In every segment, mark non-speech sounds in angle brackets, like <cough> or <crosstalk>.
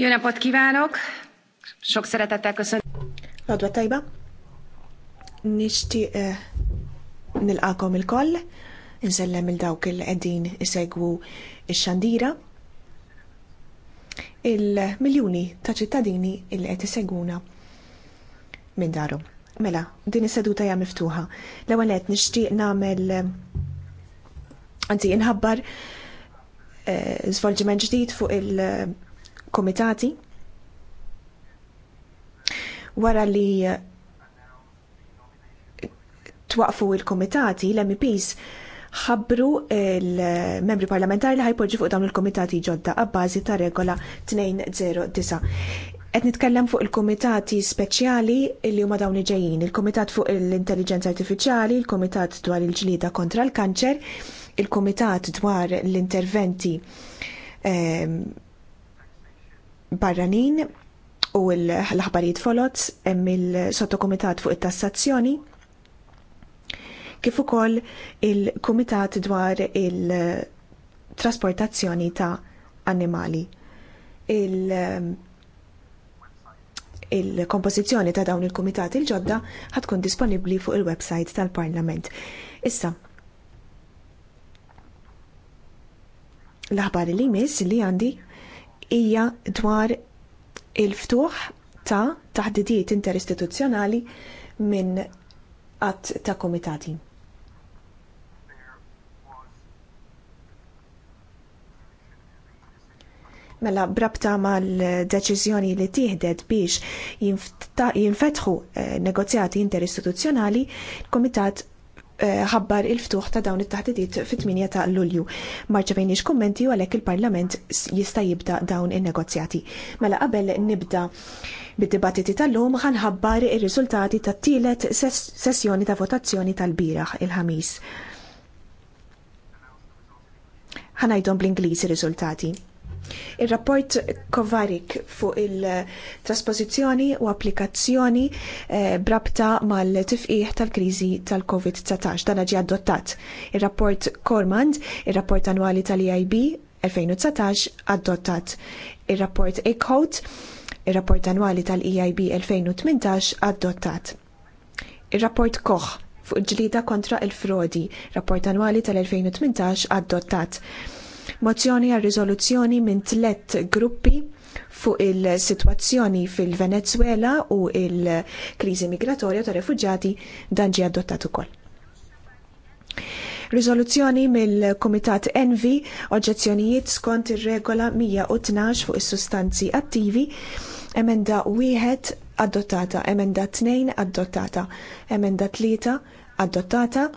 Jó napot kívánok! Sok szeretettel köszönöm. Lodwa tajba. Nishti eh, nilqakom il-koll, nsellem il-dawk il-qegħdin isegwu ix-xandira. Il-miljuni ta' ċittadini il qed iseguna minn daru. Mela, din is-seduta hija miftuħa. L-ewwel qed nixtieq nagħmel eh, anzi inħabbar eh, żvolġiment ġdid fuq il- komitati wara li eh, twaqfu il-komitati l-MPs ħabbru il-membri parlamentari li ħajporġi fuq dawn il-komitati ġodda għabbażi ta' regola 209. Qed nitkellem fuq il-komitati speċjali li huma dawn ġejjin, il-komitat fuq l-intelligenza artifiċjali, il-komitat dwar il ġlieda kontra l-kanċer, il-komitat dwar l-interventi ehm, barranin u l-aħbarijiet folot hemm il-sottokumitat fuq it-tassazzjoni kif ukoll il-kumitat dwar il-trasportazzjoni ta' annimali. Il- il-kompożizzjoni ta' dawn il-kumitat il-ġodda ħatkun disponibbli fuq il-website tal-Parlament. Issa, l-aħbar li jmiss li għandi hija dwar il-ftuħ ta' taħdidiet interistituzzjonali minn qatt ta' komitati. mela brabta mal-deċiżjoni li tieħdet biex jinfetħu eh, negozjati interistituzzjonali, il-Komitat Eh, ħabbar il-ftuħ ta' dawn it-taħdidiet fit-8 ta' Lulju. Marċevejniex kommenti u għalhekk il-Parlament jista' jibda dawn in-negozjati. Mela qabel nibda bid-dibattiti tal-lum ħanħabbar ir-riżultati tat-tielet sessjoni ta' votazzjoni tal-biraħ il-ħamis. Ħanajdhom bl-Ingliż ir-riżultati. Il-rapport Kovarik fuq il-trasposizjoni u applikazzjoni eh, brabta mal-tifqiħ tal-krizi tal-COVID-19 dan ġi adottat. Il-rapport Kormand, il-rapport annwali tal-EIB 2019 adottat. Il-rapport Eichhout, il-rapport annwali tal-EIB 2018 adottat. Il-rapport Koch fuq il-ġlida kontra il-frodi, rapport annwali tal-2018 adottat mozzjoni għal riżoluzzjoni minn tliet gruppi fuq il-sitwazzjoni fil-Venezuela u il-kriżi migratorja ta' refugġati dan ġie adottat ukoll. Riżoluzzjoni mill-Kumitat Envi oġġezzjonijiet skont ir-regola 112 fuq is-sustanzi attivi, emenda wieħed adottata, emenda tnejn adottata, emenda tlieta adottata,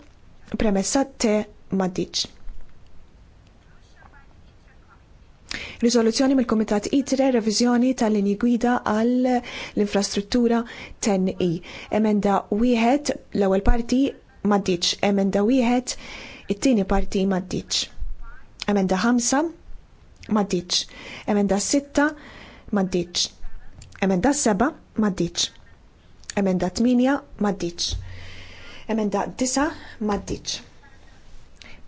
premessa te maddiċ. Rizoluzzjoni mill-Komitat ITRE reviżjoni tal-linji gwida għal l-infrastruttura 10E. Emenda wieħed l-ewwel parti maddiċ, emenda wieħed it-tieni parti maddiċ. Emenda ħamsa maddiċ, emenda sitta maddiċ, emenda seba maddiċ, emenda tminja maddiċ, emenda disa maddiċ.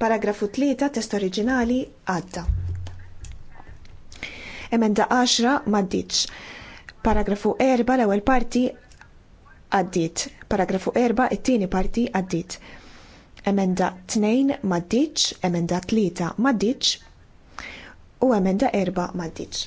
Paragrafu 3 test oriġinali għadda. Emenda 10 ma maddiċ. Paragrafu 4 l-ewwel parti għaddit. Paragrafu 4 it-tieni parti għaddit. Emenda 2 ma maddiċ, emenda 3 ma maddiċ u emenda 4 ma maddiċ.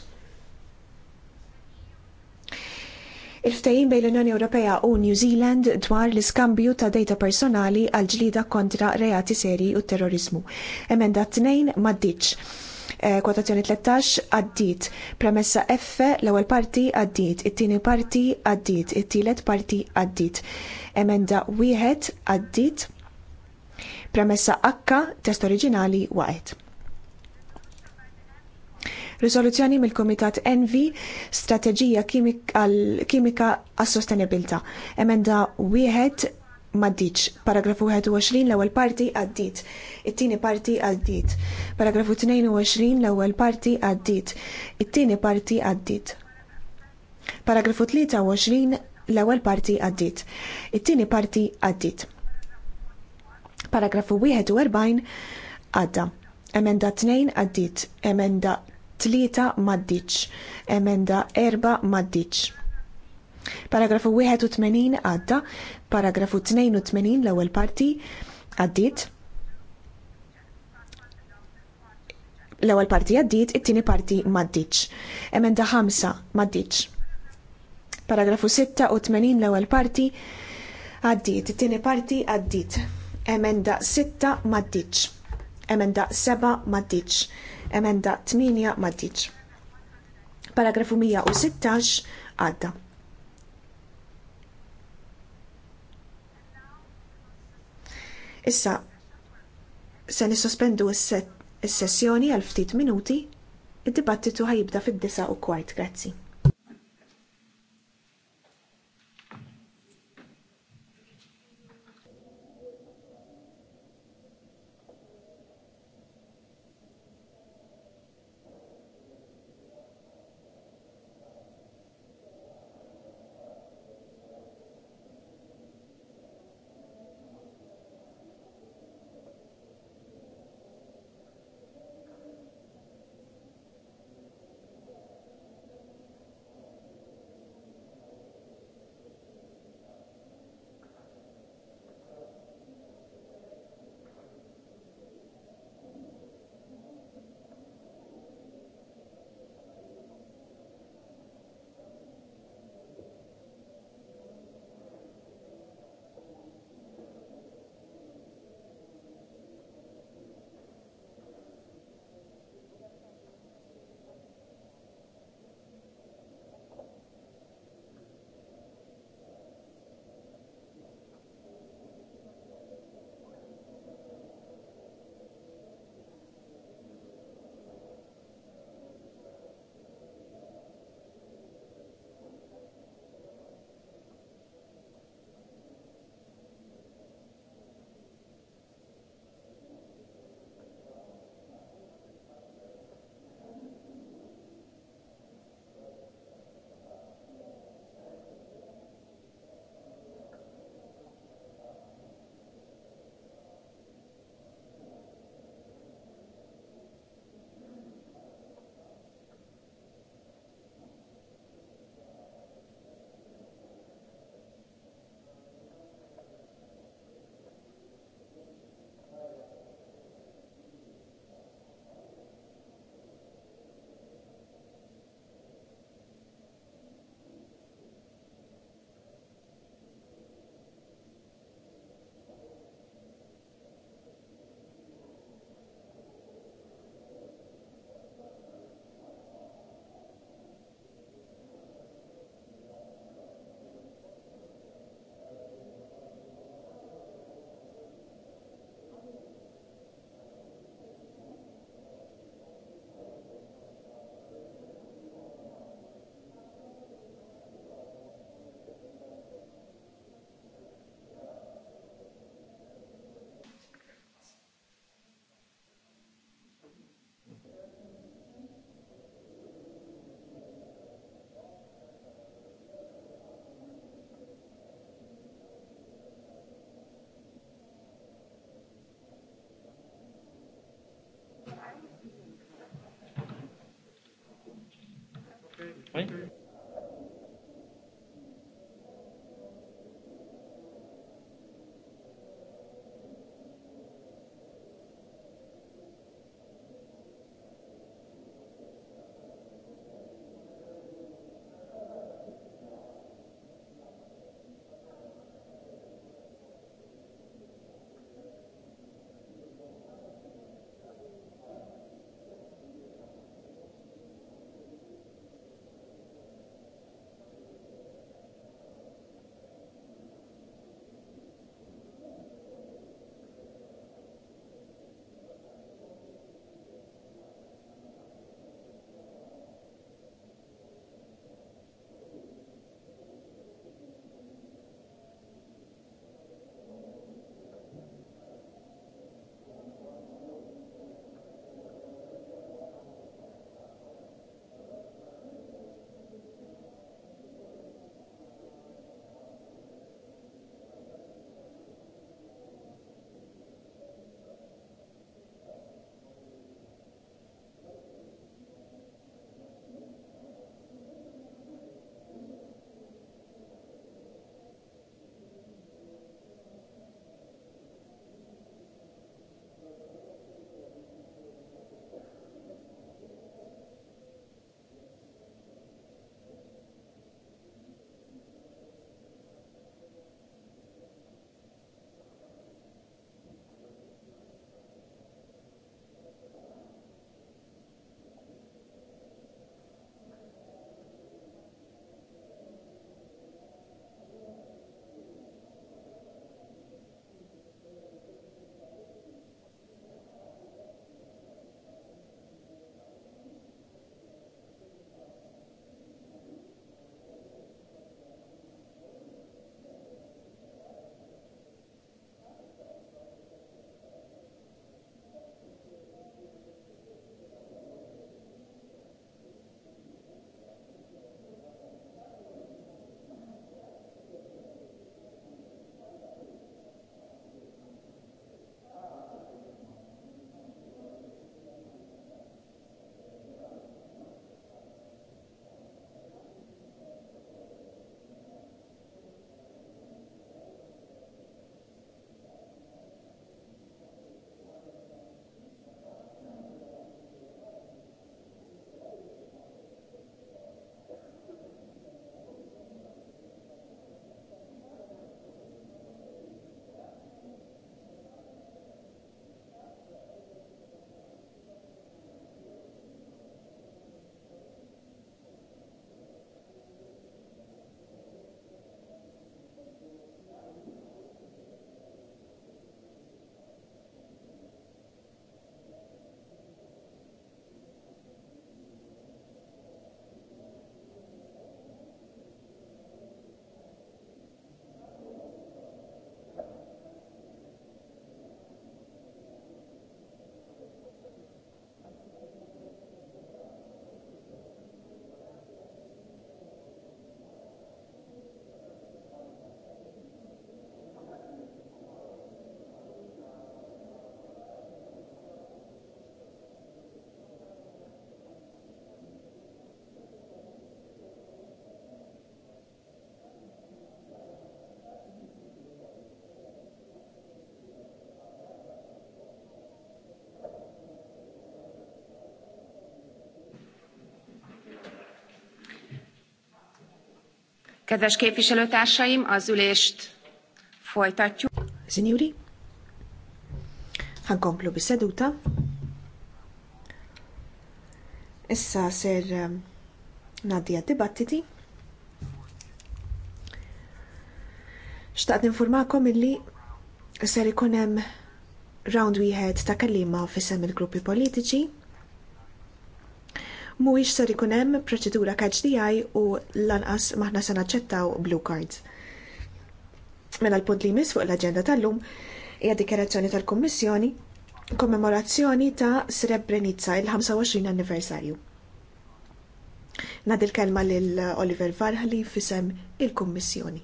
Il-ftajin bejn l-Unjoni Ewropea u New Zealand dwar l-iskambju ta' data personali għal ġlida kontra reati seri u terrorizmu. Emenda 2 maddiċ. Eh, kwotazzjoni 13 għaddit. Premessa F l-ewwel parti għaddit, it-tieni parti għaddit, it-tielet parti għaddit. Emenda wieħed għaddit. Premessa H test oriġinali waqgħet. Risoluzzjoni mill-Komitat Envi Strateġija Kimika għas-Sostenibilta. Emenda wieħed maddiċ. Paragrafu 21 l-ewwel parti għaddit. It-tieni parti għaddit. Paragrafu 22 l-ewwel parti għaddit. It-tieni parti għaddit. Paragrafu 23 l-ewwel parti għaddit. It-tieni parti għaddit. Paragrafu 41 għadda. Emenda 2 għaddit. Emenda 3 maddiċ. Emenda 4 maddiċ. Paragrafu 81 għadda, Paragrafu 82 l-ewwel parti għaddiet. L-ewwel parti għaddiet, it-tieni parti m'għaddiċ. Emenda 5 m'għaddiċ. Paragrafu 86 l-ewwel parti għaddiet, it-tieni parti għaddiet. Emenda 6 m'għaddiċ. Emenda 7 m'għaddiċ. Emenda 8 m'għaddiċ. Paragrafu 116 għadda. Issa, se nissospendu s-sessjoni għal ftit minuti, id-dibattitu ħajibda fid-disa u kwart, grazzi. Hey? Kedves képviselőtársaim, az ülést folytatjuk. Signori, ħankomplu bis-seduta. Issa ser ehm, ngħaddi għad-dibattiti. Xtaqt informakom illi ser ikun hemm round wieħed ta' kelliema fisem il-gruppi politiċi mhuwiex ser ikun hemm proċedura KHDI u lanqas maħna se naċċettaw blue cards. Mela l-punt li jmiss fuq l-aġenda tal-lum hija dikjarazzjoni tal-Kummissjoni kommemorazzjoni ta' Srebrenica il-25 anniversarju. Nadil kelma lil Oliver Varħli fisem il-Kummissjoni.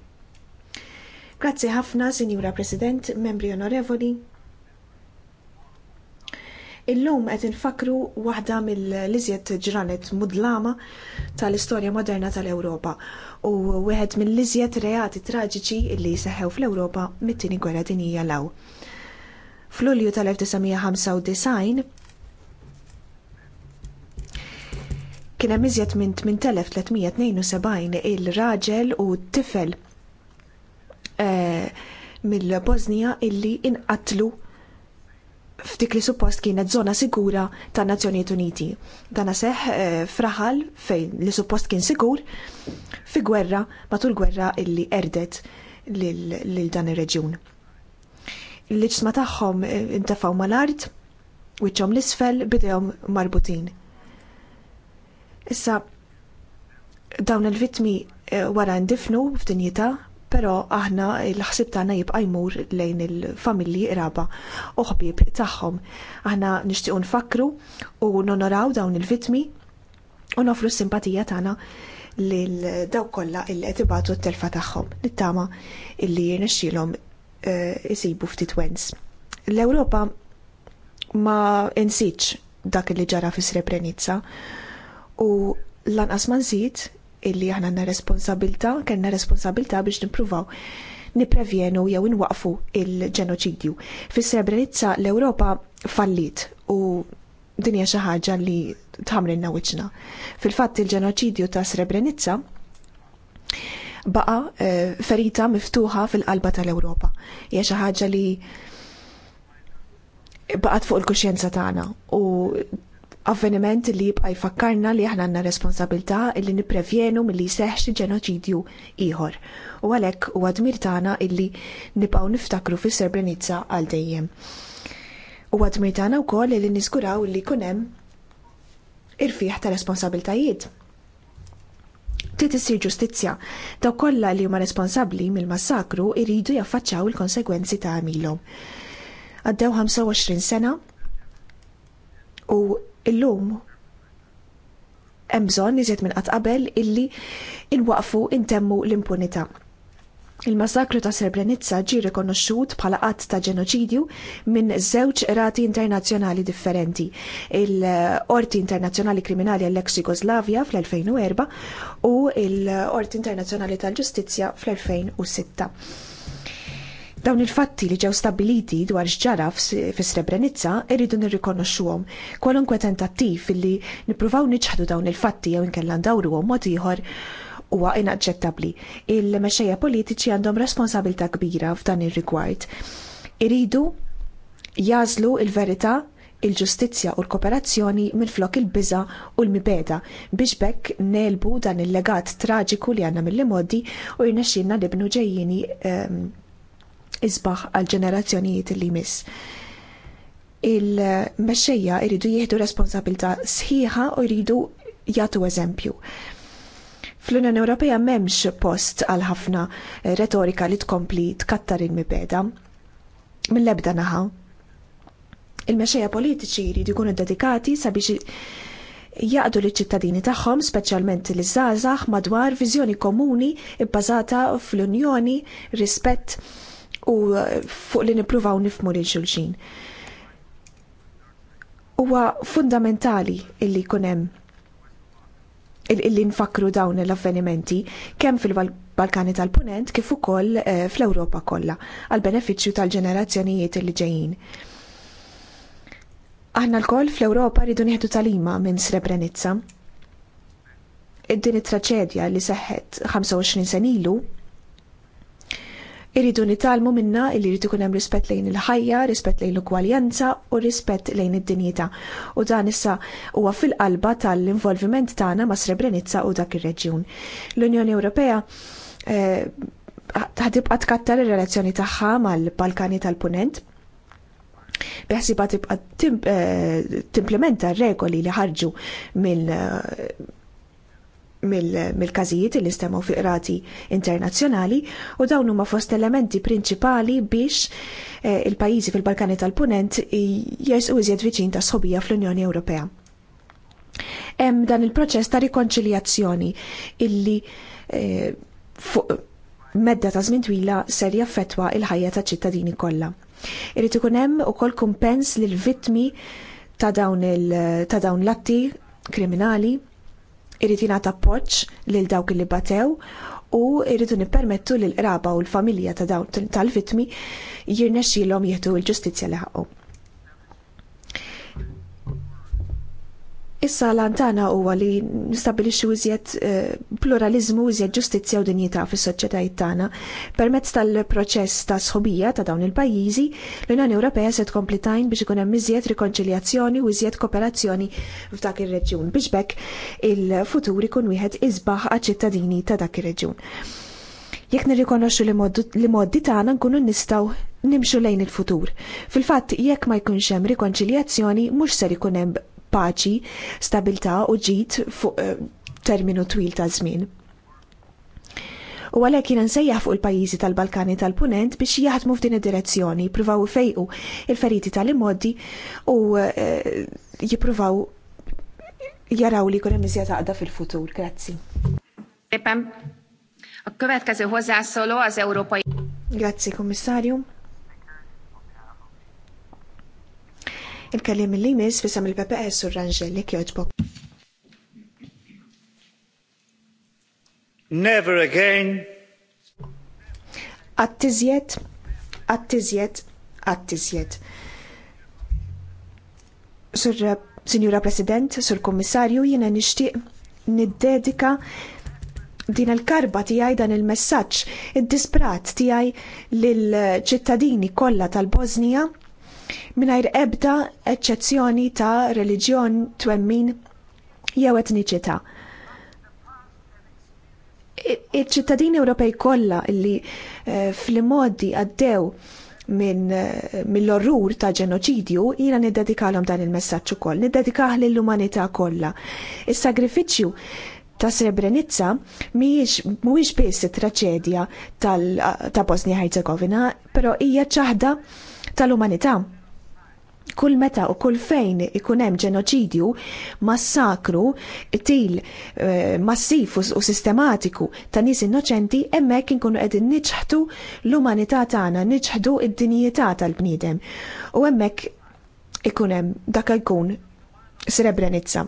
Grazzi ħafna, Sinjura President, membri onorevoli, Illum qed infakru waħda mill-liżjed ġranet mudlama tal-istorja moderna tal-Ewropa u wieħed mill-liżjed reati traġiċi li seħew fl-Ewropa mit-tieni gwerra dinjija law. F'Lulju tal-1995 kien hemm iżjed minn 8372 il-raġel u t-tifel eh, mill-Bosnija illi inqatlu ftik li suppost kienet zona sigura tan Nazzjonijiet Uniti. Dana seħ eh, fraħal fejn li suppost kien sigur fi gwerra matul gwerra illi erdet lil dan ir-reġjun. L-ġisma tagħhom eh, intefaw mal-art, wiċċhom l-isfel bidejhom marbutin. Issa dawn il-vitmi eh, wara ndifnu f'dinjità Però aħna l-ħsib tagħna jibqa' jmur lejn il-familji qraba u ħbieb tagħhom. Aħna nixtiequ nfakru u nonoraw dawn il-vitmi u nofru s-simpatija tagħna lil dawk kollha il qed ibatu t-telfa tagħhom. Nittama illi jirnexxielhom eh, isibu ftit wens. L-Ewropa ma insitx dak li ġara fi Srebrenica u lanqas ma nżid illi aħna għanna responsabilta, kellna responsabilta biex nippruvaw niprevjenu jew inwaqfu il-ġenoċidju. Fis-Srebrenica l-Ewropa fallit u dinja xi ħaġa li tħamrilna wiċċna. Fil-fatt il-ġenoċidju ta' Srebrenica baqa eh, ferita miftuħa fil-qalba tal-Ewropa. Hija xi ħaġa li baqgħet fuq il-kuxjenza tagħna u avveniment li jibqa' jfakkarna li aħna għandna responsabilità illi nipprevjenu milli jseħħ ġenoċidju ieħor. U għalhekk huwa dmir tagħna illi nibqgħu niftakru fis-Srebrenica għal dejjem. U dmir tagħna wkoll illi niskuraw li jkun hemm irfieħ ta' responsabiltajiet. Trid issir ġustizzja daw kollha li huma responsabbli mill-massakru jridu jaffaċċaw il-konsegwenzi ta' għamilhom. Għaddew 25 sena u illum hemm bżonn iżjed minn qatt qabel illi inwaqfu intemmu l-impunità. Il-massakru ta' Srebrenica ġie rikonoxxut bħala qatt ta' ġenoċidju minn żewġ rati internazzjonali differenti. Il-Qorti Internazzjonali Kriminali għall ex Jugoslavja fl-2004 u l qorti Internazzjonali tal-Ġustizzja fl-2006. Dawn il-fatti li ġew stabiliti dwar xġara fi Srebrenica irridu nirrikonoxxuhom. Kwalunkwe tentattiv li nippruvaw niċħdu dawn il-fatti jew inkella ndawruhom mod ieħor huwa inaċċettabbli. Il-mexxejja politiċi għandhom responsabilità kbira f'dan ir-rigward. Iridu jażlu il-verità il-ġustizzja u l-kooperazzjoni minflok il-biża u l-mibeda biex bekk nelbu dan il-legat traġiku li għanna mill-modi u jirnexxinna nibnu ġejjini ehm, isbaħ għal ġenerazzjonijiet li jmiss. Il-mexxejja jridu jieħdu responsabilità sħiħa u jridu jagħtu eżempju. Fl-Unjoni Ewropea m'hemmx post għal ħafna eh, retorika li tkompli tkattar il-mibeda mill-ebda naħa. Il-mexxejja politiċi jridu jkunu dedikati sabiex jaqdu li ċittadini tagħhom, speċjalment li żgħażagħ madwar viżjoni komuni bbażata fl-Unjoni rispett u eh, fuq li nippruvaw nifmu lil xulxin. Huwa fundamentali illi jkun hemm illi nfakru dawn l-avvenimenti kemm fil-Balkani tal-Punent kif ukoll eh, fl-Ewropa kollha għal benefiċċju tal-ġenerazzjonijiet li ġejjin. Aħna l-koll fl-Ewropa rridu nieħdu talima minn Srebrenica. Id-din it-traċedja li seħħet 25 sen ilu Irridu nitalmu minna illi rridu kunem rispett lejn il-ħajja, rispett lejn l-ugwaljanza u rispett lejn id-dinjità. U dan issa huwa fil-qalba tal-involviment tagħna ma' Srebrenica u dak ir-reġjun. L-Unjoni Ewropea eh, ħadibqa tkattar ir-relazzjoni tagħha mal-Balkani tal-Punent Beħsiba tibqa eh, timplementa regoli li ħarġu mill eh, mill-każijiet li stemaw fi qrati internazzjonali u dawn huma fost elementi prinċipali biex eh, il-pajjiżi fil-Balkani tal-Punent jersqu iżjed viċin ta' sħobija fl-Unjoni Ewropea. Hemm dan il-proċess ta' rikonċiljazzjoni illi eh, fuq medda ta' żmien twila ser jaffettwa il-ħajja ta' ċittadini kollha. Irid ikun hemm ukoll kumpens lil vittmi ta' dawn l-atti kriminali Irrid jingħata appoġġ lil dawk li batew u rridu nippermettu lil qraba u l-familja ta' dawn tal-vittmi jirnexxilhom jieħdu l-ġustizzja li ħaqhom. Issa l-antana huwa li nistabilixxu iżjed eh, pluralizmu użiet ġustizzja u dinjità fis-soċjetajiet tagħna. Permezz tal-proċess ta' sħobija ta' dawn il-pajjiżi, l-Unjoni Ewropea se tkompli tajn biex ikun hemm iżjed rikonċiljazzjoni u iżjed kooperazzjoni f'dak ir-reġjun biex bekk il-futur ikun wieħed isbaħ għaċ-ċittadini ta' dak ir-reġjun. Jekk nirrikonoxxu li moddi tagħna nkunu nistgħu nimxu lejn il-futur. Fil-fatt jekk ma jkunx hemm rikonċiljazzjoni mhux ser ikun hemm paċi, stabilta u ġid fuq eh, terminu twil ta' żmien u għalhekk jiena nsejjaħ fuq il-pajjiżi tal-Balkani tal-Punent biex jaħdmu f'din id-direzzjoni, jippruvaw fejqu il-feriti tal-immoddi u eh, jippruvaw jaraw li jkun hemm iżjed għaqda fil-futur. Grazzi. Grazzi, Kummissarju. Il-kellim li jmiss fisam il-PPS u Ranġelli kjoġbok. Never again. Attizjet, attizjet, attizjet. Sur signora President, Sur Kommissarju, jiena nixtieq niddedika din il-karba tiegħi dan il-messaġġ id-disprat tiegħi lil ċittadini kollha tal-Bosnija minajr ebda eċċezzjoni ta' reliġjon twemmin jew etniċità. Iċ-ċittadini Ewropej kollha li eh, fl-modi għaddew minn eh, mill-orrur ta' ġenoċidju jina niddedikalhom dan il-messaġġ ukoll, niddedikah lill-umanità kollha. Is-sagrifiċċju ta' Srebrenica mhuwiex biss it-traċedja ta' Bosnia Herzegovina, però hija ċaħda tal-umanità kull meta u kull fejn ikun hemm ġenoċidju, massakru, til eh, massif u sistematiku ta' nies innoċenti, hemmhekk inkunu qegħdin niġħdu l-umanità tagħna, niċħdu id-dinjità tal-bniedem. U hemmhekk ikun hemm dak jkun Srebrenica.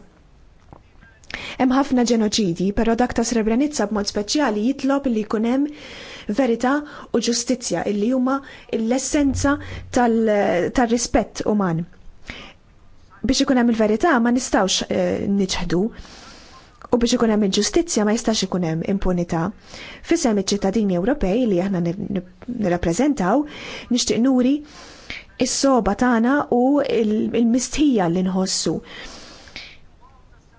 Hemm ħafna ġenoċidi, però dak ta' Srebrenica b'mod speċjali jitlob li jkun hemm verità u ġustizzja illi huma l-essenza tal-rispett uman. Biex ikun hemm il-verità ma nistgħux eh, niċħdu u biex ikun hemm il-ġustizzja ma jistax ikun hemm impunità. Fisem iċ-ċittadini Ewropej li aħna nirrappreżentaw nixtieq nuri is-soba tagħna u l mistħija li nħossu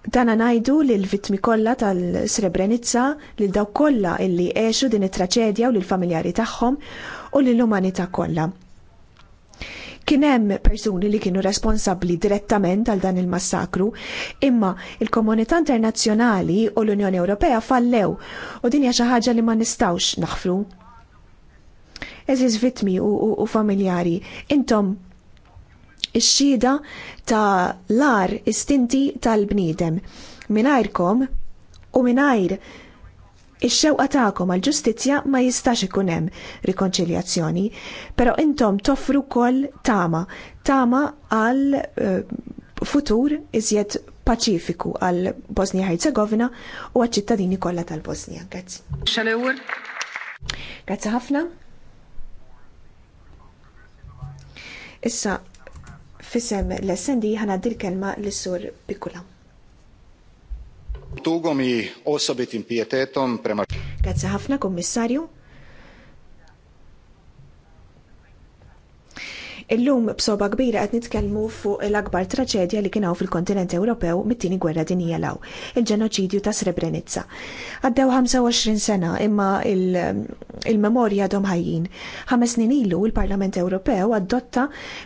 Dana najdu li l-vittmi kollha tal-Srebrenica li daw kollha illi għexu din it-traċedja u l familjari tagħhom u l umanità kollha. Kien hemm persuni li kienu responsabbli direttament għal dan il-massakru, imma il-komunità internazzjonali u l-Unjoni Ewropea fallew u din hija xi ħaġa li ma nistgħux naħfru. Eżiż vittmi u, u, u familjari, intom ix-xhieda ta' lar istinti tal-bniedem. mingħajrkom u mingħajr Ix-xewqa tagħkom għall-ġustizzja ma jistax ikun hemm rikonċiljazzjoni, però intom toffru wkoll tama, tama għal eh, futur iżjed paċifiku għal Bosnia Herzegovina u għal ċittadini kollha tal-Bosnia. Grazzi. Grazzi ħafna. Issa fissem l-SND ħana dil kelma l-sur Pikula. Tugom i osobit impietetom prema. Grazie ħafna, kommissarju. Illum b'soba kbira qed nitkellmu fuq l-akbar traċedja li kienu fil-kontinent Ewropew mit-tieni gwerra dinjija law, il-ġenoċidju ta' Srebrenica. Għaddew 25 sena imma il-memorja il għadhom ħajjin. Ħames snin ilu il-Parlament Ewropew adotta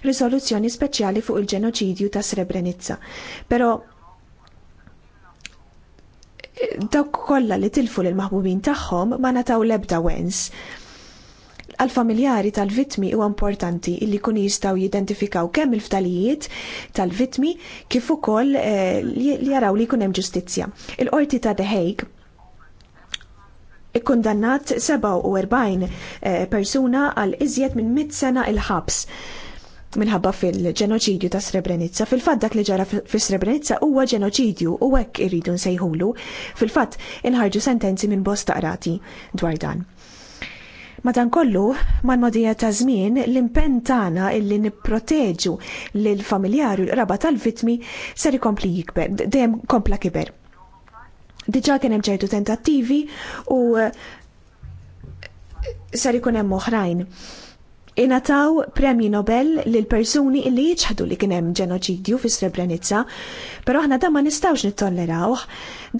riżoluzzjoni speċjali fuq il-ġenoċidju ta' Srebrenica. Però eh, dawk kollha li tilfu lil maħbubin tagħhom ma nataw l-ebda wens għal-familjari tal-vitmi huwa importanti illi kun jistaw jidentifikaw kemm il-ftalijiet tal-vitmi kif ukoll eh, li jaraw li jkun hemm ġustizzja. Il-qorti ta' The Hague ikkundannat 47 eh, persuna għal iżjed minn 100 sena il-ħabs minħabba fil-ġenoċidju ta' Srebrenica. Fil-fat dak li ġara fil-Srebrenica huwa ġenoċidju u hekk irridu nsejħulu. Fil-fat inħarġu sentenzi minn bosta qrati dwar dan. Madankollu, man modija ta' żmien l-impenn tagħna illi nipproteġu l familjari l raba tal-vitmi ser ikompli jikber, dejjem kompla kiber. Diġà kien hemm ċertu tentattivi u eh, ser ikun hemm oħrajn. Inataw premji Nobel lil persuni illi jiġħadu li kien hemm ġenoċidju fi Srebrenica, però aħna dan ma nistgħux nittollerawh,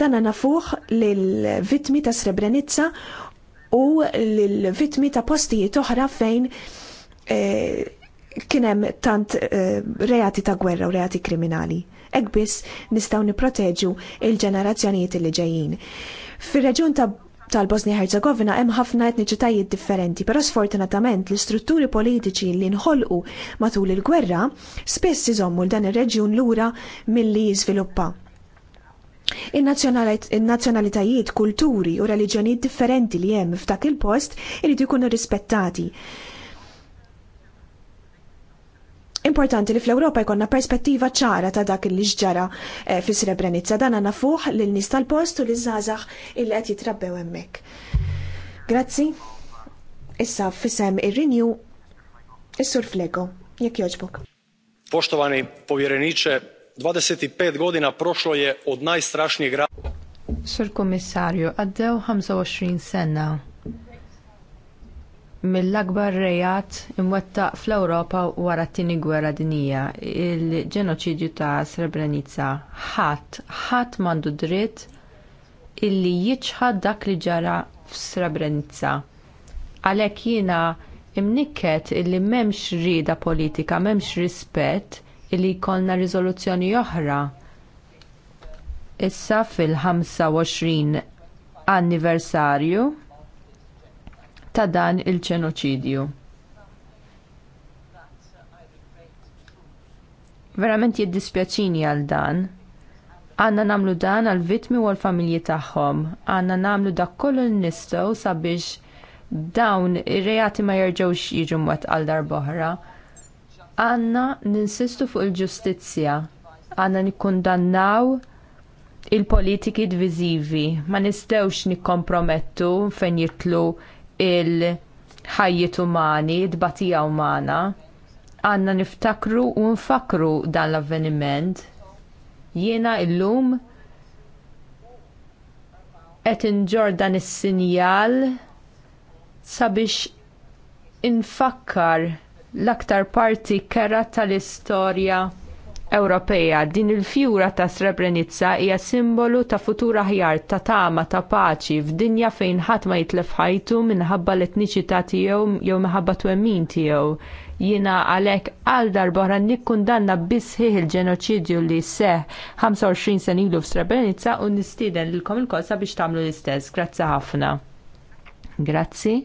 dan nafuh lil vitmi ta' Srebrenica u l-vitmi ta' postijiet oħra fejn eh, kienem tant eh, reati ta' gwerra u reati kriminali. Ek biss nistaw niproteġu il-ġenerazzjonijiet li ġejjin. Fir-reġun ta' tal-Bosnia Herzegovina hemm ħafna etniċitajiet differenti, però sfortunatament l-istrutturi politiċi li nħolqu matul il-gwerra spiss iżommu l-dan ir-reġjun lura milli jiżviluppa. In-nazzjonalitajiet, kulturi u reliġjonijiet differenti li hemm f'dak il-post irid jkunu rispettati. Importanti li fl-Ewropa jkollna perspettiva ċara ta' dak li ġġara eh, fi Srebrenica dan għandna fuq lil nies tal-post u li żgħażagħ illi qed jitrabbew hemmhekk. Grazzi. Issa fisem ir-renew is-sur Flego, jekk jogħġbok. Poštovani povjerenice, 25 godina prošlo je od najstrašnijeg Sur Komissarju, għaddew 25 sena mill-akbar rejat imwettaq fl-Ewropa wara t-tieni gwerra dinija, il-ġenoċidju ta' Srebrenica. Ħadd, ħadd m'għandu dritt illi jiċħad dak li ġara f'Srebrenica. Għalhekk jiena imnikket illi m'hemmx rieda politika, m'hemmx rispett li jkollna riżoluzzjoni oħra issa fil-25 anniversarju ta' dan il-ċenoċidju. Verament jiddispjaċini għal dan. Għanna namlu dan għal vitmi u għal-familji tagħhom. Għanna namlu dak kollu nistgħu sabiex dawn ir-reati ma jerġgħux jiġu mwet għal darboħra għanna ninsistu fuq il-ġustizzja, għanna nikkundannaw il-politiki divizivi, ma nistgħux nikkompromettu fejn jitlu il-ħajjiet umani, id-batija umana, għandna niftakru u nfakru dan l-avveniment. Jiena illum qed inġor dan is-sinjal sabiex infakkar l-aktar parti kera tal-istorja Ewropea. Din il-fjura ta' Srebrenica hija simbolu ta' futur aħjar ta' tama ta' paċi f'dinja fejn ħadd ma jitlef ħajtu minħabba l-etniċità tiegħu jew minħabba twemmin tiegħu. Jiena għalhekk għal darbora nikkundanna bisħiħ il-ġenoċidju li seħ 25 sen ilu f'Srebrenica u nistieden lilkom il-kosa biex tagħmlu l-istess. Grazzi ħafna. Grazzi.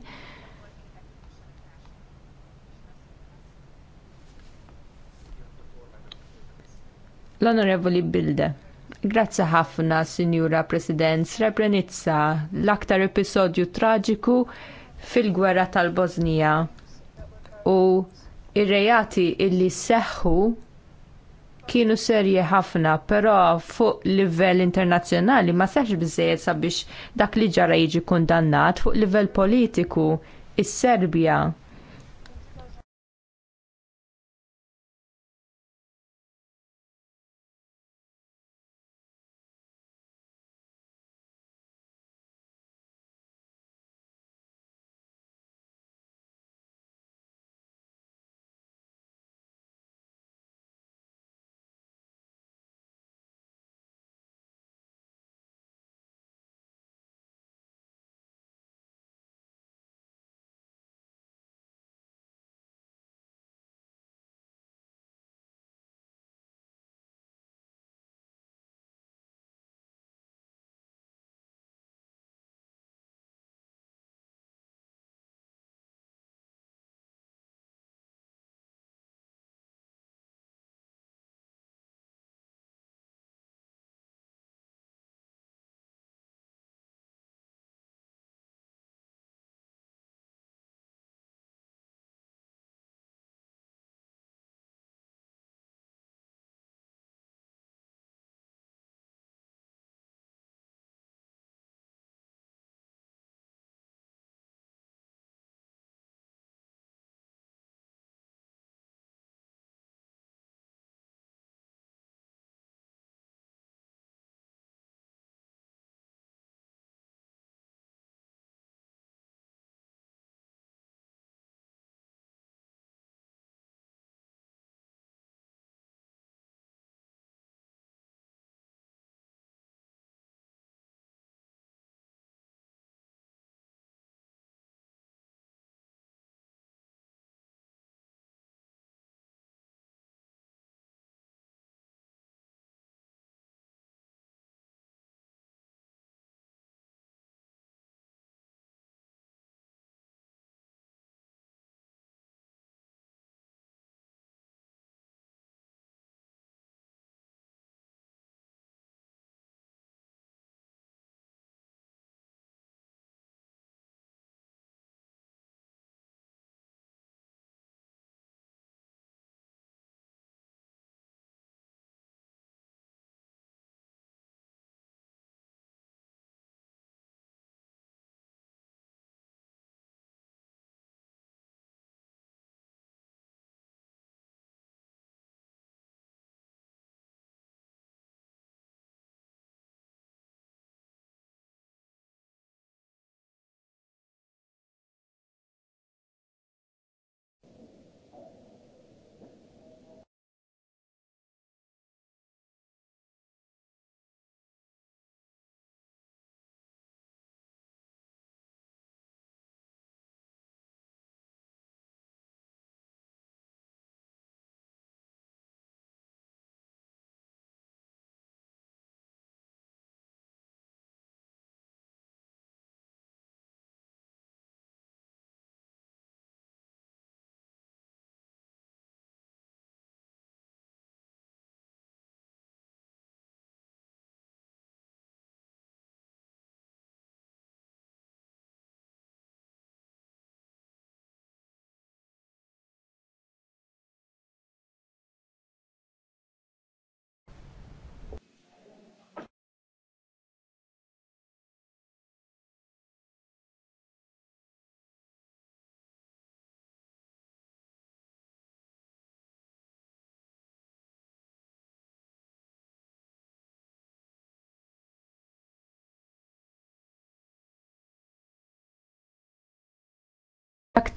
L-Onorevoli Bilde. Grazzi ħafna, Sinjura President, Srebrenica, l-aktar episodju traġiku fil-gwerra tal-Bosnija. U ir-rejati illi seħħu kienu serji ħafna, però fuq livell internazzjonali ma seħx biżżejjed sabiex dak li ġara jiġi kundannat fuq livell politiku is-Serbja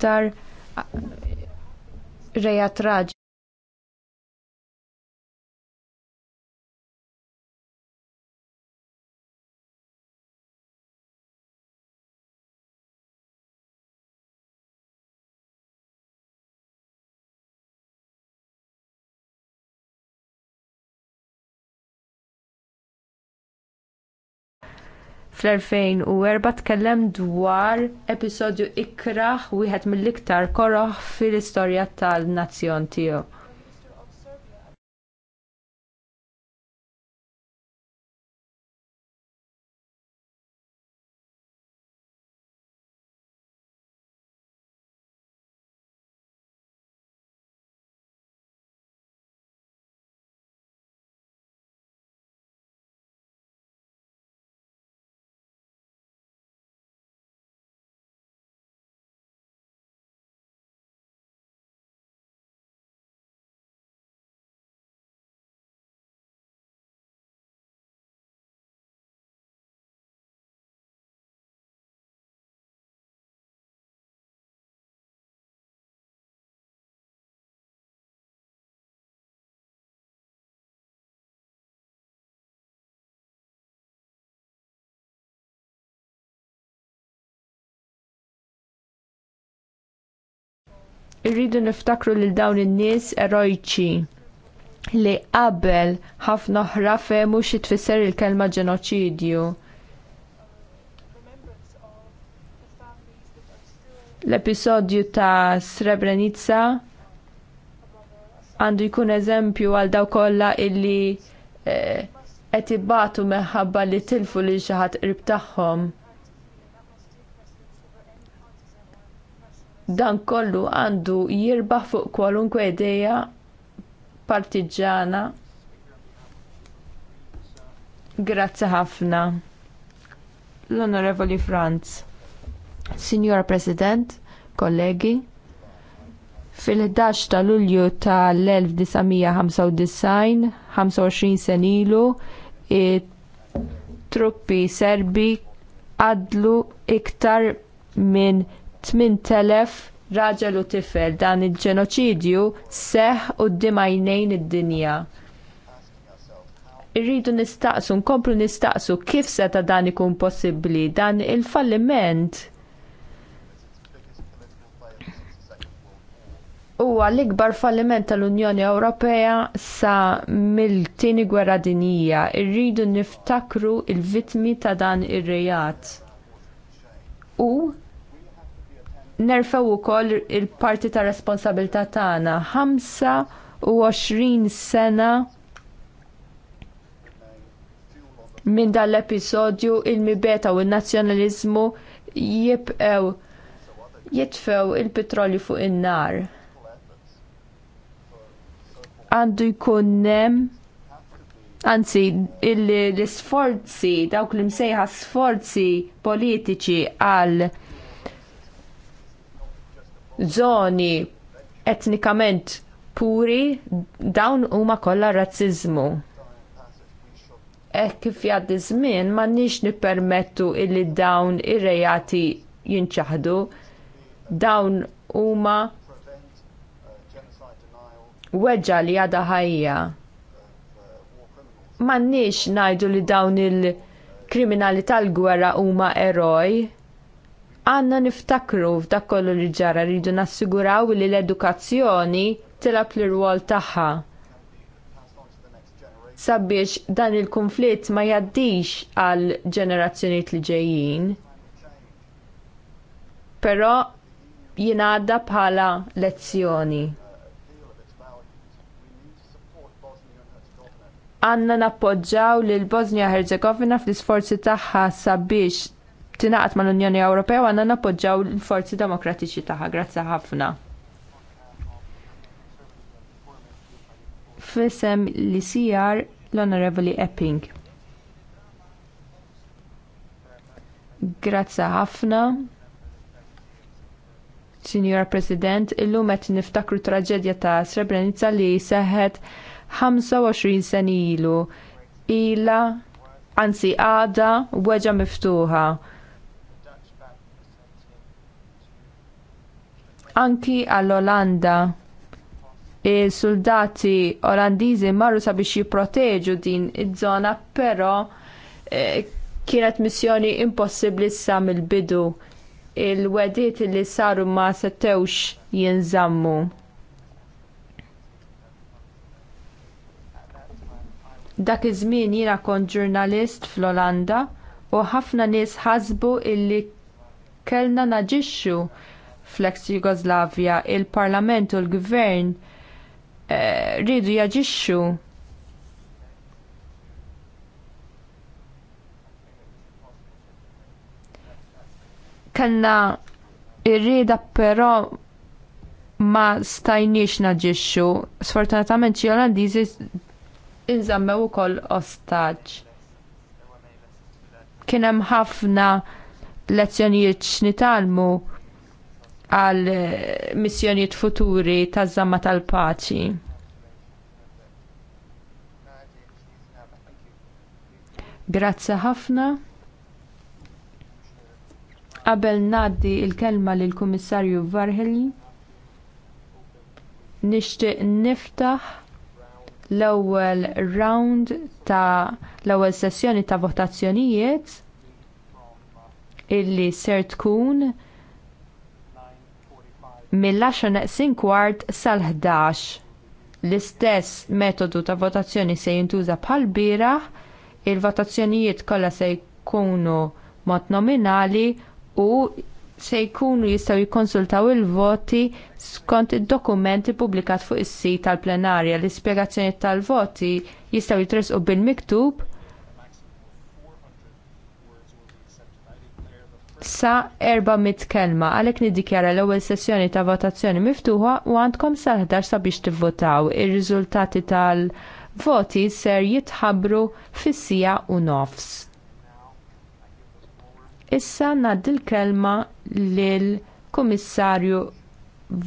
iktar reja traġi. fl-2004 tkellem dwar episodju ikraħ wieħed mill-iktar koroħ fil-istorja tal-nazzjon tiegħu. Irridu niftakru lil dawn in-nies erojċi li qabel ħafna oħra fehmu xi tfisser il-kelma ġenoċidju. L-episodju ta' Srebrenica għandu jkun eżempju għal daw kollha illi eh, qed eh, minħabba meħabba li tilfu lil xi ħadd qrib tagħhom. dan kollu għandu jirbaħ fuq kwalunkwe ideja partiġana. Grazzi ħafna. L-Onorevoli Franz, Signor President, kollegi, fil-11 ta' Lulju tal-1995, 25 sen ilu, truppi Serbi għadlu iktar minn 8,000 raġel u tifel dan il-ġenoċidju seħħ u d-dimajnejn id-dinja. Irridu nistaqsu, nkomplu nistaqsu kif seta dan ikun possibbli dan il-falliment. Huwa l-ikbar falliment tal-Unjoni Ewropea sa mill-tieni gwerra dinija. Irridu niftakru il-vittmi ta' dan ir-rejat. U nerfew ukoll il-parti ta' responsabilità tagħna. 25 sena minn dan l-episodju il-mibeta u n-nazzjonaliżmu jibqew jitfew il-petrolju fuq in-nar. Għandu jkun hemm Anzi, l-sforzi, dawk li msejħa sforzi politiċi għal żoni etnikament puri dawn huma kollha razziżmu. Ek kif jgħaddi żmien m'għandniex nippermettu illi dawn ir-rejati jinċaħdu dawn huma weġġa li għadha ħajja. M'għandniex ngħidu li dawn il-kriminali tal-gwerra huma eroj Għanna niftakru f'dak kollu li ġara rridu nassiguraw li l-edukazzjoni tilab l-rwol tagħha. Sabiex dan il-konflitt ma jaddix għal ġenerazzjoniet li ġejjin. Però jingħadda bħala lezzjoni. Għanna nappoġġaw lil Bosnia Herzegovina fl-isforzi tagħha sabiex tingħaqad mal-Unjoni Ewropea u għandna nappoġġjaw l-forzi demokratiċi tagħha. Grazzi ħafna. Fisem li sijar l-Onorevoli Epping. Grazzi ħafna. Signora President, illum qed niftakru traġedja ta' Srebrenica li seħħet 25 sen ilu. Ila, anzi għada, weġa miftuħa. Anki għall-Olanda il-soldati Olandiżi marru sabiex jipproteġu din iż-żona, però eh, kienet missjoni impossibbli sa mill-bidu. Il-wedit li saru ma setewx jinżammu. dak iż-żmien jiena kont ġurnalist fl-Olanda u ħafna nies ħasbu illi kellna naġixxu fl-ex Jugoslavja, il-Parlament u l-Gvern eh, rridu jaġixxu kanna irrida però ma stajniex naġixxu. Sfortunatament xi Olandiżi inżammew ukoll ostaġġ. Kien hemm ħafna lezzjonijiet x'nitalmu għal eh, missjonijiet futuri taż-żamma tal-paċi. Grazzi ħafna. Qabel ngħaddi l kelma lill kummissarju Varheli, nixtieq niftaħ l-ewwel round ta' l-ewwel sessjoni ta' votazzjonijiet illi ser tkun mill-10 naqsin kwart sal-11. L-istess metodu ta' votazzjoni se jintuża bħal bieraħ, il-votazzjonijiet kollha se jkunu mod nominali u se jkunu jistgħu jikkonsultaw il-voti skont id-dokumenti publikat fuq is-sit tal-plenarja. L-ispjegazzjoni tal-voti jistgħu jitresqu bil-miktub sa 400 kelma għalhekk niddikjara l-ewwel sessjoni ta' votazzjoni miftuħa u għandkom sa 11 sabiex tivvotaw. Ir-riżultati tal-voti ser jitħabbru fis u nofs. Issa ngħaddi l-kelma lil Kummissarju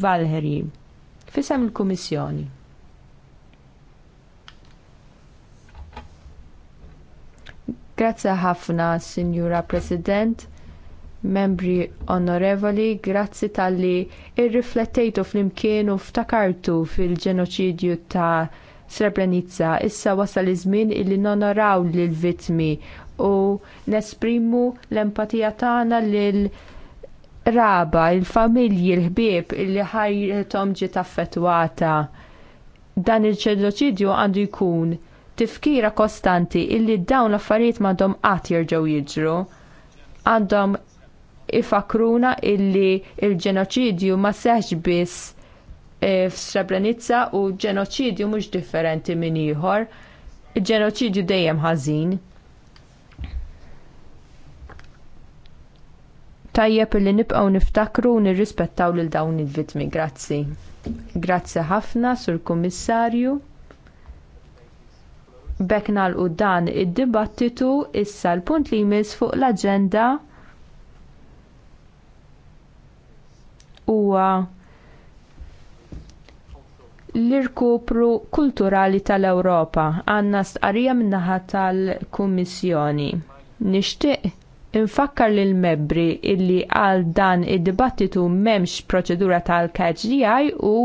Valheri fisem il-Kummissjoni. Grazzi ħafna, Sinjura President membri onorevoli, grazzi talli irriflettejtu flimkien u ftakartu fil-ġenoċidju ta' Srebrenica. Issa wasal iż-żmien illi nonoraw lil vittmi u nesprimu l-empatija tagħna lil raba, il-familji, l ħbieb illi ħajrithom ġiet affettwata. Dan il-ġenoċidju għandu jkun tifkira kostanti illi dawn l-affarijiet m'għandhom qatt jerġgħu jiġru għandhom ifakruna illi il-ġenoċidju ma seħx biss e, f'Srebrenica u ġenoċidju mhux differenti minn ieħor. Il-ġenoċidju dejjem ħażin. Tajjeb illi nibqgħu niftakru u nirrispettaw lil dawn il-vittmi. Grazzi. Grazzi ħafna, Sur Kummissarju B'hekk nagħlqu dan id-dibattitu issa l-punt li jmiss fuq l-aġenda huwa l-irkupru kulturali tal-Ewropa għandna stqarrija min-naħa tal-Kummissjoni. Nixtieq infakkar lil membri illi għal dan id-dibattitu m'hemmx proċedura tal-KGI u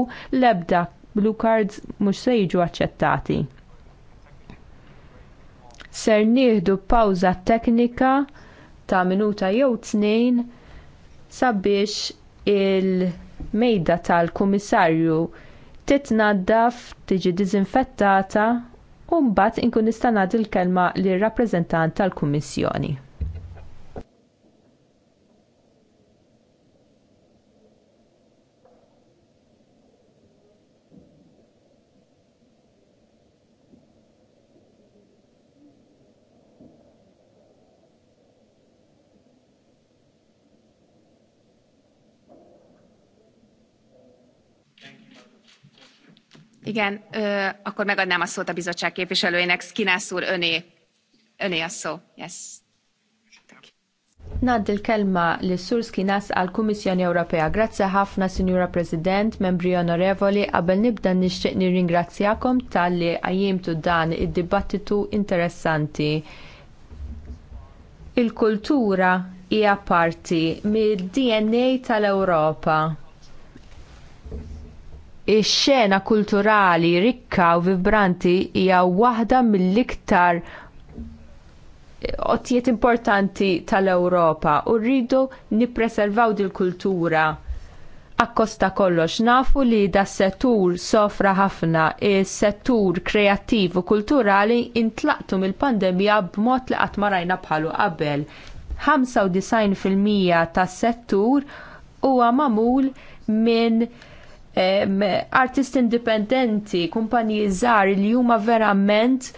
l-ebda blue cards mhux se jiġu aċċettati. Ser nieħdu pawża teknika ta' minuta jew tnejn sabiex il-mejda tal-kummissarju titnaddaf, tiġi dizinfettata u mbagħad inkun nista' nagħti l-kelma lir rappreżentant tal-Kummissjoni. Igen, ö, akkor megadnám a szót a bizottság képviselőjének. Skinász úr, öné, öné a szó. Yes. Nad l kelma li sur skinas għal Kummissjoni Ewropea. Grazzi ħafna, Sinjura President, membri onorevoli, qabel nibda nixtieq nirringrazzjakom tal-li għajjimtu dan id-dibattitu interessanti. Il-kultura hija parti mid-DNA tal-Ewropa ix-xena kulturali rikka u vibranti hija waħda mill-iktar qottijiet importanti tal-Ewropa u rridu nippreservaw dil kultura Akkosta kollox nafu li da settur sofra ħafna is settur kreattiv u kulturali intlaqtu mill-pandemija b'mod li qatt ma rajna bħalu qabel. 95% tas settur huwa magħmul minn artisti indipendenti, kumpaniji żgħar li huma verament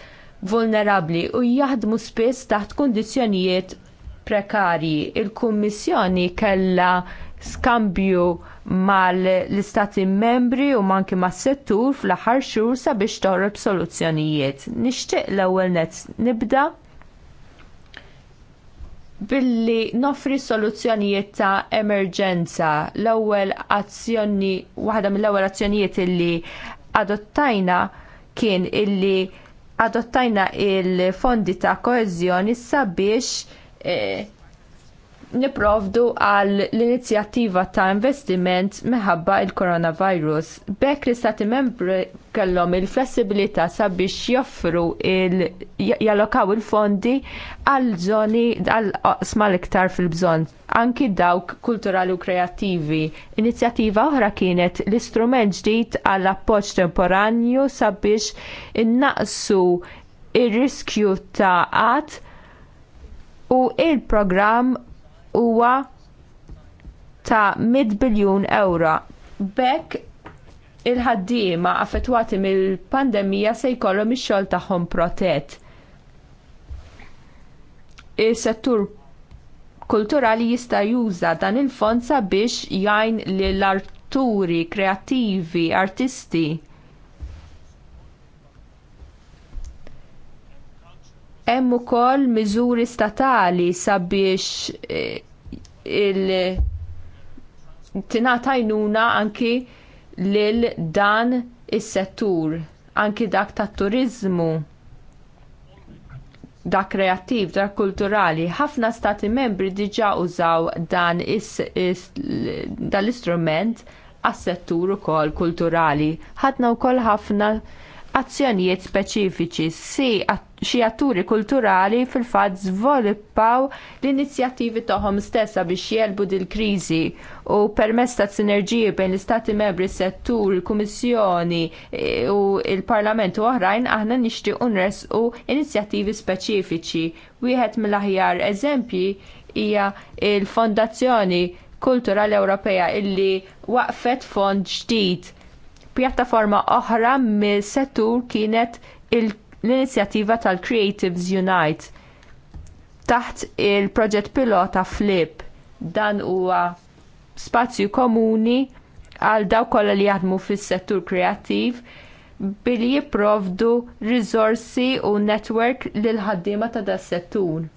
vulnerabbli u jaħdmu spiss taħt kundizzjonijiet prekarji. Il-Kummissjoni kellha skambju mal-istati membri u manki mas settur fl-aħħar xhur sabiex toħrob soluzzjonijiet. Nixtieq l-ewwel nett nibda billi nofri soluzzjonijiet ta' emerġenza. L-ewwel azzjoni, waħda mill-ewwel azzjonijiet illi adottajna kien illi adottajna il-fondi ta' koeżjoni sabiex eh, niprovdu għal l-inizjattiva ta' investiment meħabba il-coronavirus. Bekk l-istati membri kellhom il-flessibilità sabiex joffru jallokaw il-fondi għal żoni għal l-iktar fil-bżonn, anki dawk kulturali u kreattivi. Inizjattiva oħra kienet l-istrument ġdid għall appoġġ temporanju sabiex innaqsu ir-riskju ta' qatt u il-programm huwa ta' 100 biljun euro. B'hekk il-ħaddiema affettwati mill-pandemija se jkollhom ix-xogħol tagħhom protett. Is-settur kulturali jista' juża dan il-fond sabiex jgħin lill arturi kreattivi, artisti Hemm ukoll miżuri statali sabiex eh, il tingħata anki lil dan is-settur, anki dak tat-turiżmu dak kreattiv, dak kulturali, ħafna stati membri diġà użaw dan l-istrument għas-settur ukoll kulturali. Ħadna wkoll ħafna azzjonijiet speċifiċi. Si xi atturi kulturali fil-fatt żviluppaw l-inizjattivi tagħhom stessa biex jelbu dil kriżi u permezz ta' sinerġiji bejn l-Istati Membri, settur, il-Kummissjoni e, u l parlament u oħrajn aħna nixtiequ nresqu inizjattivi speċifiċi. Wieħed mill-aħjar eżempji hija l fondazzjoni Kulturali Ewropea illi waqfet fond ġdid Pjattaforma oħra mill-settur kienet l-inizjattiva tal-Creatives Unite taħt il-proġett pilota Flip. Dan huwa spazju komuni għal daw kollha li jaħdmu fis-settur kreattiv billi jipprovdu risorsi u netwerk lil ħaddiema ta' dan settur.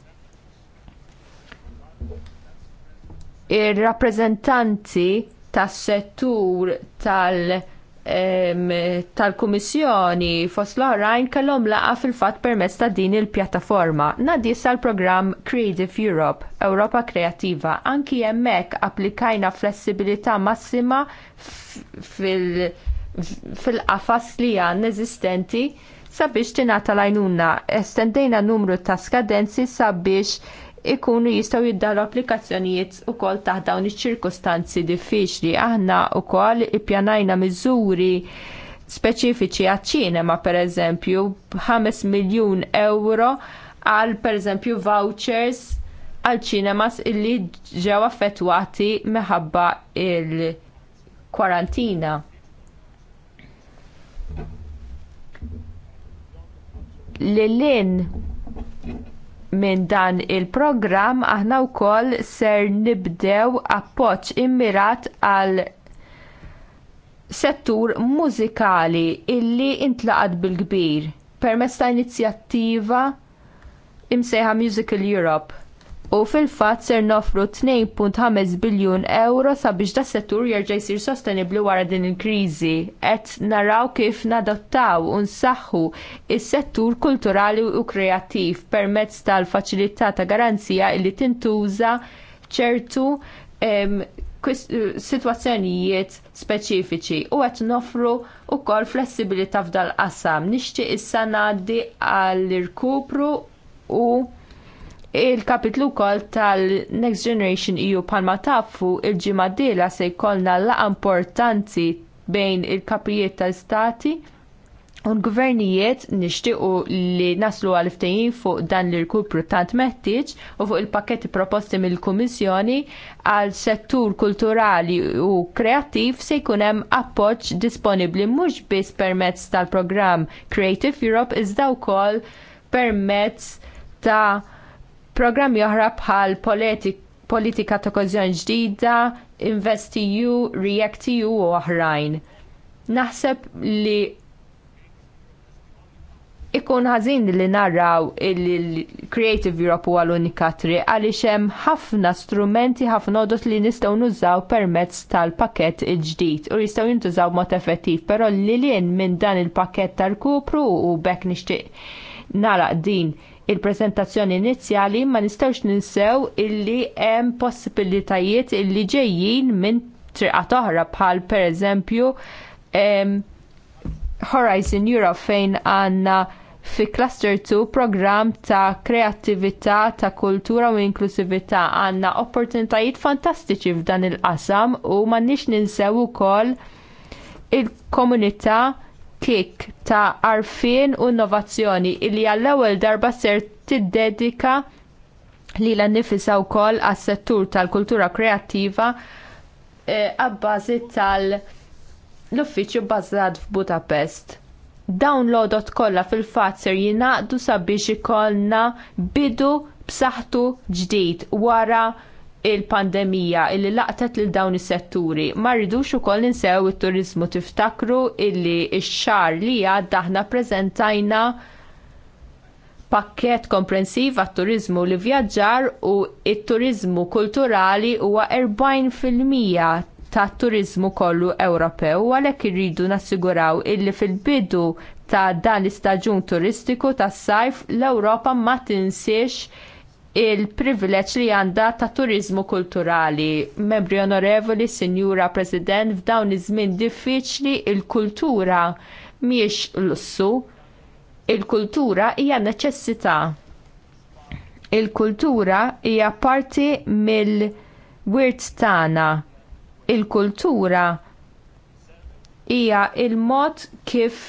Ir-rappreżentanti tas-settur tal-, -settur tal tal-Kummissjoni fost l-oħrajn kellhom laqa fil-fatt permezz ta' din il-pjattaforma. Nadisa l-programm Creative Europe, Europa Kreattiva, anki hemmhekk applikajna flessibilità massima fil-qafas li għan eżistenti sabiex tingħata l-għajnuna. Estendejna numru ta' skadenzi sabiex ikunu jistgħu jiddaru applikazzjonijiet ukoll taħt dawn iċ-ċirkustanzi diffiċli. Aħna wkoll ippjanajna miżuri speċifiċi għaċ-ċinema pereżempju 5 miljun euro għal pereżempju vouchers għal ċinemas illi ġew affettwati minħabba l kwarantina Lillin, minn dan il-programm aħna wkoll ser nibdew appoġġ immirat għal settur mużikali illi intlaqad bil-kbir permezz ta' inizjattiva imsejħa Musical Europe u fil-fatt ser nofru 2.5 biljun euro sabiex da settur jerġa' jsir sostenibbli wara din il-kriżi. Qed naraw kif nadottaw u nsaħħu is-settur kulturali u kreattiv permezz tal-faċilità ta' garanzija li tintuża ċertu situazzjonijiet speċifiċi u qed nofru wkoll flessibilità f'dal qasam. Nixtieq issa ngħaddi għall irkupru u il-kapitlu wkoll tal-Next Generation EU bħalma tafu il-ġimgħa dila se jkollna laqgħa importanti bejn il-kapijiet tal-stati Un gvernijiet nixtiequ li naslu għal ftehim fuq dan l irkupru tant mettiċ u fuq il paketti proposti mill-Kummissjoni għal settur kulturali u kreattiv se jkun hemm appoġġ disponibbli mhux biss permezz tal-programm Creative Europe iżda wkoll permezz ta' programmi oħra bħal politika ta' kozjon ġdida, InvestEU, ReactEU u oħrajn. Naħseb li ikun ħażin li narraw il-Creative Europe huwa l-unika triq għaliex hemm ħafna strumenti ħafna għodot li nistgħu nużaw permezz tal-pakett il-ġdid u jistgħu jintużaw mod effettiv, però li lien minn dan il-pakett tal-kupru u bekk nixtieq naraq din il-presentazzjoni inizjali ma nistgħux ninsew illi hemm possibilitajiet illi ġejjin minn triqat oħra bħal pereżempju Horizon Europe fejn għandna fi Cluster 2 programm ta' kreattività, ta' kultura u inklusivita għandna opportunitajiet fantastiċi f'dan il-qasam u m'għandniex ninsew ukoll il-komunità kick ta' arfien u innovazzjoni illi għall-ewwel darba ser tiddedika li l wkoll għas-settur tal-kultura kreattiva eh, għabbażi e, tal- l-uffiċċju bbażat f'Budapest. Dawn l kollha fil-fatt ser jingħaqdu sabiex ikollna bidu b'saħħtu ġdid wara il-pandemija illi laqtet lil dawn is-setturi. Ma rridux ukoll ninsew it-turiżmu tiftakru illi x-xar li għadda aħna preżentajna pakket komprensiv għat-turiżmu li vjaġġar u it-turiżmu kulturali huwa 40% tat turiżmu kollu Ewropew u għalhekk irridu nassiguraw illi fil-bidu ta' dan l-istaġun turistiku tas-sajf l-Ewropa ma tinsiex il-privileġġ li għandha ta' turiżmu kulturali. Membri onorevoli, Sinjura President, f'dawn iż-żmien diffiċli il-kultura mhijiex lussu, il-kultura hija neċessità. Il-kultura hija parti mill-wirt tagħna. Il-kultura hija il-mod kif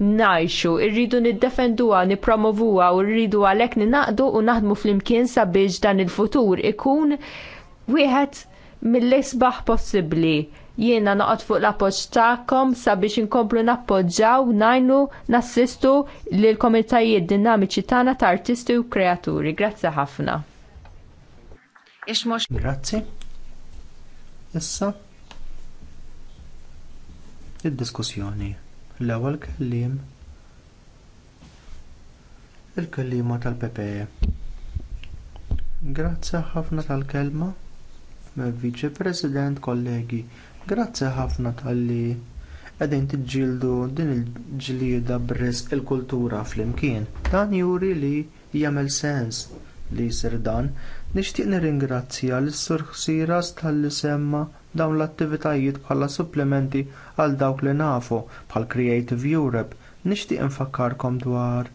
najxu, irridu niddefenduha, nipromovuha u rridu għalhekk ninaqdu u naħdmu flimkien sabiex dan il-futur ikun wieħed mill-isbaħ possibbli. Jiena noqgħod fuq l-appoġġ tagħkom sabiex inkomplu nappoġġaw, najnu, nassistu lil komunitajiet dinamiċi tagħna ta' artisti u kreaturi. Grazzi ħafna. Grazzi. Issa id-diskussjoni l-ewwel kelliem il-kelliema tal-PPE. Grazzi ħafna tal-kelma, Viċi President, kollegi, grazzi ħafna tal-li qegħdin tiġġieldu din il-ġlieda b'riżq il-kultura flimkien. Dan juri li jagħmel sens li jsir dan. Nixtieq nirringrazzja lis sur Ħsiras tal-li semma dawn l-attivitajiet bħala supplementi għal dawk li nafu bħal Creative Europe nixtieq infakkarkom dwar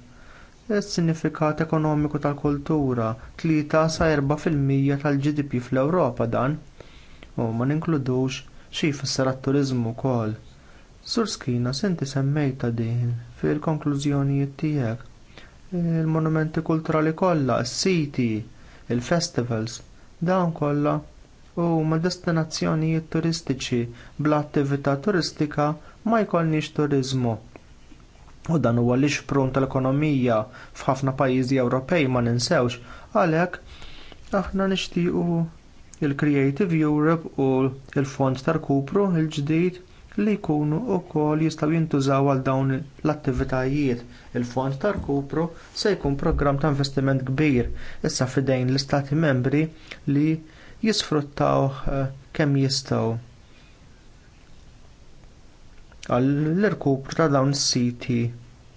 is-sinifikat ekonomiku tal-kultura 3 sa 4% tal-GDP fl-Ewropa dan u ma ninkludux xi jfisser għat-turiżmu wkoll. Surskina se inti semmejta din fil-konklużjonijiet tiegħek. Il-monumenti kulturali kollha, is-siti, il-festivals, dawn kollha u ma destinazzjonijiet turistiċi bla attività turistika ma jkollniex turiżmu. U dan huwa li xprun tal-ekonomija f'ħafna pajjiżi Ewropej ma ninsewx, għalhekk aħna nixtiequ il-Creative Europe u l fond tal-Kupru il-ġdid li jkunu wkoll jistgħu jintużaw għal dawn l-attivitajiet. Il-fond tal-kupru se jkun programm ta' investiment kbir issa fidejn l-istati membri li jisfruttaw eh, kemm jistgħu għall-irkupru ta' dawn is-siti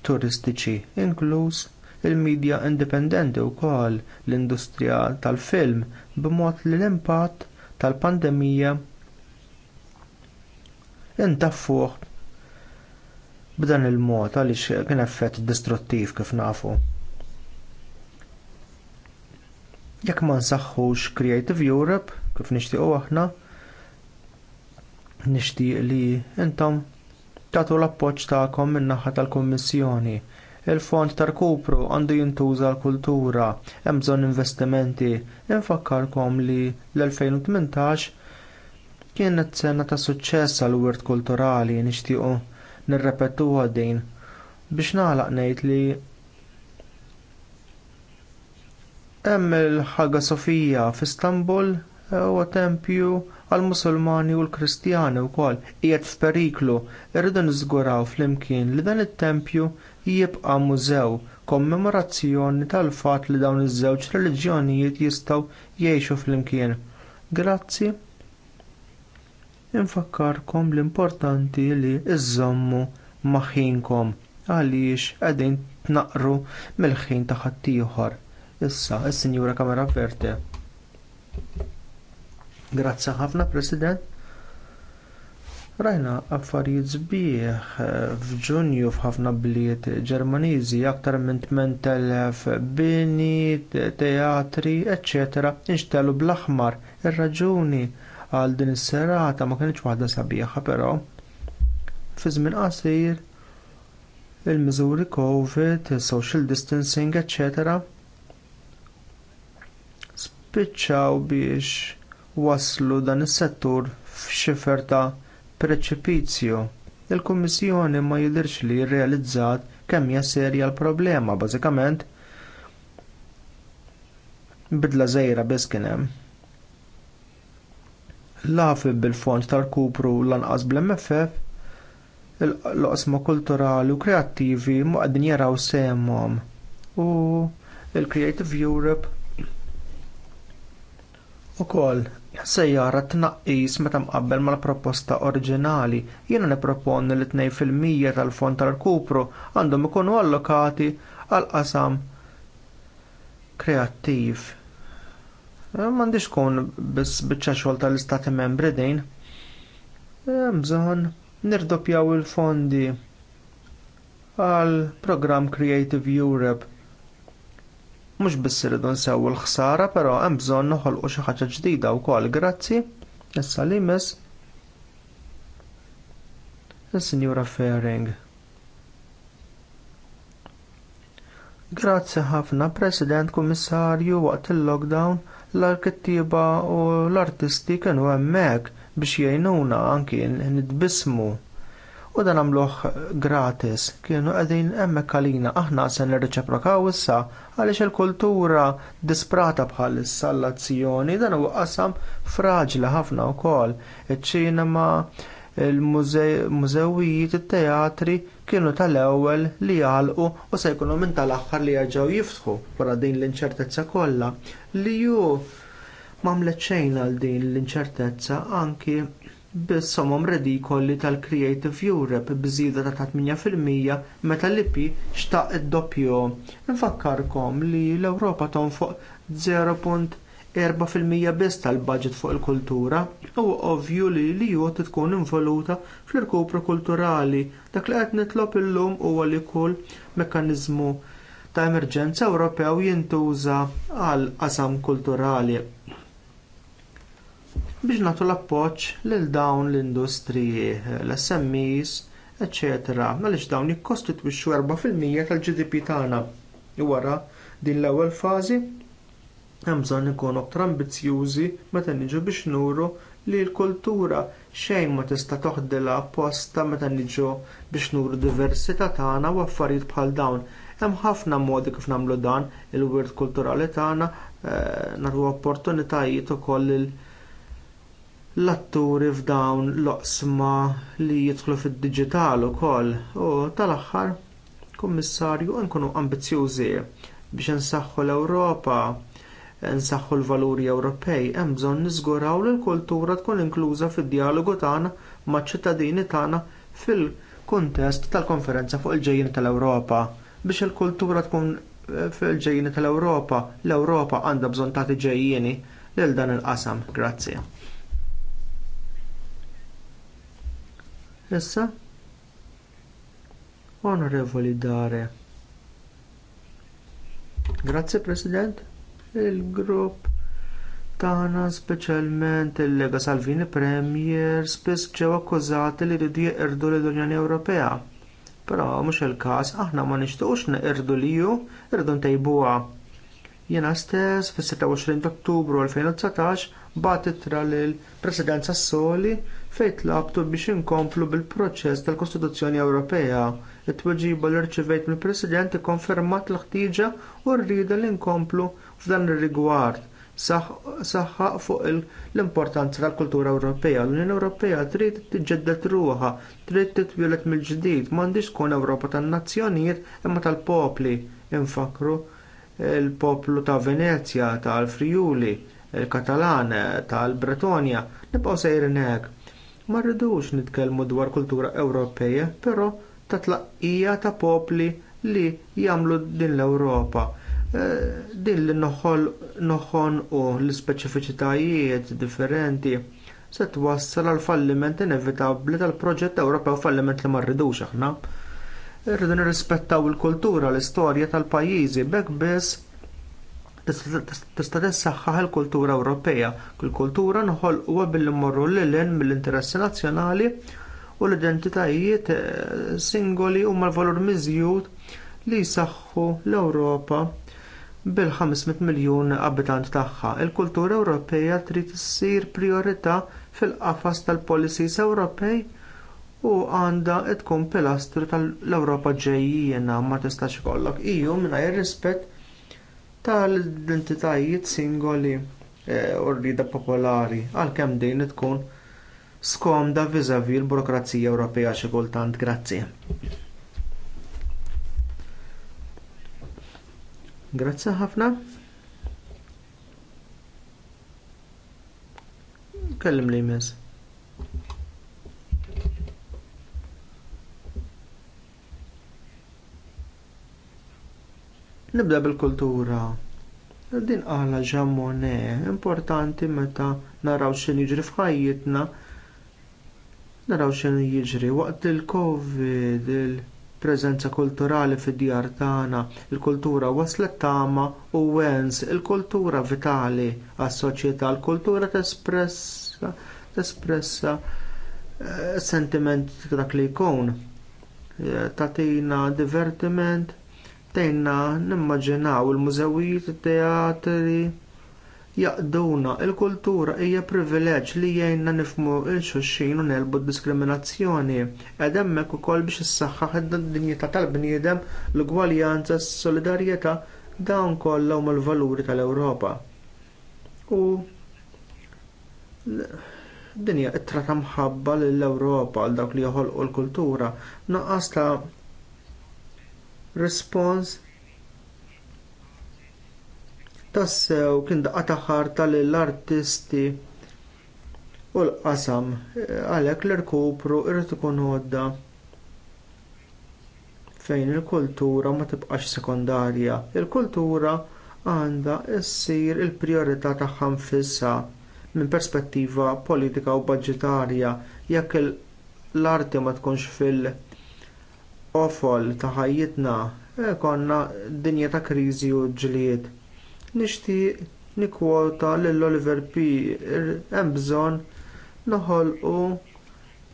turistiċi, inkluż il-medja indipendenti wkoll l-industrija tal-film b'mod li l-impatt tal-pandemija intaffuh b'dan il-mod għaliex kien effett distruttiv kif nafu. Jekk ma nsaħħux Creative Europe, kif nixtiequ aħna, nixtieq li intom tagħtu l-appoġġ tagħkom min-naħa tal-Kummissjoni il-fond tal-kupru għandu jintuża l-kultura, hemm bżonn investimenti. Infakkarkom li l-2018 kienet sena ta' suċċess għall wirt kulturali nixtiequ nirrepetu din biex nagħlaq ngħid li Hemm il-Ħaga Sofija f'Istanbul huwa tempju għall musulmani u l-Kristjani wkoll qiegħed f'periklu. Irridu niżguraw flimkien li dan it-tempju jibqa' mużew kommemorazzjoni tal-fatt li dawn iż-żewġ reliġjonijiet jistgħu jgħixu flimkien. Grazzi. Infakkarkom l-importanti li iżommu maħinkom għaliex qegħdin tnaqru mill-ħin ta' ħaddieħor Issa, is-Sinjura Kamara Verde. Grazzi ħafna, President. Rajna affarijiet sbieħ eh, f'Ġunju f'ħafna bliet Ġermaniżi aktar minn 8000 bini, teatri, etc. inxtelu bl-aħmar. Ir-raġuni għal din is-serata ma kienx waħda sabiħa però. Fi żmien qasir il-miżuri COVID, social distancing, eccetera spiċċaw biex waslu dan is-settur f'xifer ta' preċipizju. Il-Kummissjoni ma jidhirx li rrealizzat kemm hija serja l-problema bażikament bidla żgħira biss kien hemm. Lafi bil-fond tal-kupru lanqas bl-MFF l-qosma kulturali u kreattivi ma qegħdin jaraw semmhom u l creative Europe ukoll se jara tnaqqis meta mqabbel mal-proposta oriġinali jiena nipproponi li tnejn fil-mija tal-fond tal-kupru għandhom ikunu allokati għal qasam kreattiv. Eh, m'għandix tkun biss biċċa xogħol tal-Istati Membri din. Eh, bżonn nirdoppjaw il-fondi għal programm Creative Europe Mhux biss irridu nsewwu l-ħsara, però hemm bżonn noħolqu xi ħaġa ġdida wkoll. Grazzi, issa li miss is-Sinjura Fairing. Grazzi ħafna President Kummissarju waqt il-lockdown l-arkittiba u l-artisti kienu hemmhekk biex jgħinuna anki nitbismu u dan għamluh gratis. Kienu qegħdin hemmhekk għalina aħna se nirriċeprokaw issa għaliex il-kultura disprata bħal is-sallazzjoni dan huwa qasam fraġli ħafna wkoll. Iċ-ċinema, il-mużewijiet, it-teatri kienu tal-ewwel li jgħalqu u se jkunu minn tal-aħħar li jerġgħu jiftħu wara din l-inċertezza kollha li ju m'għamlet xejn għal din l-inċertezza anki bis-somom redikoli tal-Creative Europe bżida ta' 8% meta l-IP xtaq id-doppju. Nfakkarkom li l-Ewropa tonfoq 0.4% biss tal-budget fuq il-kultura u ovvju li li jgħot tkun involuta fl-irkupru kulturali dak li qed nitlob illum huwa li kull mekkaniżmu ta' emerġenza Ewropew jintuża għal qasam kulturali biex nagħtu l appoġġ lil dawn l-industriji, l-SMEs, eccetera, għaliex dawn jikkostitwixxu 4% tal-GDP tagħna. Wara din l-ewwel fażi hemm bżonn ikun aktar ambizzjużi meta niġu biex nuru li l-kultura xejn ma tista' toħdilha apposta meta niġu biex nuru diversità tagħna u affarijiet bħal dawn. Hemm ħafna modi kif nagħmlu dan il-wirt kulturali tagħna eh, nagħtu opportunitajiet ukoll il- l-atturi f'dawn l-oqsma li jidħlu fid-diġital ukoll u tal-aħħar kummissarju nkunu ambizzjużi biex insaħħu l-Ewropa insaħħu l-valuri Ewropej hemm bżonn niżguraw li l-kultura tkun inkluża fid-dialogu tagħna maċ-ċittadini tagħna fil-kuntest tal-konferenza fuq il-ġejjin tal-Ewropa biex il-kultura tkun eh, fil-ġejjini tal-Ewropa, l-Ewropa għandha bżonn tagħti ġejjieni lil dan il-qasam. Grazzi. Issa, onorevoli dare. Grazie President, il-grupp tagħna speċjalment il-Lega Salvini Premier spiss ġew akkużati li ridu jeqirdu l-Unjoni Ewropea. Però mhux il-każ aħna ma nixtiequx neqirdu liju, irdu ntejbuha. Jiena stess fis-26 Ottubru 2019 bat ittra lill Presidenza Soli fejn tlabtu biex inkomplu bil-proċess tal-Kostituzzjoni Ewropea. It-tweġiba li rċivejt mill-President ikkonfermat l-ħtieġa u rrida li nkomplu f'dan ir-rigward. Saħħaq fuq l-importanza tal-kultura Ewropea. L-Unjoni Ewropea trid tiġġedded ruħha, trid titwielet mill-ġdid, m'għandix tkun Ewropa tan-nazzjonijiet imma tal-popli. Infakru l poplu ta' Venezja, tal-Friuli, il-Katalan, tal-Bretonja, nibqgħu sejrin hekk Ma rridux nitkellmu dwar kultura Ewropeja, però ta' tlaqqija ta' popli li jagħmlu din l-Ewropa. Eh, din li noħon u l-speċifiċitajiet differenti se twassal għal falliment inevitabbli tal-proġett Ewropew falliment li ma rridux aħna. Irridu nirrispettaw il-kultura, l-istorja tal-pajjiżi bekk biss tista' tissaħħaħ il-kultura Ewropea. Kull kultura nħolquha billi mmorru lil mill-interessi nazzjonali u l-identitajiet eh, singoli huma l-valur miżjud li jsaħħu l-Ewropa bil-500 miljun abitant tagħha. Il-kultura Ewropea trid issir priorità fil-qafas tal-policies Ewropej u għandha tkun pilastru tal-Ewropa ġejjiena ma tistax ikollok Iju mingħajr rispett tal-identitajiet singoli u eh, rrida popolari għalkemm din tkun skomda viżavi l-burokrazija Ewropea xi kultant grazzi. Grazzi ħafna. Kellim li jmiss. Nibda bil-kultura. Din qala ġammone, importanti meta naraw xin jiġri f'ħajjitna, naraw xin jiġri waqt il-Covid, il prezenza kulturali fid-djar tagħna, il-kultura waslet tama u wens, il-kultura vitali għas-soċjetà, il-kultura tespressa, tespressa eh, sentiment dak li jkun eh, tatina divertiment tejna nimmaġinaw il-mużewijiet, it-teatri jaqduna il-kultura hija privileġġ li jgħinna nifhmu il xulxin u nelbu d-diskriminazzjoni. Ed hemmhekk ukoll biex issaħħaħ id-dinjità tal-bniedem, l-gwaljanza, s-solidarjetà dawn kollha huma l-valuri tal-Ewropa. U dinja it-trata mħabba lill ewropa għal dawk li joħolqu l-kultura, naqqas ta' response tassew kien daqqa taħħar tal-artisti u l-qasam għalhekk l rkupru irritu kun għodda fejn il-kultura ma tibqax sekondarja. Il-kultura għandha ssir il-prijorità taħħam fissa minn perspettiva politika u budgetarja jekk l-arti ma tkunx fil- ofol ta' ħajjitna e, konna dinja ta' kriżi u ġlijiet. Nixtieq nikkwota l Oliver P. Er, hemm bżonn noħolqu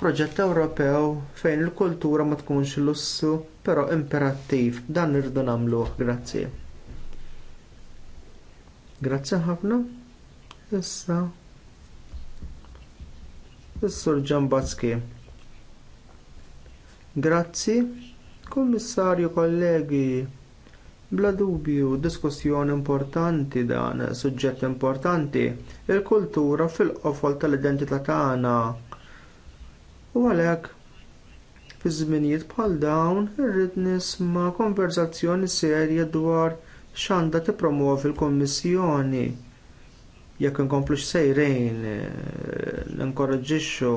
proġett Ewropew fejn il-kultura ma tkunx lussu però imperattiv dan irdu nagħmluh. Grazzi. Grazzi ħafna. Issa. is Ġambazki. Grazzi. Kummissarju kollegi, bla dubju diskussjoni importanti dan, suġġett importanti, il-kultura fil-qofol tal-identità tagħna. U għalhekk fi żminijiet bħal dawn irrid nisma' konverzazzjoni serja dwar x'għandha tippromuovi l-Kummissjoni jekk inkomplu x'sejrejn eh, l-inkoraġġixxu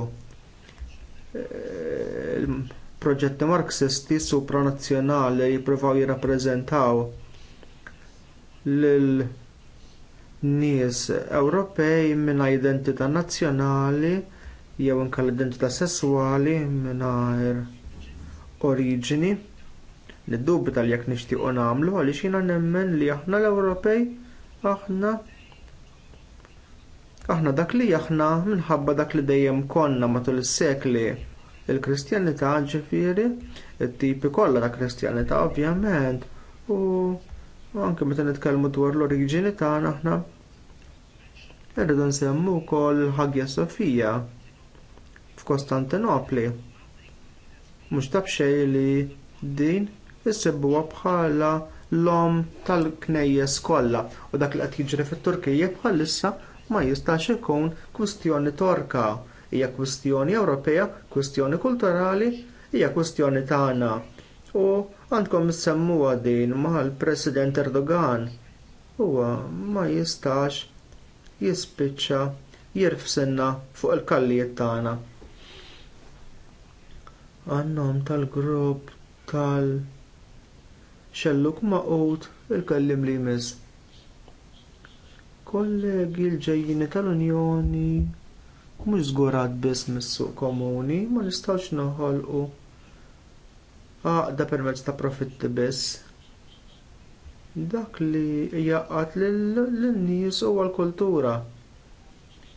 eh, proġetti marxisti supranazzjonali jippruvaw jirrappreżentaw lil nies Ewropej mingħajr identità nazzjonali jew l identità sesswali mingħajr oriġini. Niddubi tal jekk nixtiequ nagħmlu għaliex jiena nemmen li aħna l-Ewropej aħna aħna dak li aħna minħabba dak li dejjem konna matul is-sekli il-Kristjanità ġifieri it-tipi kollha ta' Kristjanità ovvjament u anke meta nitkellmu dwar l-oriġini tagħna aħna irridu nsemmu wkoll ħagja Sofija f'Kostantinopli. Mhux tabxej li din issibuha bħala l-om tal-knejjes kollha u dak li qed jiġri fit-Turkija bħalissa ma jistax ikun kwistjoni torka hija kwistjoni Ewropea, kwistjoni kulturali, hija kwistjoni tagħna. U għandkom semmu din mal-President Erdogan. Huwa ma jistax jispiċċa jirfsinna fuq il-kallijiet tagħna. Għannom tal-grupp tal-xelluk maqut il-kellim li jmiss kollegi l-ġejjini tal-Unjoni u mhux żgurat biss mis-suq komuni ma nistgħux noħolqu għaqda permezz ta' profitti biss. Dak li jaqgħat lin-nies huwa l-kultura.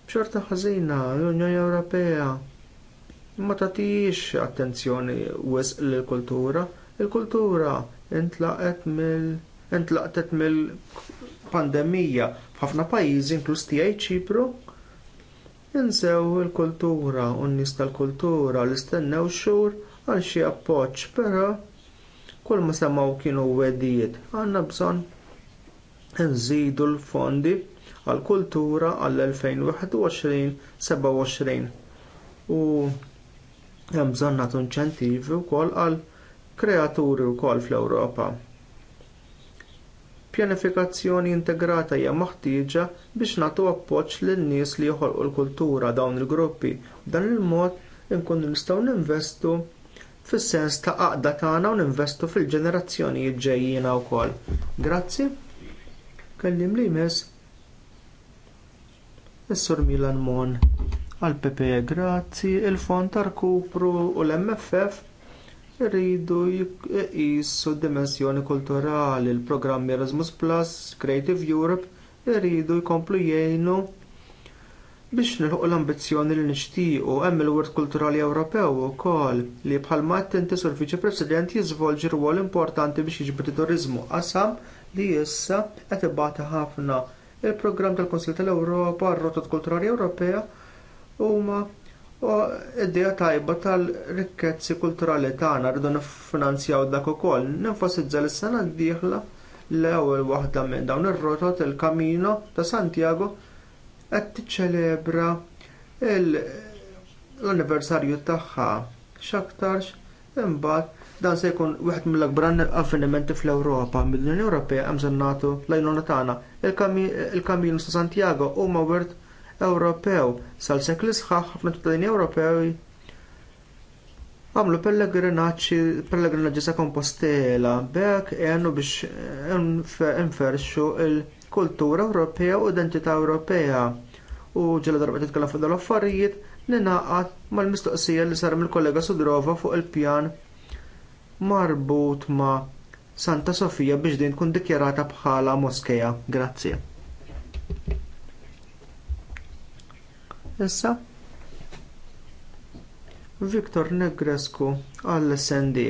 B'xorta ħażina l-Unjoni Ewropea ma tagħtix attenzjoni wisq lill-kultura. Il-kultura intlaqet mill intlaqtet mill-pandemija f'ħafna pajjiżi inkluż tiegħi Ċipru Insew il-kultura u n-nies tal-kultura li stennew xhur għal xi appoġġ, però kull ma semgħu kienu wedijiet għandna bżonn nżidu l-fondi għall kultura għall 2021-27 u hemm bżonn nagħtu inċentivi wkoll għal kreaturi wkoll fl-Ewropa. Pjanifikazzjoni integrata hija maħtieġa biex nagħtu appoġġ lin nies li joħolqu l-kultura dawn il-gruppi. B'dan il-mod inkunu nistgħu ninvestu fis-sens ta' għaqda tagħna u ninvestu fil-ġenerazzjonijiet ġejjina wkoll. Grazzi. Kellim li jmiss. Is-Sur Milan Mon għal Pepe Grazzi, il-Fond kupru u l-MFF irridu jqisu d-dimensjoni kulturali, l programm Erasmus Plus, Creative Europe, irridu jkomplu jgħinu biex nilħu l-ambizzjoni li nixtiequ hemm il-Wirt Kulturali Ewropew ukoll li bħalma attenti sur Viċi President jiżvolġi rwol importanti biex jiġbri turiżmu qasam li issa qed ibata ħafna il-programm tal-Konsil tal-Ewropa, r-Rotot Kulturali Ewropea huma U id-dija tajba tal-rikkezzi kulturali tagħna rridu niffinanzjaw dak ukoll. Nenfasizza li s-sena d-dieħla l-ewwel waħda minn dawn ir-rotot il-Kamino ta' Santiago qed tiċċelebra l-anniversarju tagħha x'aktarx imbagħad dan se jkun wieħed mill-akbar avvenimenti fl-Ewropa mill-Unjoni Ewropea hemm nagħtu l tagħna. Il-Kamino ta' Santiago huma wirt Ewropew. Sal-sekli sħaħ ħafna ċittadini Ewropew għamlu pellegrinaġġi sa' Kompostela b'hekk għenu biex nferxu l kultura Ewropea u identità Ewropea. U ġela darba titkellem fuq dal-affarijiet ninaqat mal-mistoqsija li sar mill-kollega Sudrova fuq il-pjan marbut ma' Santa Sofija biex din tkun dikjarata bħala moskeja. Grazzi. Issa Viktor Negresku għall-SND.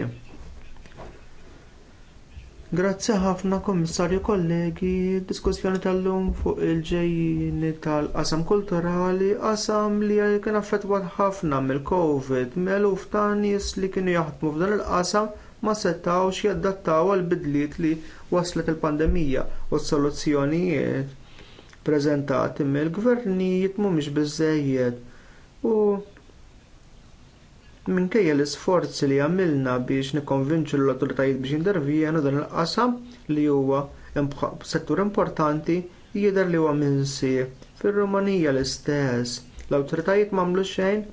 Grazzi ħafna komissarju kollegi, diskussjoni tal-lum fuq il-ġejjini tal-qasam kulturali, qasam li kien affettwat ħafna mill-Covid, meluf ta' nies li kienu jaħdmu f'dan il-qasam ma setawx jaddattaw għal bidliet li waslet il-pandemija u s-soluzzjonijiet prezentati mill-gvernijiet mhumiex biżejjed. u minkejja l-isforzi li għamilna biex nikkonvinċu l-autoritajiet biex jindervjenu dan il-qasam li huwa settur importanti jidher li huwa minsi. Fir-Rumanija l-istess, l-awtoritajiet m'għamlu xejn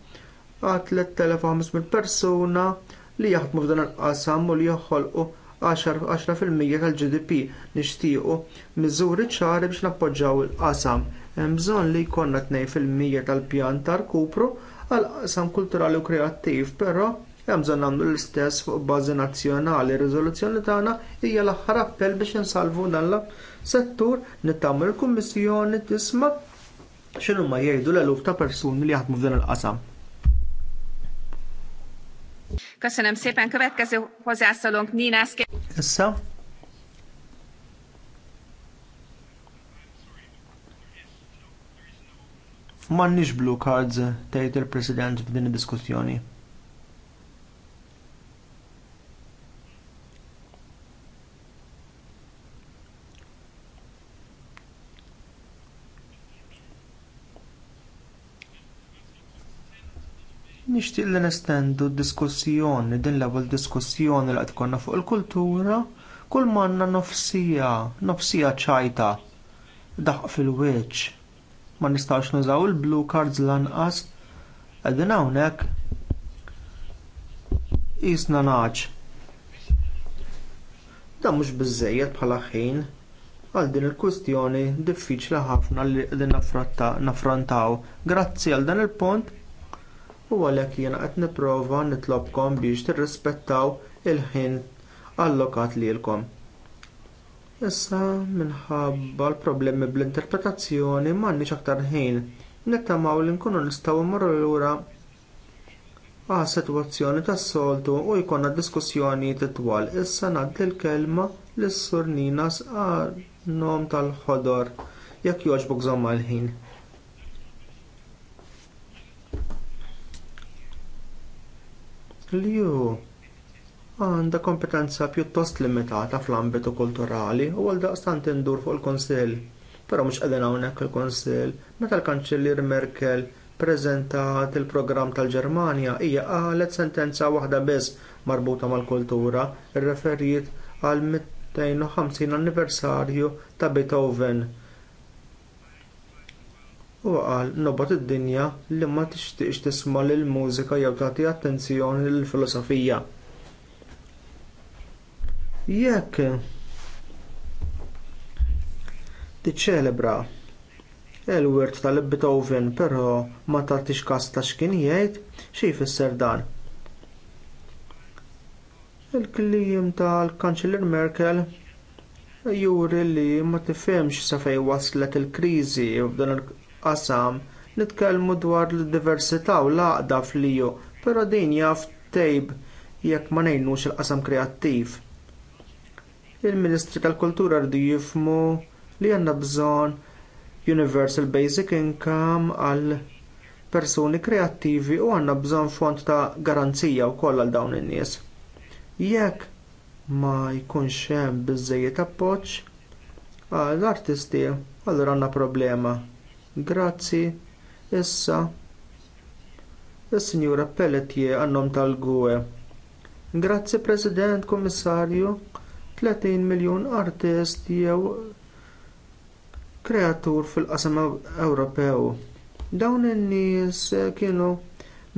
għad 3500 persuna li jaħdmu f'dan il-qasam u li joħolqu 10% tal-GDP nixtiequ miżuri ċari biex nappoġġaw il-qasam. Hemm bżonn li jkollna 2% tal-pjan tal-kupru għal qasam kulturali u kreattiv, però hemm bżonn nagħmlu l-istess fuq bażi nazzjonali. Riżoluzzjoni tagħna hija l-aħħar appell biex insalvu dan settur nittammel il-Kummissjoni tisma' x'inhuma jgħidu l-eluf ta' persuni li jaħdmu f'dan il-qasam. Köszönöm szépen. Következő hozzászólónk Nínász. Issa. Mannix blue cards tgħid il-President f'din diskussjoni Nixtieq li nestendu d-diskussjoni, din l-ewwel diskussjoni li qed konna fuq il-kultura, kull manna nofsija, nofsija ċajta, daħq fil wiċċ Ma nistax nużaw il-blue cards lanqas, qegħdin hawnhekk qisna naċ. Dan mhux biżżejjed bħala ħin għal din il-kwistjoni diffiċli ħafna li qegħdin naffrontaw. Grazzi għal dan il-pont u għalhekk jiena qed nipprova nitlobkom biex tirrispettaw il-ħin allokat lilkom. Issa minħabba l-problemi bl-interpretazzjoni m'għandniex aktar ħin. Nittamaw li nkunu nistgħu mmorru lura għal sitwazzjoni tas-soltu u jkollna diskussjoni titwal. Issa ngħaddi l-kelma lis-sur Ninas għal nom tal-ħodor jekk jogħġbok żomm għal ħin L-EU għandha kompetenza pjuttost limitata fl-ambitu kulturali u għal daqstant indur fuq il-Konsil. Però mhux qegħdin hawnhekk il-Konsil, meta l-Kanċellier Merkel ppreżentat il-programm tal-Ġermanja hija qalet sentenza waħda biss marbuta mal-kultura irreferiet għal 250 anniversarju ta' Beethoven u qal nobgħod id-dinja li ma tixtieqx tisma' lil mużika jew tagħti attenzjoni lill filosofija. Jekk tiċċelebra il-wirt tal-Beethoven però ma tagħtix każ ta' x'kien jgħid xi jfisser dan. Il-kliem tal-Kanċellier Merkel juri li ma tifhemx sa fejn waslet il-kriżi u il qasam nitkellmu dwar l-diversità u l-għaqda fl-liju, però din jaf tejb jekk ma ngħinux il-qasam kreattiv. Il-Ministri tal-Kultura rridu jifmu li għandna bżonn Universal Basic Income għal persuni kreattivi u għandna bżonn fond ta' garanzija wkoll għal dawn in-nies. Jekk ma jkunx hemm biżżejjed appoġġ għall artisti allura għandna problema. Grazzi. Issa. Is-Sinjura Pelletier għannom tal-Gwe. Grazzi President, Kummissarju. 30 miljun artist jew kreatur fil-qasam Ewropew. Dawn in-nies kienu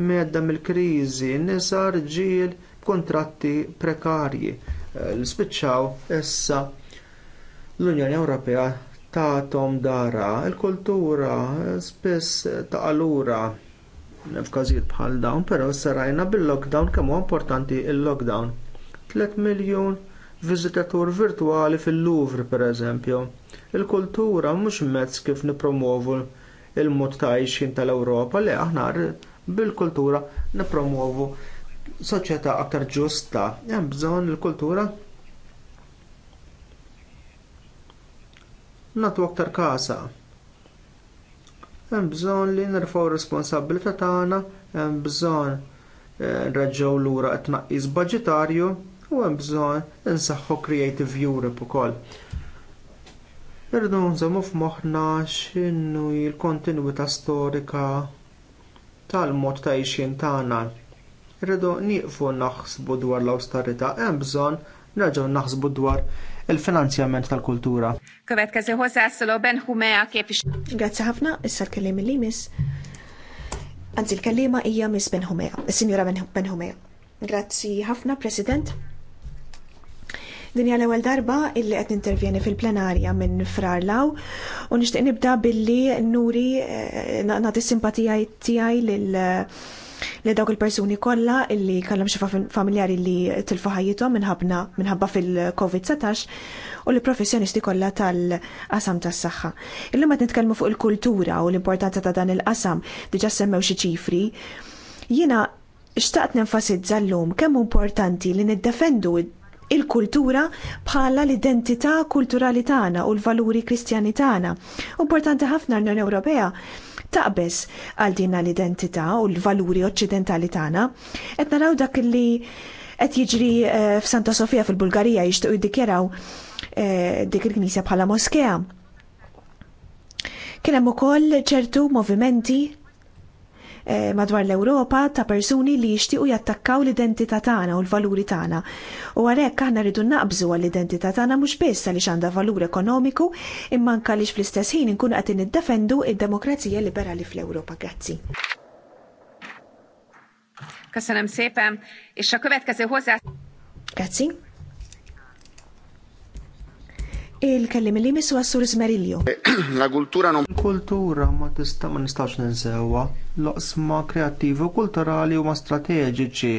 medda mill-kriżi, nisa rġiel b'kuntratti prekarji. Eh, l-spiċċaw issa l-Unjoni Ewropea tagħthom dara, il-kultura spiss taqalura f'każijiet bħal dawn, però sarajna bil-lockdown kemm huwa importanti l lockdown 3 miljun viżitatur virtwali fil-Louvre pereżempju. Il-kultura mhux mezz kif nippromovu il-mod għajxin tal-Ewropa li aħna bil-kultura nippromovu soċjetà aktar ġusta. Hemm bżonn il-kultura natu aktar kasa. Hemm bżonn li nerfgħu responsabbilità tagħna, hemm bżonn eh, nreġgħu lura qed tnaqqis baġitarju u hemm bżonn insaħħu Creative Europe ukoll. Irdu nżommu f'moħħna x'inhu l-kontinwità storika tal-mod ta' ixjien tagħna. Irridu nieqfu naħsbu dwar l awstarità hemm bżonn nerġgħu naħsbu dwar il-finanzjament tal-kultura. Következő hozzászóló Ben Humea képviselő. Grazzi ħafna, issa l il li miss. Anzi l-kellima hija miss Ben Humea, il-sinjura Ben Humea. Grazzi ħafna, President. Dinja l-ewwel darba illi qed intervjeni fil-plenarja minn Frar Law u nixtieq nibda billi nuri eh, nagħti simpatija tiegħi lil eh, li dawk il-persuni kollha illi kellhom xi familjari li tilfu ħajjithom minħabna minħabba fil-COVID-19 u l professjonisti kollha tal-qasam tas-saħħa. Illum qed nitkellmu fuq il-kultura u l-importanza ta' dan il-qasam diġà semmew xi ċifri. Jiena xtaqt nenfasizza llum kemm importanti li niddefendu il-kultura bħala l-identità kulturali tagħna u l-valuri kristjani tagħna. Importanti ħafna l-Unjoni Ewropea taqbes għal din l-identità u l-valuri oċċidentali tagħna. Qed naraw dak li qed jiġri eh, f'Santa Sofia fil-Bulgarija jixtiequ jiddikjaraw eh, dik il-Knisja bħala moskea. Kien hemm ukoll ċertu movimenti Eh, madwar l-Ewropa ta' persuni li jixtiequ jattakkaw l-identità tagħna u l-valuri tagħna. U għalhekk aħna rridu naqbżu għall-identità tagħna mhux biss għaliex għandha valur ekonomiku imma anke għaliex fl-istess ħin inkun qed niddefendu id-demokrazija liberali fl-Ewropa. Grazzi. Köszönöm szépen, és a következő hozzá... Grazzi. Il-kellim li missu għassur Smerillo. <clears throat> La kultura non. Kultura ma tista ma nistax ninsewa. Loqsma kreativi u kulturali huma strateġiċi.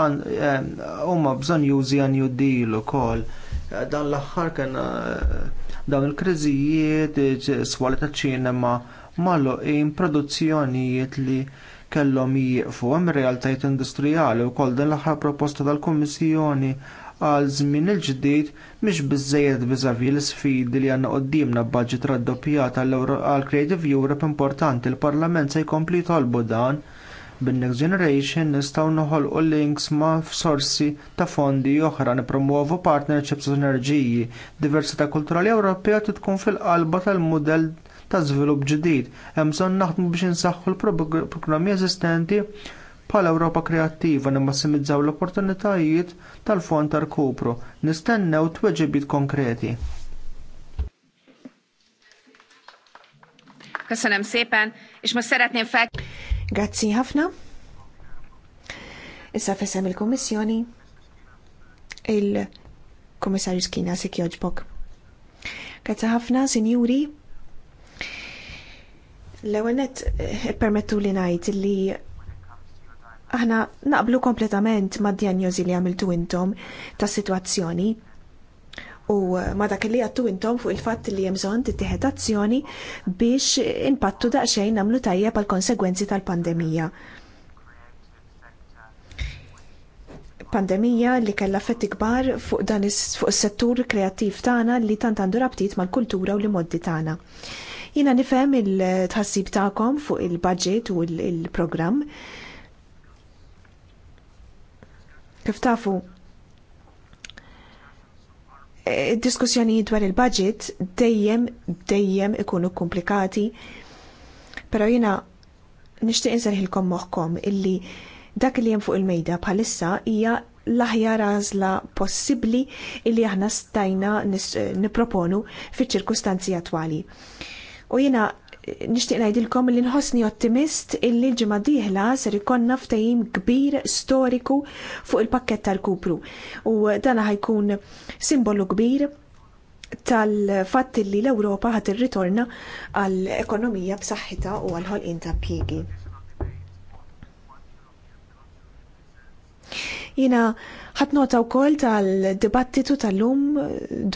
Eh, Umma bżon juzi għan juddilu kol. Eh, dan l-aħħar kan eh, dawn il-kriżijiet, swali ta' ċinema, ma in produzzjonijiet li kellhom jieqfu hemm realtajt industrijali wkoll din l-aħħar proposta tal-Kummissjoni għal żmien il-ġdid mhix biżżejjed biżavi l-sfidi li għandna qudiemna b'baġġit raddoppjat għal Creative Europe importanti l-Parlament se jkompli jtolbu dan bin-Next Generation nistgħu noħolqu links ma' sorsi ta' fondi oħra nippromuovu partnerships u sinerġiji. Diversità kulturali Ewropea tkun fil-qalba tal-mudell ta' żvilupp ġdid. Hemm bżonn naħdmu biex insaħħu l-programmi eżistenti bħala Ewropa kreattiva nimmassimizzaw l-opportunitajiet tal-fond tal-kupru. Nistennew tweġibiet konkreti. Köszönöm szépen, és most szeretném fel... Grazzi ħafna. Issa feszem il komissjoni il-Kommissarju Skina Sikjoġbok. Grazzi ħafna, sinjuri. L-ewwel eh, permettu li ngħid li Aħna naqblu kompletament ma' diagnosi li għamiltu intom ta' situazzjoni u eh, ma dak li għattu intom fuq il-fatt li jemżon tittieħed azzjoni biex impattu daqsxejn namlu tajjeb pal konsegwenzi tal-pandemija. Pandemija li kella effetti kbar fuq dan fuq is-settur kreattiv tagħna li tant għandu rabtit mal-kultura u l-moddi tagħna. Jina nifhem il-tħassib tagħkom fuq il-budget u l-programm. il budget u il u l programm Kif tafu, e, diskussjoni dwar il-budget dejjem dejjem ikunu komplikati, pero jina nishtiq inserħilkom moħkom illi dak li jem fuq il-mejda bħalissa hija l-aħjar għażla possibbli illi aħna stajna niproponu fiċ-ċirkustanzi attwali. U jina nixtieq ngħidilkom li nħossni ottimist illi l ġimgħa dieħla ser ikollna ftehim kbir storiku fuq il-pakkett tal-kupru. U dan ħajkun simbolu kbir tal-fatt li l-Ewropa ħat irritorna għall ekonomija b'saħħitha u għall ħolqien ta' pjiegi Jina ħat nota wkoll tal-dibattitu tal-lum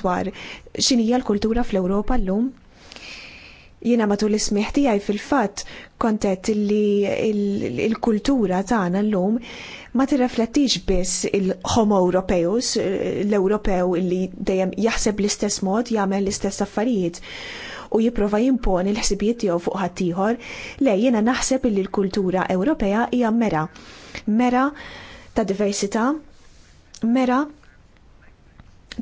dwar x'inhija l-kultura fl-Ewropa llum. Jiena matul ismiħ tiegħi fil-fatt kontet li il-kultura tagħna llum ma tirreflettix biss il-Homo Europeus, l-Ewropew li dejjem jaħseb l-istess mod, jagħmel l-istess affarijiet u jipprova jimpon il ħsibijiet tiegħu fuq ħaddieħor, le jiena naħseb li l-kultura Ewropea hija mera. Mera ta' diversità, mera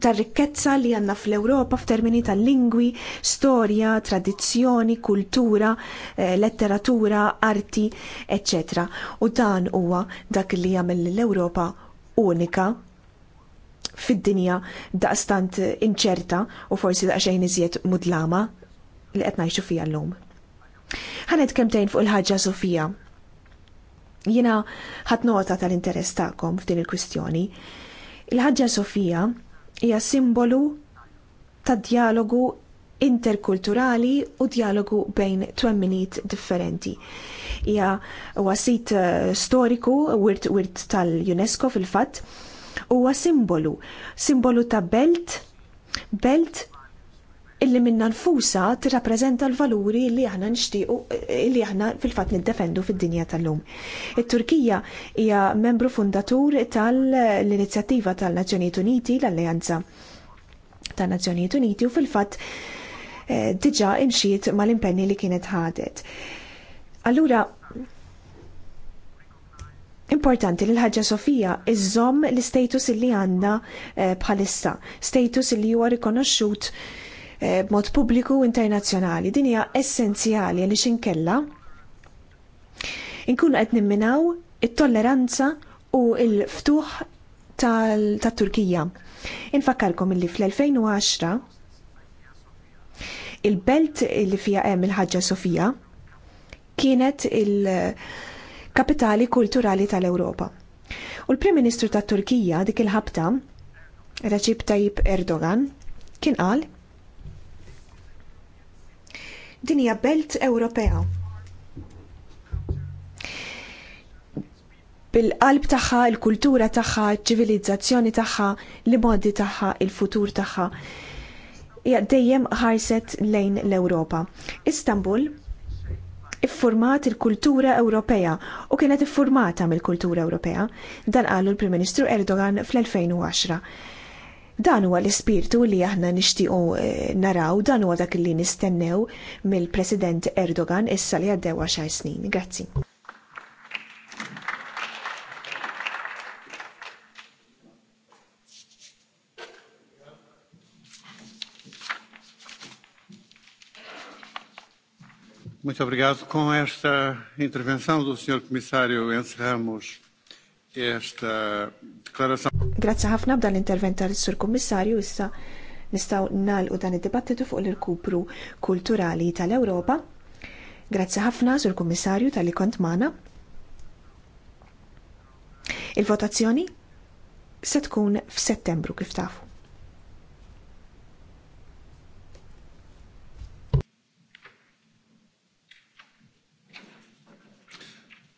tar-rikkezza li għandna fl-Ewropa f'termini tal-lingwi, storja, tradizzjoni, kultura, eh, letteratura, arti, ecc. U dan huwa dak li jagħmel l-Ewropa unika fid-dinja daqstant inċerta u forsi daqsxejn iżjed mudlama li qed ngħixu fiha llum. Ħanet kemtejn fuq il-ħaġa Sofija. Jiena ħadd nota tal-interess tagħkom f'din il-kwistjoni. Il-ħaġa Sofija hija simbolu ta' dialogu interkulturali u dialogu bejn twemminijiet differenti. Hija wasit eh, storiku wirt wirt tal-UNESCO fil-fatt huwa simbolu, simbolu ta' belt, belt illi minna nfusa tirrappreżenta l-valuri li aħna nixtiequ li aħna fil-fatt niddefendu fid-dinja tal-lum. It-Turkija hija membru fundatur tal-Inizjattiva tal-Nazzjonijiet Uniti l-Alleanza tan-Nazzjonijiet Uniti u fil-fatt eh, diġà imxiet mal-impenni li kienet ħadet. Allura, Importanti li l-ħagġa Sofija iżżomm l-status li għandna eh, bħalissa, status li huwa rikonoxxut Eh, b'mod pubbliku u internazzjonali. Din hija essenzjali għaliex inkella inkunu qed nimminaw it-tolleranza u l-ftuħ tat-Turkija. Infakkarkom illi fl-2010 il-belt li fija hemm il-ħaġġa Sofija kienet il-kapitali kulturali tal-Ewropa. U l-Prim Ministru tat Turkija dik il-ħabta Recep Tayyip Erdogan kien qal Din hija belt Ewropea. bil-qalb tagħha, il-kultura tagħha, iċ-ċivilizzazzjoni tagħha, l-modi tagħha, il-futur tagħha. Hija dejjem ħarset lejn l-Ewropa. Istanbul iffurmat il-kultura Ewropea u kienet iffurmata mill-kultura Ewropea. Dan qalu l-Prim Ministru Erdogan fl-2010. Dan huwa l-ispirtu li aħna nixtiequ eh, naraw, dan huwa dak li nistennew mill-President Erdogan issa li għaddew 10 snin. Grazzi. Muito obrigado. Com esta intervenção do Sr. Comissário encerramos esta Grazzi ħafna b'dan l-intervent tal-Sur Kummissarju issa nistaw nalqu dan id-dibattitu fuq l-irkupru kulturali tal-Ewropa. Grazzi ħafna Sur Kummissarju tal-li kont magħna. Il-votazzjoni se tkun f'Settembru kif tafu.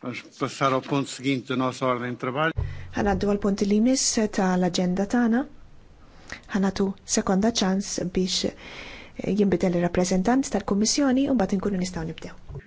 Għax passaro punt sginti nosa ordin Għanaddu għal-punt li jmiss tal-agenda tagħna. Ħanatu sekonda ċans biex jinbidel il-rappresentant tal-Kummissjoni un bat inkunu nistgħu nibdew.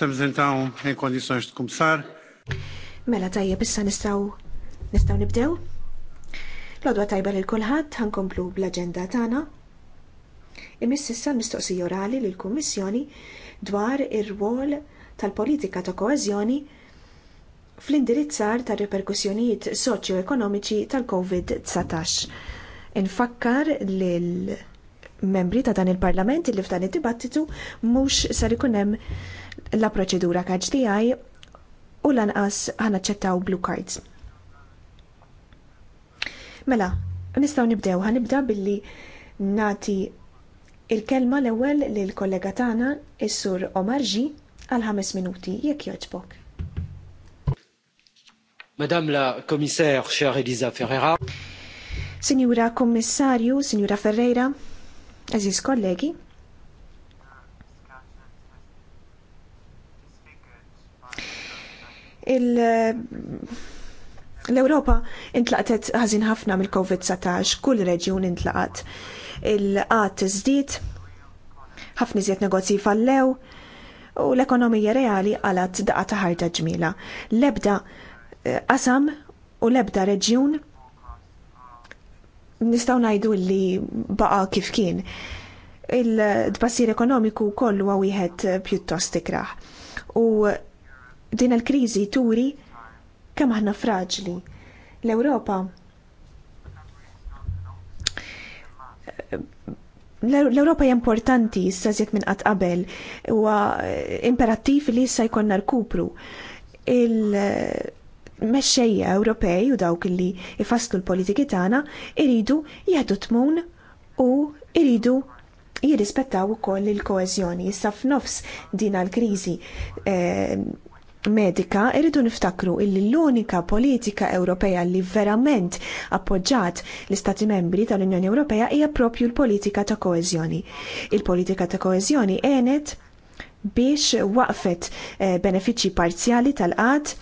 t-prezentaw kondizjoni Mela tajja, bissa nistaw nistaw nibdew. Lodwa tajba lil kulħadd ħankomplu bl-aġenda tagħna. Imiss issa mistoqsija orali lil kummissjoni dwar ir-rwol tal-politika ta' koeżjoni fl-indirizzar tar reperkussjonijiet soċjo-ekonomiċi tal-COVID-19. Infakkar lil membri ta' dan il-parlament li f'dan id-dibattitu mhux sar ikun hemm la proċedura kaġdijaj u lanqas ħanaċċettaw blue cards. Mela, nistaw nibdew, nibda billi nati il-kelma l-ewwel l kollega tagħna is-sur Omar G għal ħames minuti jekk jogħġbok. Madame la commissaire, chère Elisa Ferreira. Signora Kommissarju, Signora Ferreira, Aziz kollegi, l-Europa intlaqtet ħażin ħafna mill-COVID-19, kull reġjun intlaqat. Il-qat iżdied, ħafna iżjed negozji fallew, u l-ekonomija reali għalat daqa ta' ġmiela. ġmila. Lebda eh, qasam u lebda reġjun nistaw najdu li baqa kif kien. Il-tbassir ekonomiku kollu għawihet pjuttost ikrah. U din il-kriżi turi kemm aħna fraġli. L-Ewropa l ewropa importanti issa żiet minn qatt qabel huwa imperattiv li issa jkollna rkupru. Il-mexxejja Ewropej u dawk li ifasslu l-politiki tagħna iridu jieħdu tmun u iridu jirrispettaw ukoll il-koeżjoni. Issa f'nofs din għall kriżi eh, medika irridu niftakru illi l-unika politika Ewropea li verament appoġġat l-Istati membri tal-Unjoni Ewropea hija propju l-politika ta' koeżjoni. Il-politika ta' koeżjoni għenet biex waqfet eh, benefiċċji parzjali tal-qat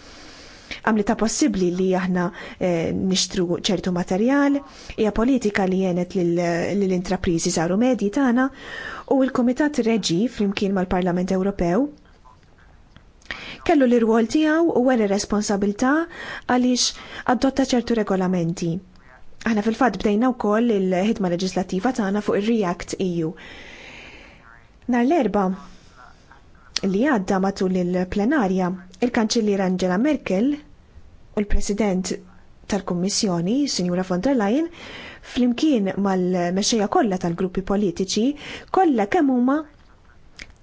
għamlita possibli li aħna eh, nixtru ċertu materjal, hija politika li jenet lill-intrapriżi zaru medji tagħna u l-Kumitat Reġi flimkien mal-Parlament Ewropew Kellu l-irwol tiegħu u għer responsabilta għaliex adotta ċertu regolamenti. Aħna fil-fatt bdejna wkoll il-ħidma leġislattiva tagħna fuq ir-React EU. Nar l-erba li għadda matul il-plenarja, il kanċillir Angela Merkel u l-President tal-Kummissjoni, Signora von der Leyen, flimkien mal-mexxejja kollha tal-gruppi politiċi, kollha kemm huma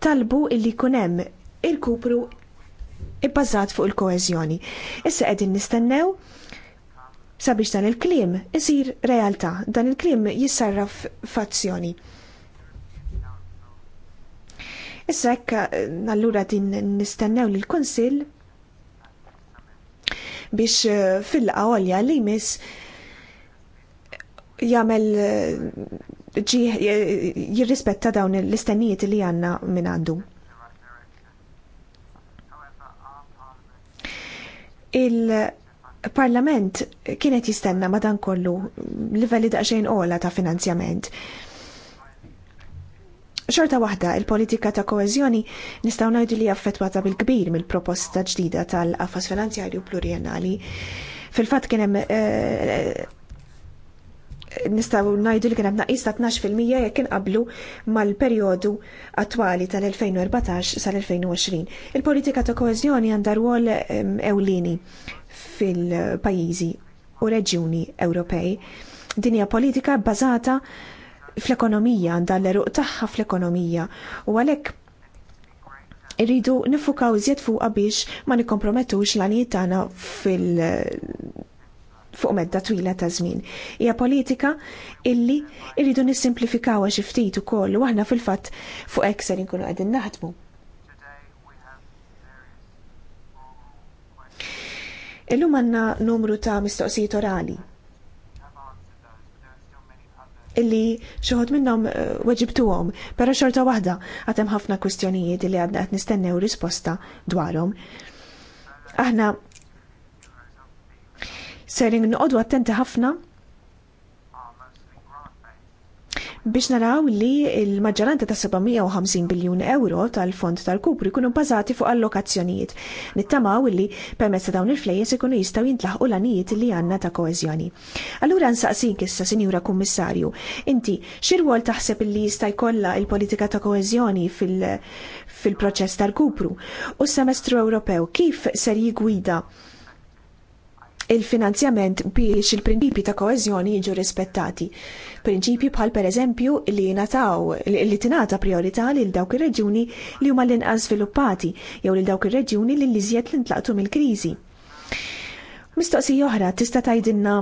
talbu illi jkun hemm il-kupru ibbażat fuq il-koeżjoni. Issa qegħdin nistennew sabiex dan il-kliem isir realtà, dan il-kliem jissarraf f'azzjoni. Issa hekk eh, allura din nistennew lill kunsill biex eh, fil għolja li jmiss jagħmel eh, jirrispetta dawn l-istennijiet li għandna minn għandu. il-Parlament kienet jistenna kollu livelli daqsxejn ola ta' finanzjament xorta waħda, il-politika ta' koezjoni nistaw ngħidu li affettwata bil-kbir mill-proposta ġdida tal-qafas finanzjarju pluriennali. Fil-fatt kien hemm eh, nistaw najdu li kien hemm naqis ta' 12% jekk inqablu mal-perjodu attwali tal-2014 sal-2020. Il-politika ta' koezjoni għandha rwol ewlieni fil-pajjiżi u reġjuni Ewropej. Dinja politika bbażata fl-ekonomija għandha l-eruq tagħha fl-ekonomija u għalhekk irridu nifukaw iżjed fuqa biex ma nikkompromettux l-għanijiet tagħna fil- fuq medda twila ta' żmien. Hija politika illi rridu nissimplifikawha xi ftit ukoll u aħna fil-fatt fuq hekk se nkunu qegħdin naħdmu. Illum għandna numru ta' mistoqsijiet orali illi xoħod minnom eh, weġibtuhom, pero xorta waħda għatem ħafna kwistjonijiet li għadna għat nistennew risposta dwarhom. Aħna Sering noqogħdu attenti ħafna biex naraw li il-maġġoranza ta' 750 biljun euro tal-fond tal-kupru jkunu bbażati fuq allokazzjonijiet. Nittamaw li permezz dawn il-flejjes ikunu jistgħu jintlaħqu l-anijiet li għandna ta' koeżjoni. Allura nsaqsik issa, Sinjura Kummissarju, inti x'irwol taħseb li jista' jkollha il-politika ta' koeżjoni fil-proċess tal-kupru u s-semestru Ewropew kif ser jigwida il-finanzjament biex il-prinċipji ta' koeżjoni jiġu rispettati. Prinċipji bħal pereżempju li nataw li tingħata priorità lil dawk ir-reġjuni li huma l-inqas sviluppati jew lil dawk ir-reġjuni li l-iżjed li ntlaqtu mill-kriżi. Mistoqsija oħra tista' tgħidilna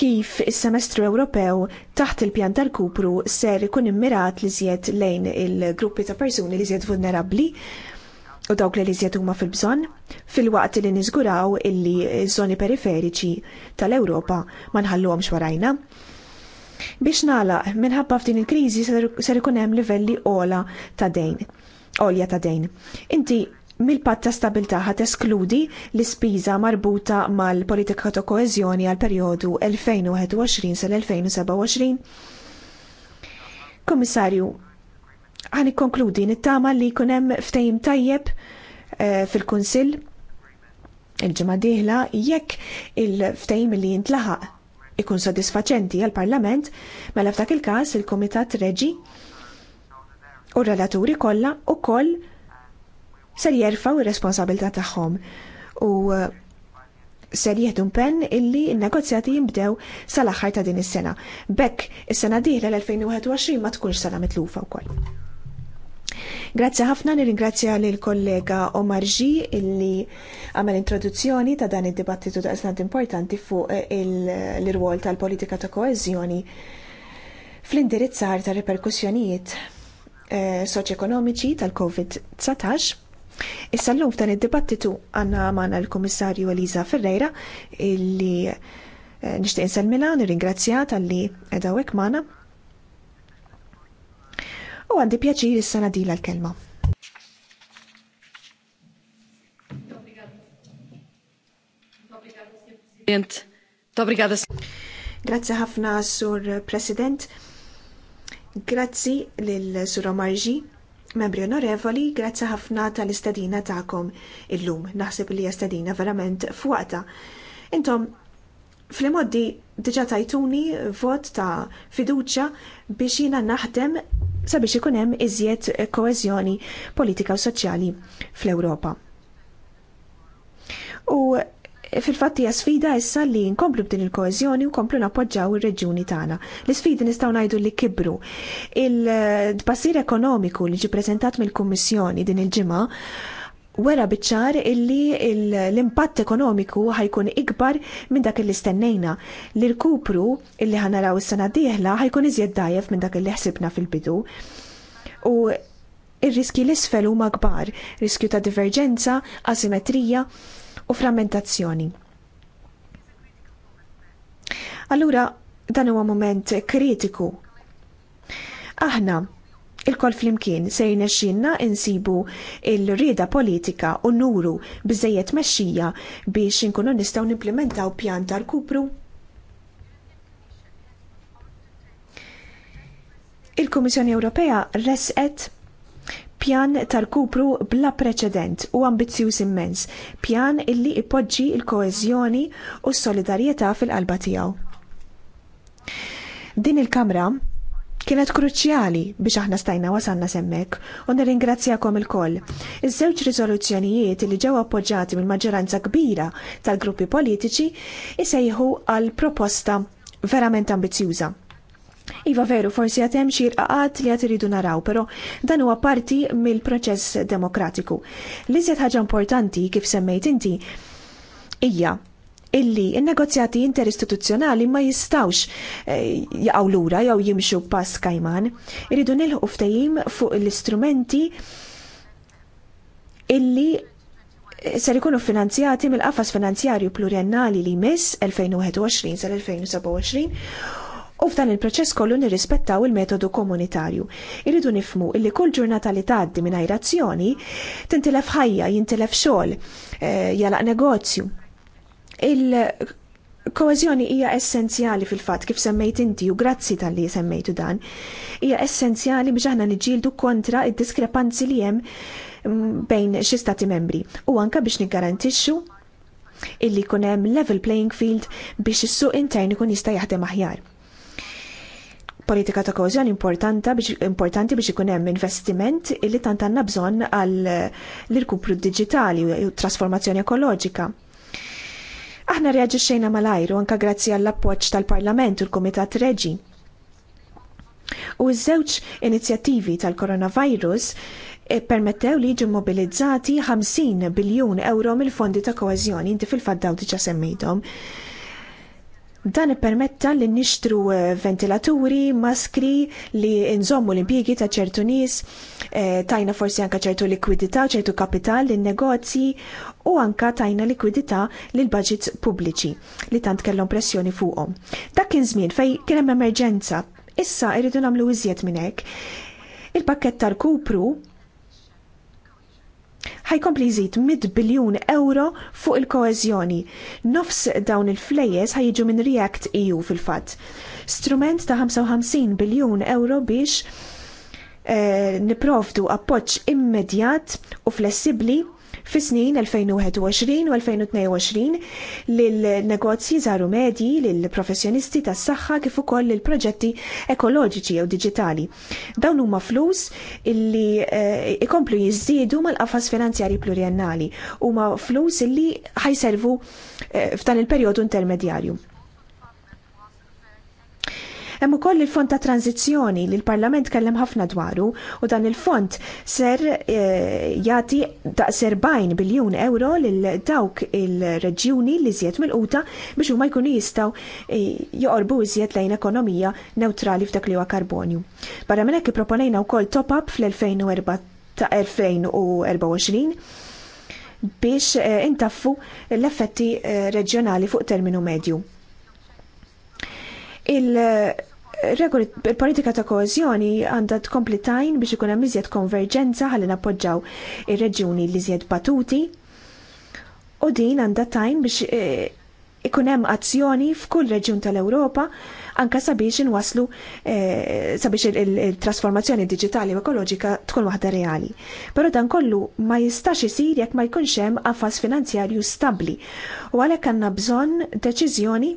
kif is-semestru Ewropew taħt il-pjan tal-kupru ser ikun immirat li żjed lejn il-gruppi ta' persuni li żjed vulnerabbli u dawk li liżjed huma fil-bżonn, fil-waqt li niżguraw illi ż-żoni periferiċi tal-Ewropa ma nħalluhomx warajna. Biex nagħlaq minħabba f'din il-kriżi ser ikun hemm livelli ola ta' dejn. Olja ta' dejn. Inti mill-patt ta' stabilità ħat eskludi l-ispiża marbuta mal-politika ta' koeżjoni għal perjodu 2021 sal-2027. Komissarju, Għani konkludi, nittama li kunem ftejim tajjeb eh, fil-Kunsill il ġemma diħla jekk il-ftejim li jintlaħaq ikun sodisfaċenti għal-Parlament, mela f'dak il-każ il-Komitat Reġi u relaturi kollha koll ser jerfaw ir-responsabilità tagħhom u eh, ser jieħdu pen illi n-negozjati jimbdew sal-aħħar ta' din is-sena. Bekk is-sena diħla l-2021 ma tkunx sena mitlufa wkoll. Grazzi ħafna nirringrazzja lil kollega Omar G illi għamel introduzzjoni ta' dan id-dibattitu ta' esnant importanti fuq eh, l-irwol tal-politika ta' koezjoni fl-indirizzar ta' reperkussjonijiet eh, soċekonomiċi soċ-ekonomiċi tal-COVID-19. Issa l-lum f'dan id-dibattitu għanna għamana l-Komissarju Eliza Ferreira illi eh, nishtiq insalmila nirringrazzja tal-li edawek mana u għandi pjaċir is sana di l-kelma. Grazie ħafna, Sur President. Grazzi lil Sur Omarġi, membri onorevoli, grazzi ħafna tal-istadina ta'kom illum. Naħseb li jastadina verament fuqata. Intom, fl-moddi diġa tajtuni vot ta' fiduċa biex jina naħdem sabiex ikun hemm iżjed koeżjoni politika u soċjali fl-Ewropa. U fil-fatt hija sfida issa li nkomplu b'din il-koeżjoni u komplu nappoġġaw ir-reġjuni tagħna. L-isfidi nistgħu ngħidu li kibru. Il-tbassir ekonomiku li ġi preżentat mill-Kummissjoni din il-ġimgħa wera biċċar illi l-impatt ekonomiku ħajkun ikbar minn dak li stennejna. L-irkupru illi ħanaraw is-sena d-dieħla ħajkun iżjed dajef minn dak li ħsibna fil-bidu. U ir-riski l-isfel huma kbar, riskju ta' diverġenza, asimetrija u frammentazzjoni. Allura, dan huwa moment kritiku. Aħna, il-kol flimkien se jnexxinna insibu il-rieda politika u nuru biżejjed mexxija biex inkunu nistgħu nimplementaw pjan tal-kupru. Il-Kummissjoni Ewropea resqet pjan tal-kupru bla preċedent u ambizzjuż immens, pjan illi ipoġġi il koezjoni u s-solidarjetà fil-qalba tiegħu. Din il-Kamra kienet kruċjali biex aħna stajna wasanna semmek u nirringrazzjakom il-koll. Iż-żewġ riżoluzzjonijiet li ġew appoġġjati mill maġġoranza kbira tal-gruppi politiċi isejħu għal proposta verament ambizjuża. Iva veru, forsi għatem xi rqaqat li għat iridu naraw, pero dan huwa parti mill-proċess demokratiku. L-iżjed ħaġa importanti kif semmejt inti hija illi il-negozjati interistituzzjonali ma jistawx eh, jaqgħu lura jew jimxu pass kajman, iridu nilħu ftehim fuq l-istrumenti illi eh, ser ikunu finanzjati mill-qafas finanzjarju pluriennali li jmiss 2021 sal-2027 u f'dan il-proċess kollu nirrispettaw il-metodu komunitarju. Irridu nifmu illi kull ġurnata li tgħaddi mingħajr azzjoni tintilef ħajja, jintilef xogħol, eh, jalaq negozju. Il-koezjoni hija essenzjali fil-fatt kif semmejt inti u grazzi tal-li semmejtu dan. Hija essenzjali biex aħna niġġieldu kontra id-diskrepanzi li hemm mm, bejn xi stati membri u anka biex niggarantixxu illi jkun hemm level playing field biex is-suq intern ikun jista' jaħdem aħjar. Politika ta' biex importanti biex ikun hemm investiment illi tant għandna bżonn għal l-irkupru digitali u trasformazzjoni ekoloġika. Aħna reaġixxejna mal-ajru anka grazzi għall-appoġġ tal-Parlament u l-Kumitat Reġi. U ż-żewġ inizjattivi tal-coronavirus e, permettew li ġu mobilizzati 50 biljun euro mill-fondi ta' koeżjoni, inti fil-faddaw diġa semmejtom. Dan ippermetta li nixtru e, ventilaturi, maskri, li nżommu l-impjiegi ta' ċertu nies, e, tajna forsi anka ċertu likwidità, ċertu kapital lin negozji u anka tajna likwidità lil budgets pubbliċi li tant kellhom pressjoni fuqhom. Dak kien żmien fej kien hemm emerġenza. Issa jridu nagħmlu iżjed minn hekk. Il-pakket tal-kupru ħajkompli jżid 100 biljun euro fuq il-koeżjoni. Nofs dawn il-flejes ħajġu minn React EU fil-fatt. Strument ta' 55 biljun euro biex eh, niprovdu appoġġ immedjat u flessibli fis-snin 2021 u 2022 lil-negozji żaru medji, lil-professjonisti tas-saħħa kif ukoll lil-proġetti ekoloġiċi jew diġitali. Dawn huma flus illi eh, ikomplu jiżdiedu mal-qafas finanzjari pluriennali huma flus illi ħajservu eh, f'dan il-perjodu intermedjarju. Hemm ukoll il-fond ta' tranzizzjoni li l-Parlament kellem ħafna dwaru u dan il-fond ser eh, jagħti ta' 40 biljun euro lil dawk il-reġjuni li żjed mill-quta biex huma jkunu jistgħu eh, joqorbu iżjed lejn ekonomija neutrali f'dak li huwa karbonju. Barra minn hekk ipproponejna wkoll top-up fl 2024 biex eh, intaffu l-effetti reġjonali fuq terminu medju. Il- regoli politika ta' koezjoni għandha tkompli tajn biex ikun hemm iżjed konverġenza ħalli nappoġġaw ir-reġjuni li żjed batuti u din għandha tajn biex eh, ikun hemm azzjoni f'kull reġjun tal-Ewropa anke sabiex inwaslu eh, sabiex il-trasformazzjoni diġitali u ekoloġika tkun waħda reali. Però dan kollu ma jistax isir jekk ma jkunx hemm qafas finanzjarju stabbli u għalhekk għandna bżonn deċiżjoni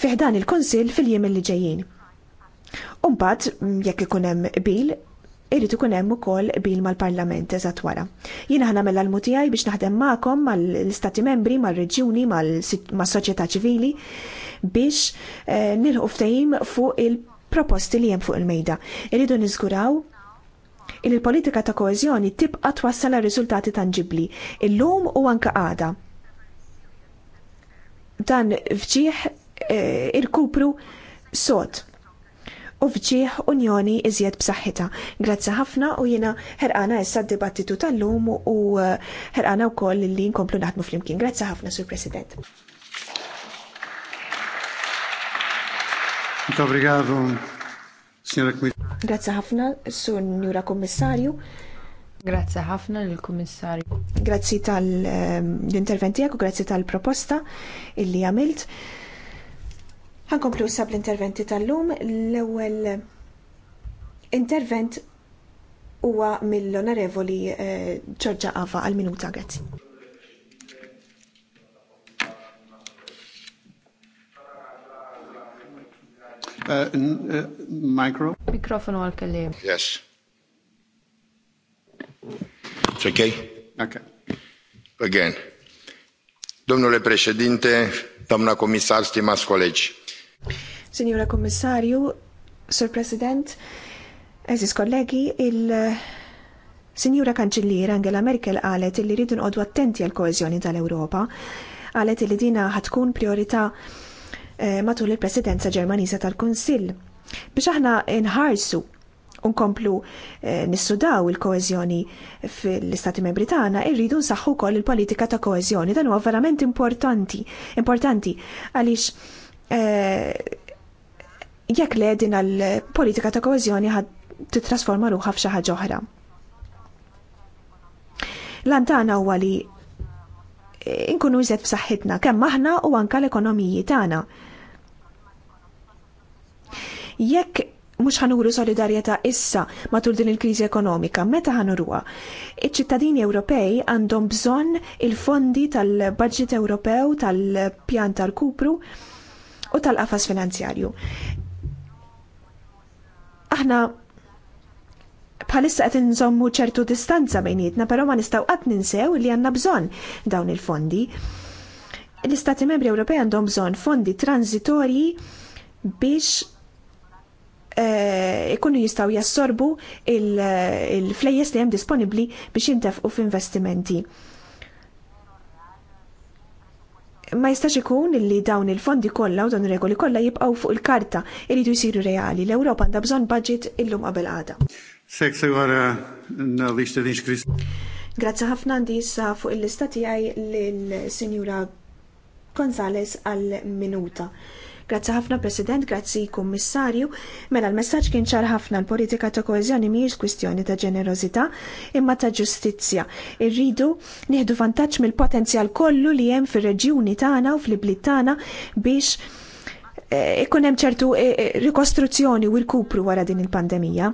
fiħdan il-Konsil fil-jiem li ġejjin. Umbat, jekk ikun hemm bil, irrid ikun hemm ukoll bil mal-Parlament eżatt wara. Jina ħana mella l-mutijaj biex naħdem magħkom mal-Istati Membri, mal-Reġjuni, mas-soċjetà ċivili biex eh, nilħu ftehim fuq il-proposti li hemm fuq il-mejda. Irridu niżguraw il politika ta' koeżjoni tibqa' twassal riżultati il illum u anke għada dan fġieħ E, irkupru sod u fġieħ unjoni iżjed b'saħħitha. Grazzi ħafna u jiena ħerqana issa d-dibattitu tal-lum u e, ħerqana wkoll li nkomplu naħdmu flimkien. Grazzi ħafna, Sur President. Grazzi ħafna, Sur Njura Kommissarju. Grazzi ħafna lill kummissarju Grazzi tal-interventijak ehm, u grazzi tal-proposta illi għamilt. Ħankomplu sab l interventi tal-lum. L-ewwel intervent huwa mill-Onorevoli Ġorġa eh, Ava għal minuta grazzi. Eh, eh, micro. Mikrofonu għal kelli Yes. It's okay? Okay. Again. Domnule președinte, doamna comisar, stimați colegi. Signora Kommissarju, Sur President, eżis kollegi, il- eh, Sinjura Kanċillier Angela Merkel qalet li rridu nqodu attenti għal koeżjoni tal-Ewropa, qalet li dina ħatkun priorità eh, matul il-presidenza Ġermaniża tal-Kunsill. Biex aħna nħarsu unkomplu eh, nissudaw il-koeżjoni fil-Istati Membri tagħna, irridu nsaħħu wkoll il-politika ta' koeżjoni dan huwa verament importanti, importanti għaliex Eh, jekk le din għal-politika ta' għad t titrasforma ruħa f'xi ħaġa oħra. Lantana huwa li eh, inkunu jżed b'saħħitna kemm aħna u anka l-ekonomiji tagħna. Jekk mhux ħanuru solidarjetà issa matul din il-kriżi ekonomika, meta ħanuruha? Iċ-ċittadini Ewropej għandhom bżonn il-fondi tal-budget Ewropew tal-pjan tal-kupru tal budget ewropew tal pjan tal kupru u tal-qafas finanzjarju. Aħna bħalissa qed nżommu ċertu distanza bejnietna, però ma nistgħu qatt ninsew li għandna bżonn dawn il-fondi. L-Istati Membri Ewropej għandhom bżonn fondi transitorji biex eh, ikunu jistaw jassorbu il-flejjes li hemm disponibbli biex jintefqu f'investimenti ma jistax ikun li dawn il-fondi kollha u dawn ir-regoli kollha jibqgħu fuq il-karta iridu jsiru reali. L-Ewropa għandha bżonn budget illum qabel għada. Seksa wara Grazzi ħafna għandi issa fuq il-lista tiegħi lill-Sinjura Gonzales għal minuta. Grazzi ħafna President, grazzi Kummissarju. Mela l-messaġġ kien ċar ħafna l-politika ta' koeżjoni mhijiex kwistjoni ta' ġenerożità imma ta' ġustizzja. Irridu nieħdu vantaġġ mill-potenzjal kollu li hemm fir-reġjuni tagħna u fl-ibliet tagħna biex Eh, ikun hemm ċertu eh, eh, rikostruzzjoni u rkupru wara din il-pandemija.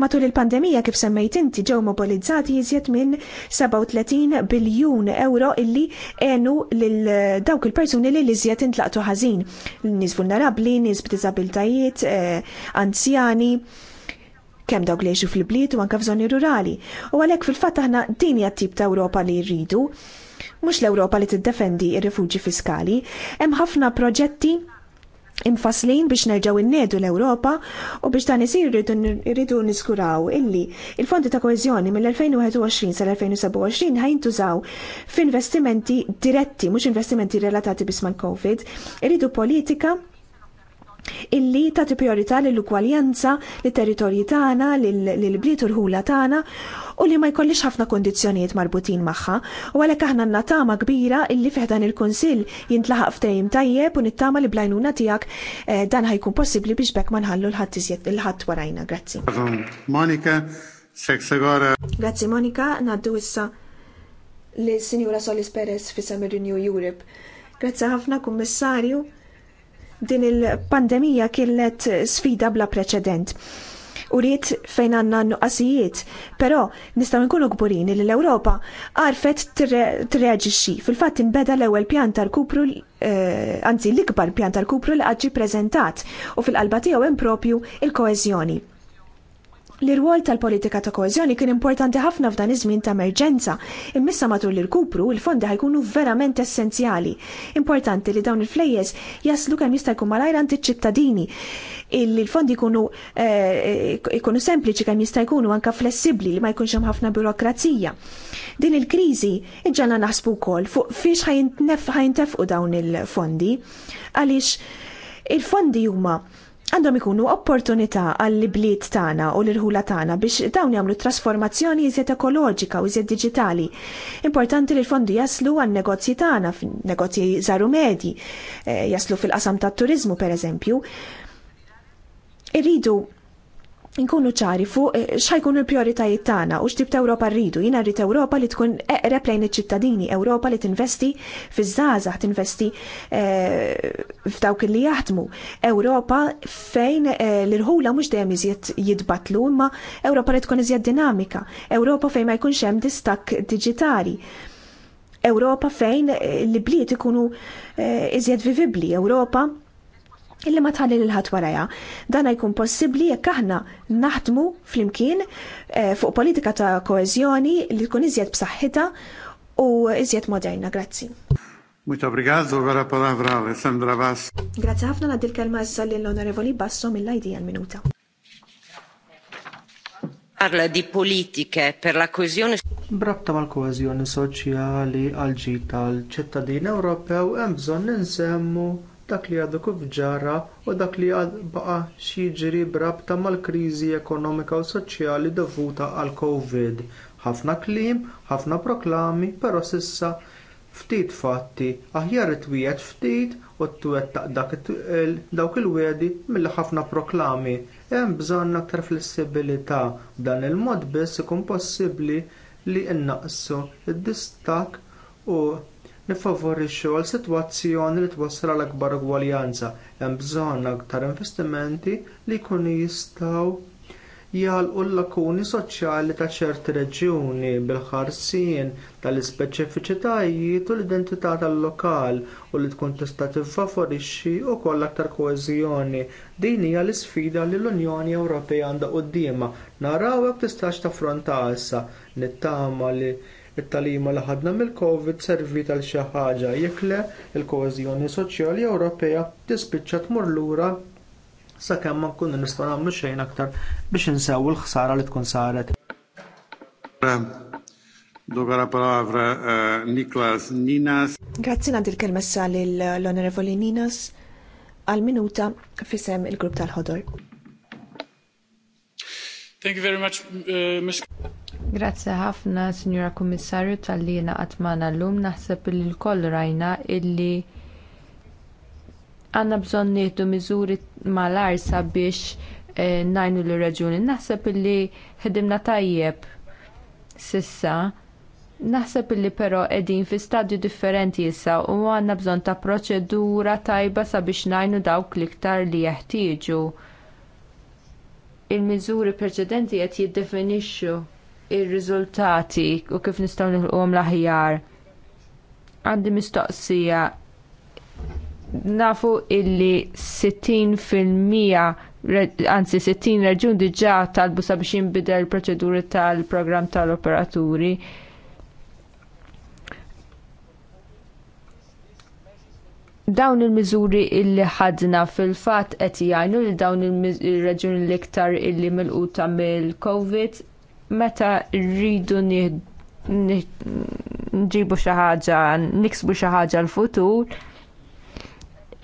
Matul il-pandemija kif semmejt inti ġew mobilizzati jiżjed minn 37 biljun euro illi għenu lil dawk il-persuni li liżjed intlaqtu ħażin. Nies vulnerabbli, nies b'diżabiltajiet, anzjani kemm dawk li jiexu fil-bliet u anke f'żoni rurali. U għalhekk fil-fatt aħna din hija t-tip ta' Ewropa li rridu, mhux l-Ewropa li tiddefendi r rifuġi fiskali, hemm ħafna proġetti imfaslin biex nerġaw innedu l-Ewropa u biex dan isir rridu niskuraw illi il-fondi ta' koezjoni mill-2021 sal-2027 ħajntużaw f'investimenti diretti, mhux investimenti relatati bisman mal-COVID, irridu politika illi ta' priorità lill-ugwaljanza li territorji tagħna, lill-bliet u l-ħula tagħna u li ma jkollix ħafna kondizzjonijiet marbutin magħha u għalhekk aħna natama kbira illi fiħdan il-Kunsill jintlaħaq ftehim tajjeb u nittama li blajnuna tiegħek eh, dan ħajkun possibbli biex bekk ma nħallu l-ħadd warajna. Grazzi. Monika, Grazzi Monika, naddu issa li Sinjura Solis Perez fi Summer Renew Europe. Grazzi ħafna kummissarju din il-pandemija kienet sfida bla preċedent. U rrit fejn għanna nuqqasijiet, pero nistaw nkunu gburin li l-Europa għarfet t Fil-fat inbeda l-ewel pjan tal-kupru, eh, anzi l-ikbar pjan tal-kupru li għadġi prezentat u fil-qalba tiegħu hemm propju il-koeżjoni. L-irwol tal-politika ta' koezjoni kien importanti ħafna f'dan iż-żmien ta' emerġenza, immissa matul li rkupru, il-fondi ħajkunu verament essenzjali. Importanti li dawn il-flejjes jaslu kemm jista' jkun malajr għand iċ-ċittadini. Il-fondi jkunu eh, jkunu sempliċi kemm jista' jkunu anke flessibbli li ma jkunx hemm ħafna burokrazija. Din il-kriżi iġġalna naħsbu wkoll fuq fiex ħajntefqu dawn il-fondi għaliex il-fondi huma għandhom ikunu opportunità għall bliet tagħna u l-irħula tagħna biex dawn jagħmlu trasformazzjoni iżjed ekoloġika u iżjed diġitali. Importanti li l-fondi jaslu għan negozji tagħna, negozji żaru medji, eh, jaslu fil-qasam tat-turiżmu pereżempju. Irridu Inkunu ċari fuq eh, jkunu l prioritajiet tagħna u x'tib ta' Ewropa rridu. Jiena rrid Ewropa li tkun eqreb lejn iċ-ċittadini, Ewropa li tinvesti fiż-żgħażagħ, tinvesti eh, f'dawk li jaħdmu. Ewropa fejn eh, l-irħula mhux dejjem iżjed jitbatlu, imma Ewropa li tkun iżjed dinamika, Ewropa fejn ma jkunx hemm distakk diġitali. Ewropa fejn l bliet ikunu iżjed vivibbli, Ewropa illi ma tħalli l-ħat waraja. Dan jkun possibli jekk aħna naħdmu flimkien eh, fuq politika ta' koezjoni li tkun iżjed b'saħħitha u iżjed moderna. Grazzi. Muito obrigado, vera palavra Alessandra Bass. Grazie ħafna għaddi l-kelma issa l-Onorevoli Basso mill-ID għal-minuta. Parla di politiche per la coesione. Brabta mal-koezjoni soċjali għal ġita l ċittadin Ewropew hemm bżonn insemmu dak li għadu kif ġara u dak li għad baqa jiġri brabta mal kriżi ekonomika u soċjali dovuta għall covid Ħafna kliem, ħafna proklami, però sissa ftit fatti, aħjar it ftit u t-twettaq dawk il-wedi mill ħafna proklami. Hemm bżonn aktar flessibilità b'dan il-mod biss ikun possibbli li innaqsu id-distak u nifavorixxu għal sitwazzjoni li twassal għal akbar ugwaljanza hemm bżonn aktar investimenti li jkunu jistgħu jgħalqu l-lakuni soċjali ta' ċerti reġjuni bil-ħarsien tal-ispeċifiċitajiet u l-identità tal-lokal u li tkun tista' tiffavorixxi wkoll aktar koeżjoni. Din hija l-isfida li l-Unjoni Ewropea għandha quddiemha Naraw hekk tistax taffronta issa nittama li It-talima li ħadna mill-COVID servit għal xi ħaġa jekk le il-koeżjoni soċjali Ewropea tispiċċa tmur lura sakemm ma nkunu nistgħu nagħmlu xejn aktar biex insew l-ħsara li tkun saret. Dogra la palavra eh, Niklas Ninas. Grazzi għandi l-kelma issa lill-Onorevoli Ninas għal minuta fisem il-grupp tal-ħodor. Thank you very much, uh, eh, Ms. Grazzi ħafna, Signora Kummissarju, tal-li għatmana l-lum. Naħseb li l-koll rajna illi għanna bżonn nieħdu miżuri malar sabiex eh, najnu l reġuni Naħseb illi ħedimna tajjeb sissa. Naħseb illi però qegħdin fi stadju differenti issa u għandna bżonn ta' proċedura tajba sabiex najnu dawk l-iktar li jeħtieġu. Il-miżuri preċedenti qed jiddefinixxu il riżultati u kif nistgħu nilqhom l-aħjar. Għandi mistoqsija nafu illi 60 fil-mija anzi 60 reġun diġà talbu sabiex jinbidel proċeduri tal-programm tal-operaturi. dawn il-miżuri illi ħadna fil-fatt qed jgħinu li dawn il-reġuni l-iktar illi milquta mill-COVID meta rridu nġibu xi ħaġa, niksbu xi ħaġa l-futur,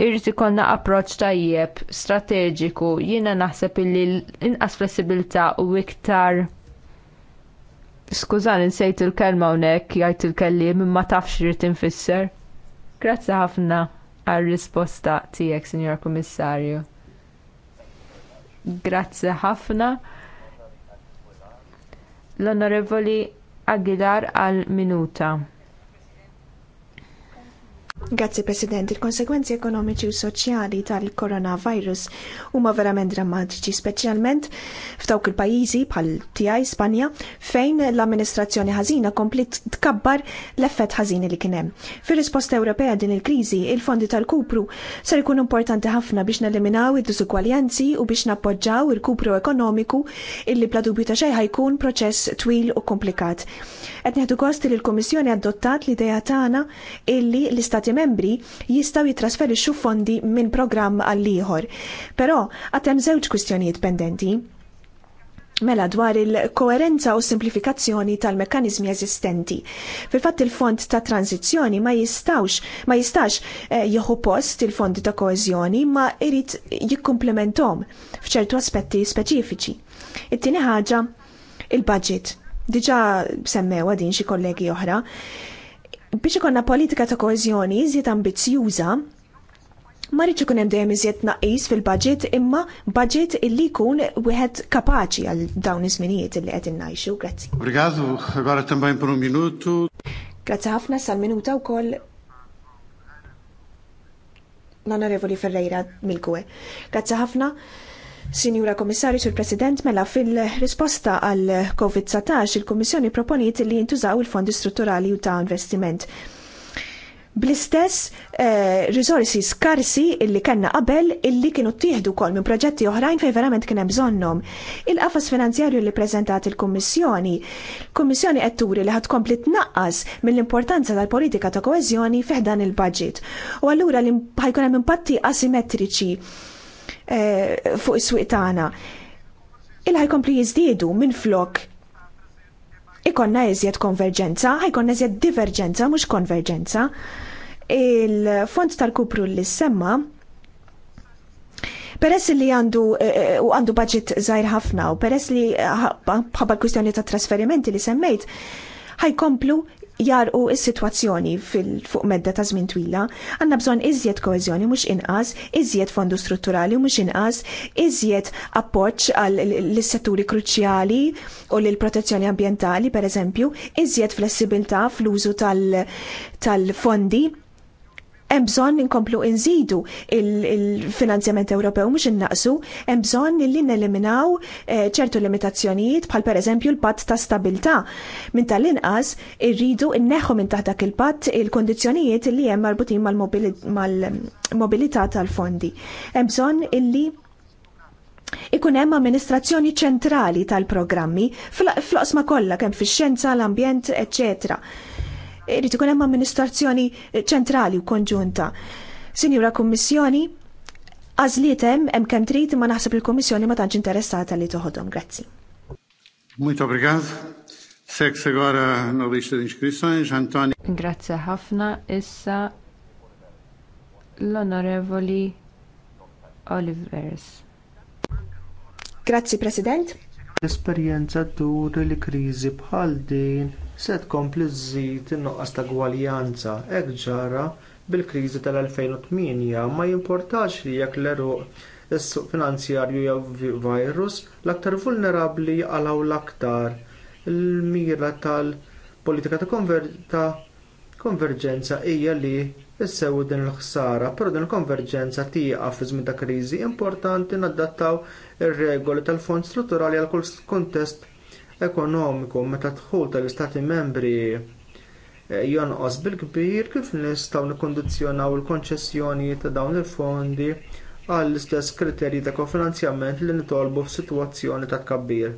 irrid ikollna approċċ tajjeb, strateġiku, jiena naħseb illi inqas flessibilità u iktar Skużani, nsejt il-kelma hawnhekk jgħid il-kellim imma tafx irid infisser. Grazzi ħafna għar risposta tiegħek, Sinjor Kummissarju. Grazzi ħafna l-Onorevoli Aguilar għal minuta. Grazzi President, il-konsekwenzi ekonomiċi u soċjali tal-coronavirus huma verament drammatiċi, speċjalment f'dawk il-pajjiżi bħal tiegħi Spanja fejn l-amministrazzjoni ħażina komplit tkabbar l-effett ħażin li kien hemm. Fir-risposta Ewropea din il-kriżi, il-fondi tal-kupru ser ikun importanti ħafna biex neliminaw id-disukwaljanzi u biex nappoġġaw il-kupru ekonomiku illi bla dubju ta' xejn ħajkun proċess twil u komplikat. Qed neħdu kosti li l-Kummissjoni adottat l-idea tagħna illi l-Istati l membri jistaw jitrasferixxu fondi minn programm għal ieħor. Però għad hemm żewġ kwistjonijiet pendenti. Mela dwar il-koerenza u simplifikazzjoni tal-mekkanizmi eżistenti. Fil-fatt il-fond ta' tranzizjoni ma jistax ma jistax eh, jieħu post il-fond ta' koeżjoni ma jrid jikkumplementom f'ċertu aspetti speċifiċi. It-tieni ħaġa il-budget. Diġà semmewa din xi kollegi oħra. Biex ikonna politika ta' koezjoni iżjed ambizzjuża, ma rridx ikun hemm dejjem iżjed naqis fil-budget imma budget illi jkun wieħed kapaċi għal dawn iż-żminijiet illi qed innajxu. Grazzi. Obrigado, agora tambajn per un um minutu. Grazzi ħafna sal-minuta wkoll l-Onorevoli Ferreira mill-Kwe. Grazzi ħafna. Sinjura Komissarju sur President, mela fil-risposta għal COVID-19 il-Komissjoni proponiet li jintużaw il-Fondi Strutturali u ta' Investiment. Bl-istess eh, risorsi skarsi illi kena qabel illi kienu tieħdu kol minn proġetti oħrajn fej verament kien hemm bżonnhom. Il-qafas finanzjarju li prezentat il-Kummissjoni. Kommissjoni kummissjoni qed turi li ħadkompli tnaqqas mill-importanza tal-politika ta' koeżjoni fih dan il-budget. U allura li ħajkun hemm impatti asimetriċi Eh, fuq is-swieq tagħna. Il-ħajkompli jiżdiedu minn flok ikonna iżjed konverġenza, ħajkonna iżjed diverġenza, mhux konverġenza. Il-fond tal-kupru li semma Peress li għandu eh, u għandu budget zaħir ħafna u peress li eh, ħabba l-kwistjoni ta' trasferimenti li semmejt, ħajkomplu jarqu is-sitwazzjoni fuq medda ta' żmien twila, għandna bżonn iżjed koeżjoni mhux inqas, iżjed fondu strutturali mhux inqas, iżjed appoġġ għall-setturi kruċjali u lil protezzjoni ambjentali pereżempju, iżjed flessibilità fl-użu tal-fondi hemm bżonn inkomplu nżidu il-finanzjament Ewropew mhux innaqsu, hemm bżonn li neliminaw eh, ċertu limitazzjonijiet bħal pereżempju l-patt ta' stabilità. Min tal-inqas irridu nneħħu minn taħt dak il-patt il-kondizzjonijiet li hemm marbutin mal-mobilità tal-fondi. Hemm bżonn illi Ikun hemm amministrazzjoni ċentrali tal-programmi fl-oqsma kollha kemm fix-xjenza, l-ambjent, eċċetera. Irrid ikun hemm amministrazzjoni ċentrali u konġunta. Sinjura Kummissjoni, għażliet hemm hemm kemm trid ma naħseb il-Kummissjoni ma tantx interessata li toħodhom. Grazzi. Muito obrigado. Seks agora no lista di inscrizioni, Antoni. Grazie ħafna. Issa l-Onorevoli Oliveres. Grazzi President. L-esperjenza tur li kriżi bħal din se tkompli żżid in-nuqqas ta' gwaljanza hekk ġara bil-kriżi tal-2008 ma jimportax li jekk l-eruq is-suq finanzjarju jew virus l-aktar vulnerabbli għalaw l-aktar il-mira tal-politika ta', ta konverġenza hija li issewu din il-ħsara, però din il-konverġenza tieqa fi żmien ta' kriżi importanti naddattaw ir-regoli tal-fond strutturali għal kull kuntest ekonomiku meta dħul tal-Istati membri eh, jonqos bil-kbir kif nistgħu nikkondizzjonaw il-konċessjoni ta' dawn il-fondi għall-istess kriterji ta' kofinanzjament li nitolbu f'sitwazzjoni ta' tkabbir.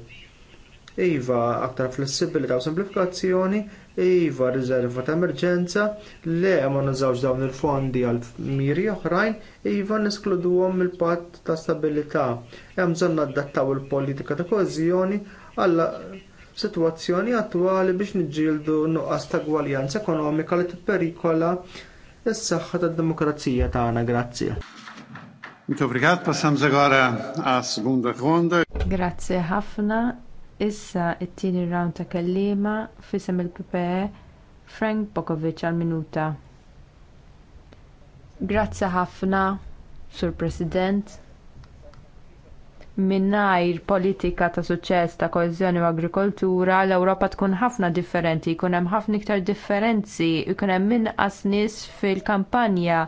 Iva, aktar flessibilità u semplifikazzjoni iva riserva ta' emerġenza, le ma nużawx dawn il-fondi għal miri oħrajn, iva għom il patt ta' stabilità. Hemm bżonn nadattaw il-politika ta' koeżjoni għal sitwazzjoni attwali biex niġġieldu nuqqas ta' gwaljanza ekonomika li tipperikola s-saħħa tad-demokrazija tagħna. Grazzi. Mito brigat, passam zegħara għas segunda ronda. Grazzi ħafna Issa t tieni round ta' kelliema fisem il-PPE Frank Bokovic għal minuta. Grazzi ħafna, Sur President. Minnajr politika ta' suċċess ta' koeżjoni u agrikoltura, l-Ewropa tkun ħafna differenti, jkun hemm ħafna iktar differenzi, jkun hemm inqas nies fil-kampanja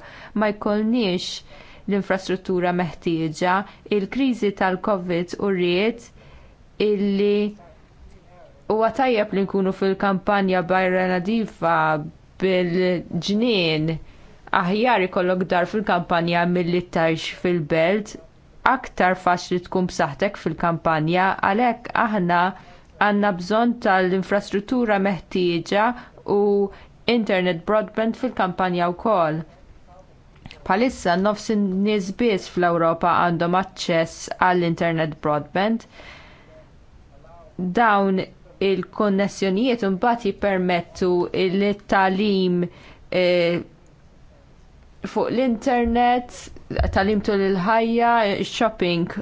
ma jkollniex l-infrastruttura meħtieġa, il-kriżi tal-Covid u rrid illi huwa tajjeb li nkunu fil-kampanja bajra nadifa bil-ġnien aħjar ikollok dar fil-kampanja milli tarx fil-belt aktar faċli tkun b'saħħtek fil-kampanja għalhekk aħna għandna bżonn tal-infrastruttura meħtieġa u internet broadband fil-kampanja wkoll. Bħalissa nofs nofsin nies biss fl-Ewropa għandhom aċċess għall-internet broadband dawn il-konnessjonijiet imbagħad jipermettu il talim eh, fuq l-internet, talim tul il-ħajja, shopping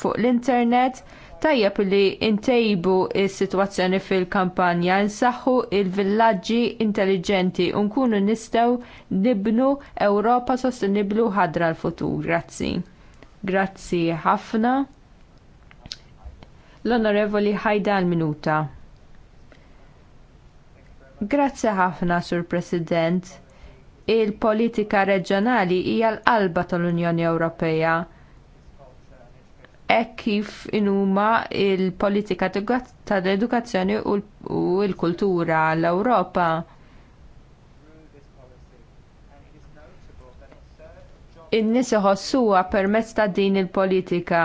fuq l-internet, tajjab li intejbu s sitwazzjoni fil-kampanja, nsaħħu il villaġġi intelligenti u nkunu nistgħu nibnu Europa sostenibli u ħadra l-futur. Grazzi. Grazzi ħafna. L-Onorevoli ħajda l-minuta. Grazzi ħafna, Sur President. Il-politika reġjonali hija l-qalba tal-Unjoni Ewropea. Hekk kif inhuma l politika tal-edukazzjoni u l-kultura l-Ewropa. in-nies iħossuha permezz ta' din il-politika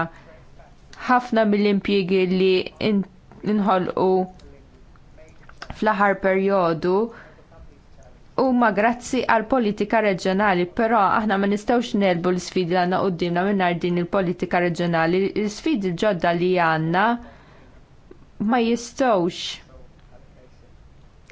ħafna mill-impjiegi li inħolqu fl-aħħar perjodu huma grazzi għal politika reġjonali, però aħna ma nistgħux nelbu l-sfidi li għandna qudiemna mingħajr din il-politika reġjonali. L-sfidi ġodda li għandna ma jistgħux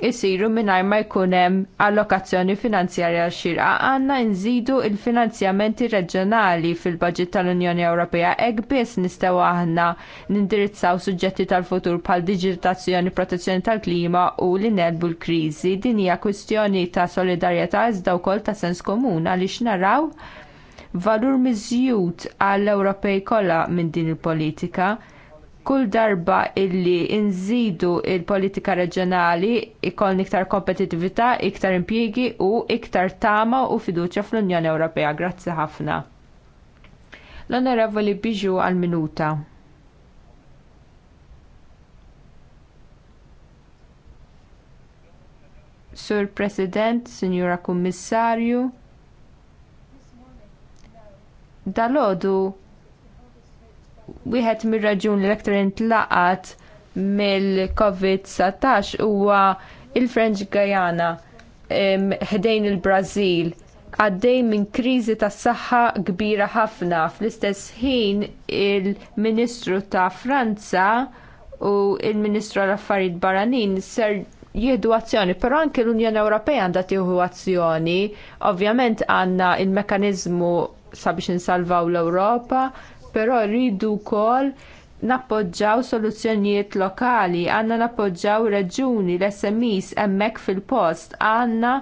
isiru mingħajr ma jkun hemm allokazzjoni finanzjarja xira għandna nżidu l finanzjamenti reġjonali fil-budget tal-Unjoni Ewropea hekk biss nistgħu aħna nindirizzaw suġġetti tal-futur pal digitazzjoni, protezzjoni tal-klima u li nelbu l-kriżi. Din hija kwistjoni ta' solidarjetà iżda wkoll ta' sens komun għaliex naraw valur miżjud għall-Ewropej kollha minn din il-politika kull darba illi nżidu l il politika reġjonali ikollni iktar kompetitività, iktar impjiegi u iktar tama u fiduċja fl-Unjoni Ewropea. Grazzi ħafna. L-Onorevoli Biġu għall minuta Sur President, Sinjura Kummissarju. Dalodu Wieħed mir raġuni l-aktar intlaqat mill-COVID-19 huwa il-French Guyana ħdejn il-Brażil għaddej minn kriżi tas saħħa kbira ħafna. Fl-istess ħin il-Ministru ta' Franza u l ministru għal affarijiet barranin ser jieħdu azzjoni, però anke l-Unjoni Ewropea għandha tieħu azzjoni. Ovvjament għandna il mekkaniżmu sabiex insalvaw l-Ewropa, però rridu wkoll nappoġġaw soluzzjonijiet lokali, għandna nappoġġaw reġuni, l-SMEs hemmhekk fil-post, għandna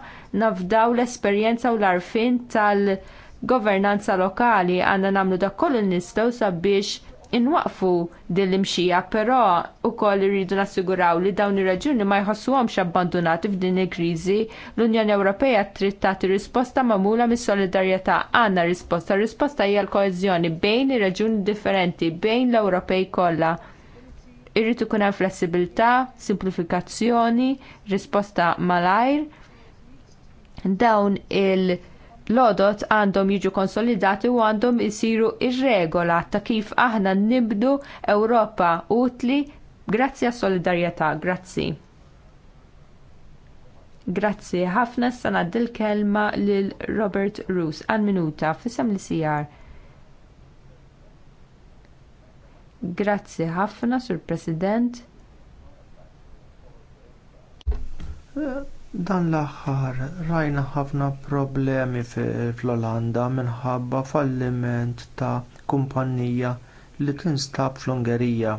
nafdaw l-esperjenza u l għarfien tal-governanza lokali, għandna nagħmlu dak kollu nistgħu sabiex inwaqfu din l-imxija, però wkoll irridu nassiguraw li dawn ir-raġuni ma jħossuhomx abbandonati f'din il-kriżi. L-Unjoni Ewropea trid tagħti risposta magħmula mis-solidarjetà għandna risposta. Risposta hija l-koeżjoni bejn ir-raġuni differenti, bejn l-Ewropej kollha irrid ikun hemm flessibilità, simplifikazzjoni, risposta malajr. Dawn il- l-odot għandhom jiġu konsolidati u għandhom isiru ir-regola ta' kif aħna nibdu Ewropa utli grazzi għas solidarjetà grazzi. Grazzi, ħafna s-sana dil-kelma lil Robert Roos, għan minuta, fissam li sijar. Grazzi, ħafna, Sur President. Uh, Dan l-aħħar rajna ħafna problemi fl-Olanda minħabba falliment ta' kumpanija li tinstab fl-Ungerija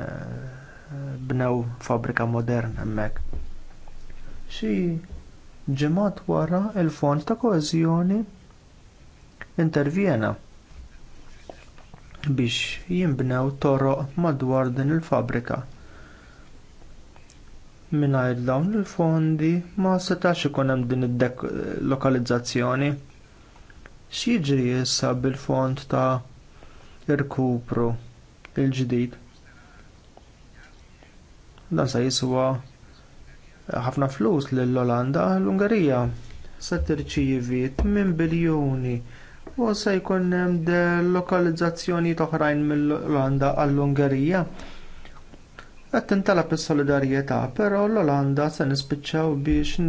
eh, bnew fabrika moderna hemmhekk. Xi ġimgħat wara l fond ta' koeżjoni intervjena biex jinbnew toroq madwar din il-fabrika Mingħajr dawn il-fondi ma setax ikun hemm din id-lokalizzazzjoni. X'jiġri issa bil-fond ta' irkupru il-ġdid? Dan se jiswa ħafna flus lill-Olanda, l-Ungerija se tirċievi 8 biljuni u se jkun hemm delokalizzazzjoni oħrajn mill-Olanda għall-Ungerija Qed tintalab is-solidarjetà, però l-Olanda se nispiċċaw biex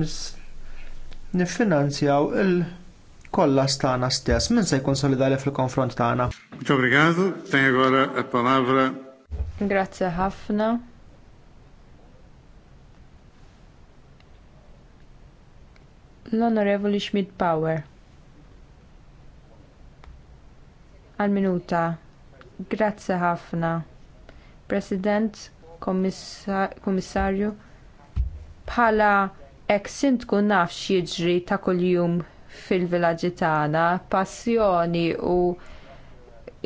niffinanzjaw il-kollha stana stess. Min se jkun solidali fil-konfront tagħna? Muito obrigado. agora a palavra. Grazie ħafna. l-Onorevoli Schmidt Power. Al minuta. Grazzi ħafna. President, Kummissarju, bħala ek sint kun naf xieġri ta' kuljum fil-vilaġġi tagħna, passjoni u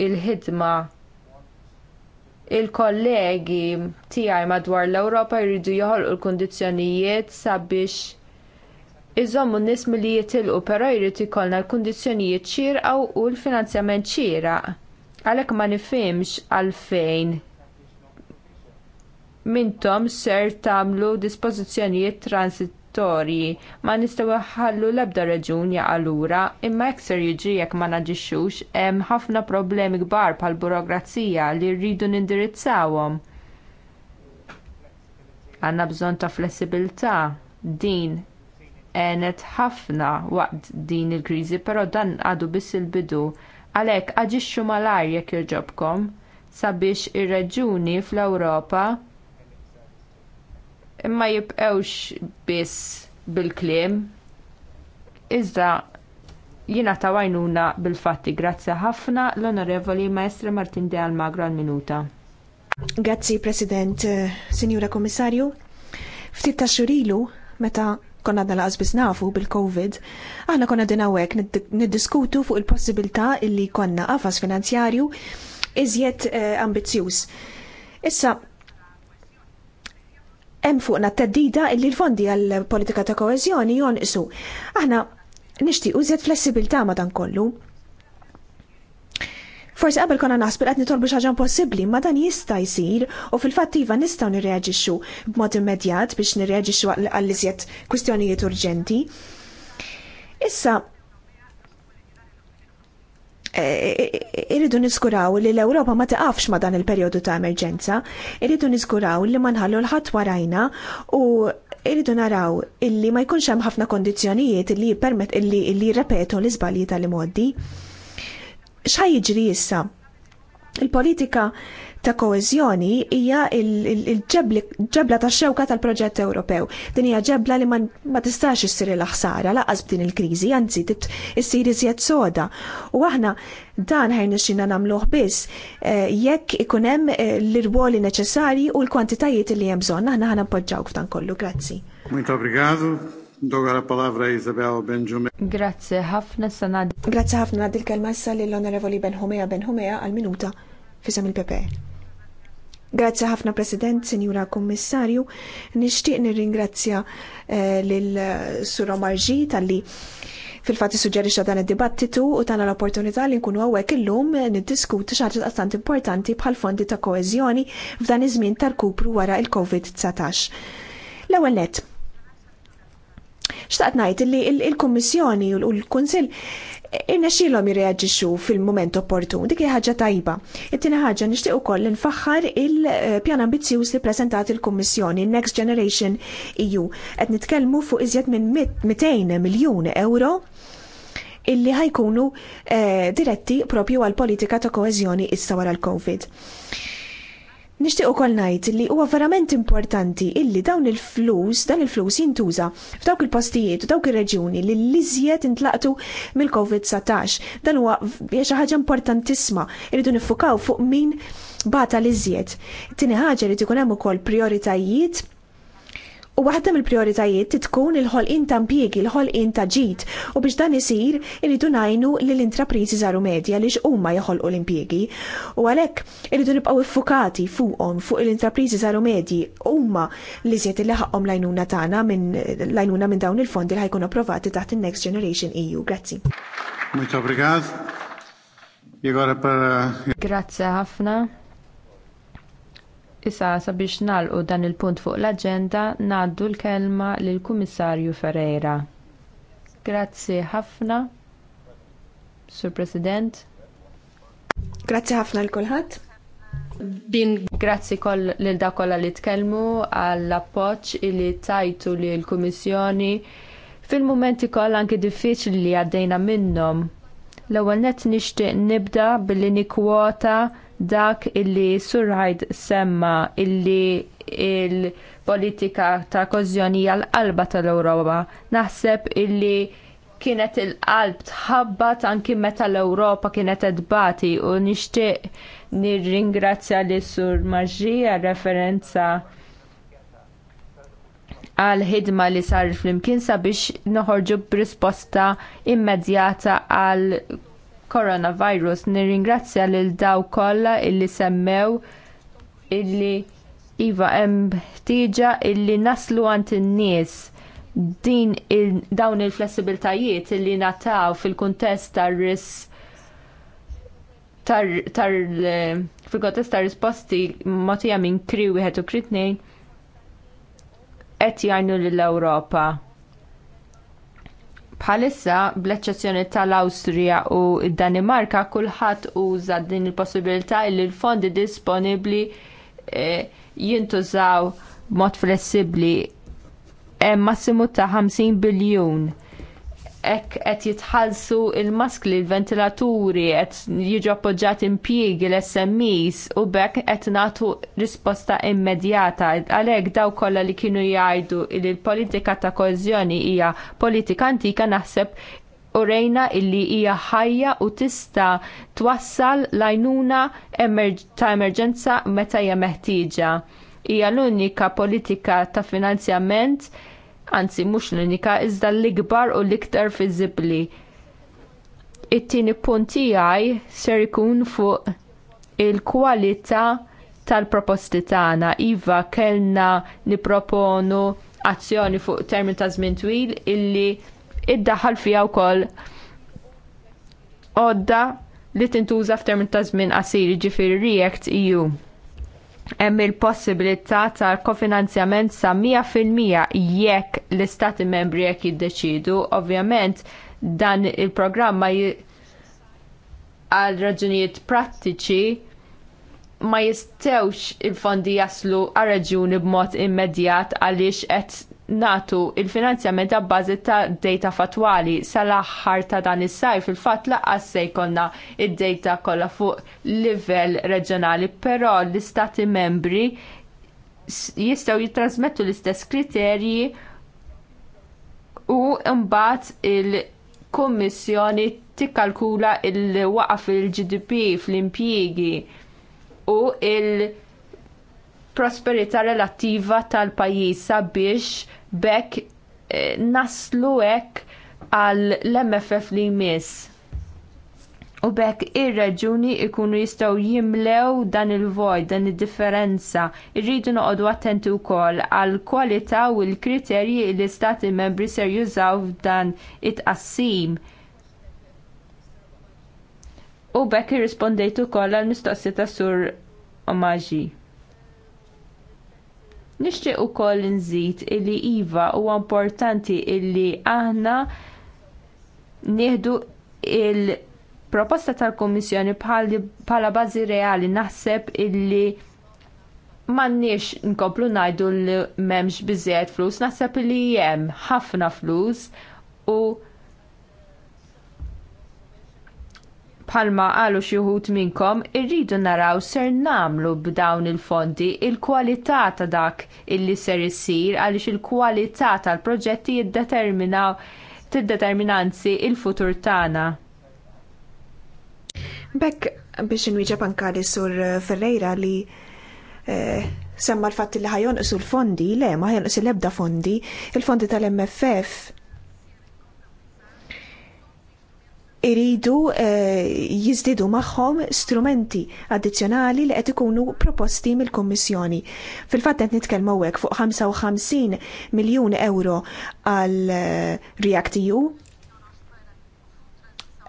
il-ħidma il-kollegi tiegħi madwar l-Ewropa jridu joħolqu l-kundizzjonijiet sabiex iżommu nis nies milli jitilqu, però jrid ikollna l-kundizzjonijiet xierqa u l-finanzjament xieraq. Għalhekk ma nifimx għalfejn mintom ser tagħmlu dispożizzjonijiet transitorji ma nistgħu ħallu l-ebda reġun jaqalura imma hekk ser jiġri jekk ma naġixxux hemm ħafna problemi kbar bħal burokrazija li rridu nindirizzawhom. Għandna bżonn ta' flessibilità din għenet ħafna waqt din il-kriżi, però dan għadu biss il-bidu. Għalhekk aġixxu malajr jekk jogħġobkom sabiex ir-reġuni fl-Ewropa imma jibqewx biss bil-kliem. Iżda jina tawajnuna bil-fatti. Grazzi ħafna l-Onorevoli Maestra Martin De Almagro għal-minuta. Grazzi, President, eh, Sinjura Komissarju. Ftit ta' xurilu, meta konna dal biss nafu bil-Covid, aħna konna dinawek niddiskutu fuq il-possibilità illi konna għafas finanzjarju iżjed eh, ambizzjuż. Issa, hemm fuqna t-teddida illi l-fondi għall-politika ta' koeżjoni jonqsu. Aħna nixtiequ użjed flessibilità ma' dan kollu. Forsi qabel konna naħsbu qed nitolbu xi ħaġa impossibbli, ma dan jista' jsir u fil-fatt iva nistgħu nirreaġixxu b'mod immedjat biex nirreaġixxu għall iżjed kwistjonijiet urġenti. Issa Eh, irridu niskuraw li l-Ewropa ma taqafx ma dan il-perjodu ta' emerġenza, irridu niskuraw li ma nħallu l-ħadd warajna u irridu naraw illi ma jkunx hemm ħafna kondizzjonijiet li permet illi illi repetu l-iżbalji tal-imoddi. Xa jiġri issa? Il-politika ta' koeżjoni hija il-ġebla ta' xewka tal-proġett Ewropew. Din hija ġebla li ma tistax issir il-ħsara laqas b'din il-kriżi, anzi issir iżjed soda. U aħna dan ħajn nixxina nagħmluh biss eh, jekk ikun hemm eh, l-irwoli neċessarji u l-kwantitajiet li hemm bżonn aħna ħana poġġawk f'dan kollu. Grazzi. Muito obrigado. Doga la palavra Isabel Benjume. Grazie ħafna sanad. Grazie ħafna nad il-kelma issa lill-Onorevoli Benjumea Benhumea għal-minuta fisem il-Pepe. Grazzi ħafna President, Sinjura Kommissarju, nixtieq nirringrazzja eh, lil eh, Sura Marġi tal-li fil-fatti suġġerixxa dan id-dibattitu u tana l-opportunità li nkunu il illum eh, niddiskuti xi ħaġa għastant importanti bħal fondi ta' koeżjoni f'dan iż-żmien tal-kupru wara il-COVID-19. L-ewwel nett, xtaqt ngħid li kommissjoni kummissjoni u l-Kunsill irna xilom fil-moment opportun, dik ħaġa tajba. it ħagġa ħaġa nixtieq ukoll nfaħħar il-pjan ambizjus li preżentat il-Kummissjoni Next Generation EU. Qed nitkellmu fuq iżjed minn 200 miljun euro illi ħajkunu eh, diretti propju għal politika ta' koeżjoni issa wara l-Covid. Nishtiq ukoll ngħid li huwa verament importanti illi dawn il-flus, dan il-flus jintuża f'dawk il-postijiet u dawk ir-reġjuni li l-iżjed intlaqtu mill-COVID-19. Dan huwa xi ħaġa importantissima irridu nifukaw fuq min bata l-iżjed. Tieni ħaġa li ikun hemm ukoll prioritajiet U waħda mill-prioritajiet tkun il-ħolqin ta' impjiegi, il-ħolqin ta' ġid, u biex dan isir iridu ngħinu lill intrapriżi żaru medja li huma joħolqu l-impjiegi. U għalhekk iridu nibqgħu iffukati fuqhom fuq l-intrapriżi żaru medji huma li siet li ħaqhom lajnuna tagħna minn lajnuna minn dawn il-fondi li ħajkunu approvati taħt in-Next Generation EU. Grazzi. Muito obrigado. E Grazie ħafna. Issa sabiex nalqu dan il-punt fuq l-aġenda ngħaddu l-kelma lill kummissarju Ferreira. Grazzi ħafna, Sur President. Grazzi ħafna l kulħadd. Bin grazzi koll lil da kollha li tkellmu għall appoġġ li tajtu li l-Kummissjoni fil-momenti kollha anki diffiċli li għaddejna minnhom. L-ewwel nett nixtieq nibda billi nikkwota dak illi surrajt semma illi il-politika ta' kożjoni l qalba tal-Ewropa. Naħseb illi kienet il-qalb tħabbat anki meta l-Ewropa kienet edbati u nixtieq nirringrazzja li sur Maġija referenza għal ħidma li sar flimkien sabiex noħorġu b'risposta immedjata għal coronavirus. Nirringrazzja lil daw kollha illi semmew illi iva hemm ħtieġa illi naslu għand in-nies din il, dawn il-flessibiltajiet illi nataw fil-kuntest tar ris tar, tar fil kuntest tar risposti motija minn kri wieħed u kri tnejn qed jgħinu lill-Ewropa. Bħalissa, bl-eċċezzjoni tal-Awstrija u d Danimarka, kulħadd uża din il-possibilità li l-fondi disponibbli eh, jintużaw mod flessibbli hemm massimu ta' 50 biljun ek qed jitħallsu il-maskli, il-ventilaturi, qed jiġu appoġġjat impjiegi l-SMEs u bekk qed nagħtu risposta immedjata. Għalhekk daw kollha li kienu jgħidu li l-politika ta' koeżjoni hija politika antika naħseb u rejna illi hija ħajja u tista' twassal l-għajnuna ta' emerġenza meta hija meħtieġa. Hija l-unika politika ta' finanzjament anzi mhux l-unika iżda l-ikbar u l-iktar fiżibbli. It-tieni punt tiegħi ser ikun fuq il-kwalità tal-proposti tagħna. Iva kellna nipproponu azzjoni fuq termin ta' żmien twil illi iddaħħal fiha wkoll għodda li tintuża f'termin ta' żmien qasir jiġifieri React EU hemm il-possibilità ta' kofinanzjament sa' 100% jekk l-istati membri jekk jiddeċidu, ovvjament dan il-programma għal raġunijiet prattiċi ma jistewx il-fondi jaslu għal raġuni b'mod immedjat għaliex qed natu il-finanzjament ta' bażi ta' data fatwali sal-aħħar ta' dan is-sajf il-fatt laqas se jkollna id-data kollha fuq livell reġjonali, però l-istati membri jistgħu jittrażmettu l-istess kriterji u mbagħad il-Kummissjoni tikkalkula il-waqaf il-GDP fl-impjiegi u il-, il il prosperità relattiva tal-pajjiż sabiex bekk eh, naslu hekk għal l-MFF li jmiss. U bekk ir-reġuni jkunu jistgħu jimlew dan il-vojt, dan id-differenza. Irridu noqogħdu attenti wkoll għal kwalità u l-kriterji li stati membri ser jużaw f'dan it-qassim. U bekk irrispondejtu wkoll għall mistoqsi ta' sur omaġi. Nixtieq ukoll nżid illi iva huwa importanti illi aħna nieħdu il- proposta tal kummissjoni bħala bażi reali naħseb illi m'għandniex nkomplu ngħidu li m'hemmx biżejjed flus, naħseb illi hemm ħafna flus u palma għalu xieħut minnkom, irridu naraw ser namlu b'dawn il-fondi il-kwalità ta' dak illi ser jissir għaliex il-kwalità tal-proġetti jiddeterminaw tiddeterminanzi il-futur tagħna. Bekk biex inwieġeb anka li sur Ferreira li eh, semma l-fatt li ħajonqsu l-fondi, le ma ħajonqsu l-ebda fondi, il-fondi tal-MFF iridu eh, jizdidu magħhom strumenti addizzjonali li qed ikunu proposti mill-Kummissjoni. Fil-fatt qed nitkellmu hekk fuq 55 miljun euro għal eh, React EU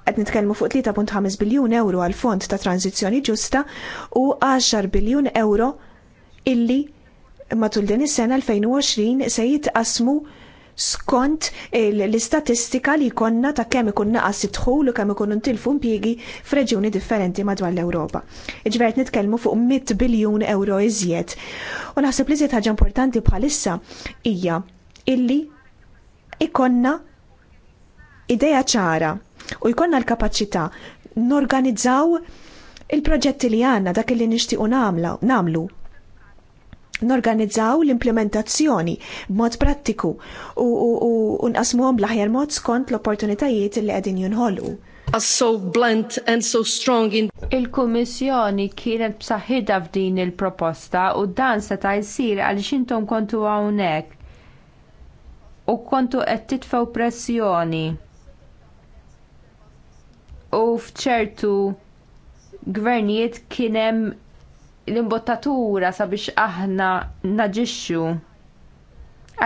qed nitkellmu fuq 3.5 biljun euro għal fond ta' tranzizzjoni ġusta u 10 biljun euro illi matul din is-sena 2020 se jitqasmu skont l-istatistika li jkollna ta' kemm ikun naqas idħul u kemm ikun intilfu impjiegi f'reġjuni differenti madwar l-Ewropa. Iġvert nitkellmu fuq 100 biljun euro iżjed. U naħseb li ħaġa importanti bħalissa hija illi ikonna ideja ċara u jkollna l-kapaċità norganizzaw il-proġetti li għandna dak li nixtiequ nagħmlu norganizzaw l-implementazzjoni b'mod prattiku u, u, u nqasmuhom bl-aħjar mod skont l-opportunitajiet li qegħdin jinħolqu. So blunt and so strong in Il-Kummissjoni kienet b'saħħitha f'din il-proposta u dan seta' jsir għaliex intom kontu hawnhekk u kontu qed titfgħu pressjoni u fċertu gvernijiet kien hemm l-imbottatura sabiex aħna naġixxu.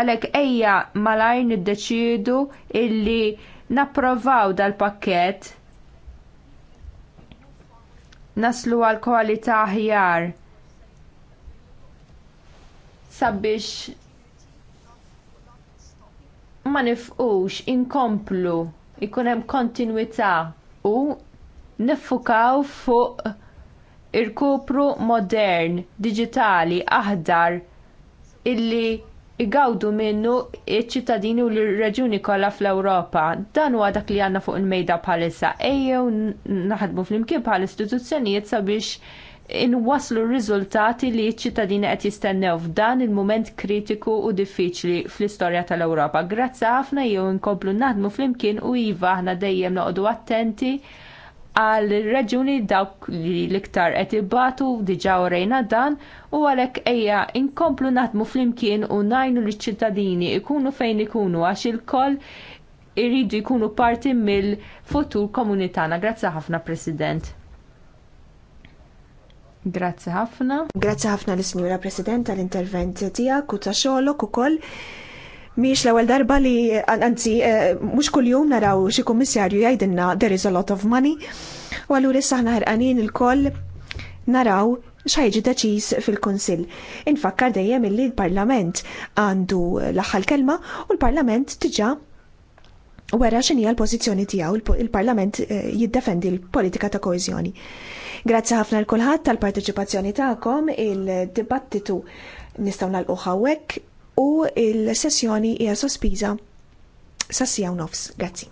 Għalhekk ejja malajn niddeċidu illi napprovaw dal-pakket naslu għal kwalità aħjar sabiex ma nifqux inkomplu ikun hemm kontinwità u niffukaw fuq irkupru modern, diġitali, aħdar illi igawdu minnu ċ ċittadini u l-reġjuni kollha fl-Ewropa. Dan huwa dak li għandna fuq il-mejda bħalissa. Ejjew naħdmu flimkien bħal istituzzjonijiet sabiex inwaslu r-riżultati li ċ-ċittadini qed jistennew f'dan il-mument kritiku u diffiċli fl-istorja tal-Ewropa. Grazzi ħafna jew inkomplu naħdmu flimkien u iva aħna dejjem noqogħdu attenti għal raġuni dawk li l-iktar qed ibatu diġà orejna dan u għalhekk ejja inkomplu naħdmu flimkien u najnu liċ ċittadini ikunu fejn ikunu għax il-koll irridu jkunu parti mill-futur komunitana. Grazzi ħafna, President. Grazzi ħafna. Grazzi ħafna l-Sinjura President għall intervent tiegħek u ta' xogħlok ukoll. Miex l-ewwel darba li anzi eh, mhux kuljum naraw xi kummissarju jgħidilna there is a lot of money. U allura issa aħna ħerqanin il-koll naraw xajġi deċiż fil-Kunsill. Infakkar dejjem illi l-Parlament għandu l aħħar kelma u l-Parlament diġà wera x'inhi l-pożizzjoni tiegħu il-Parlament eh, jiddefendi l-politika ta' koeżjoni. Grazzi ħafna l-kulħadd tal-parteċipazzjoni tagħkom il-dibattitu nistgħu nagħlqu hawnhekk u il-sessjoni hija sospiża sassijaw nofs. Grazzi.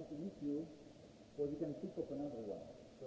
nothing with you, or you can pick up another one. So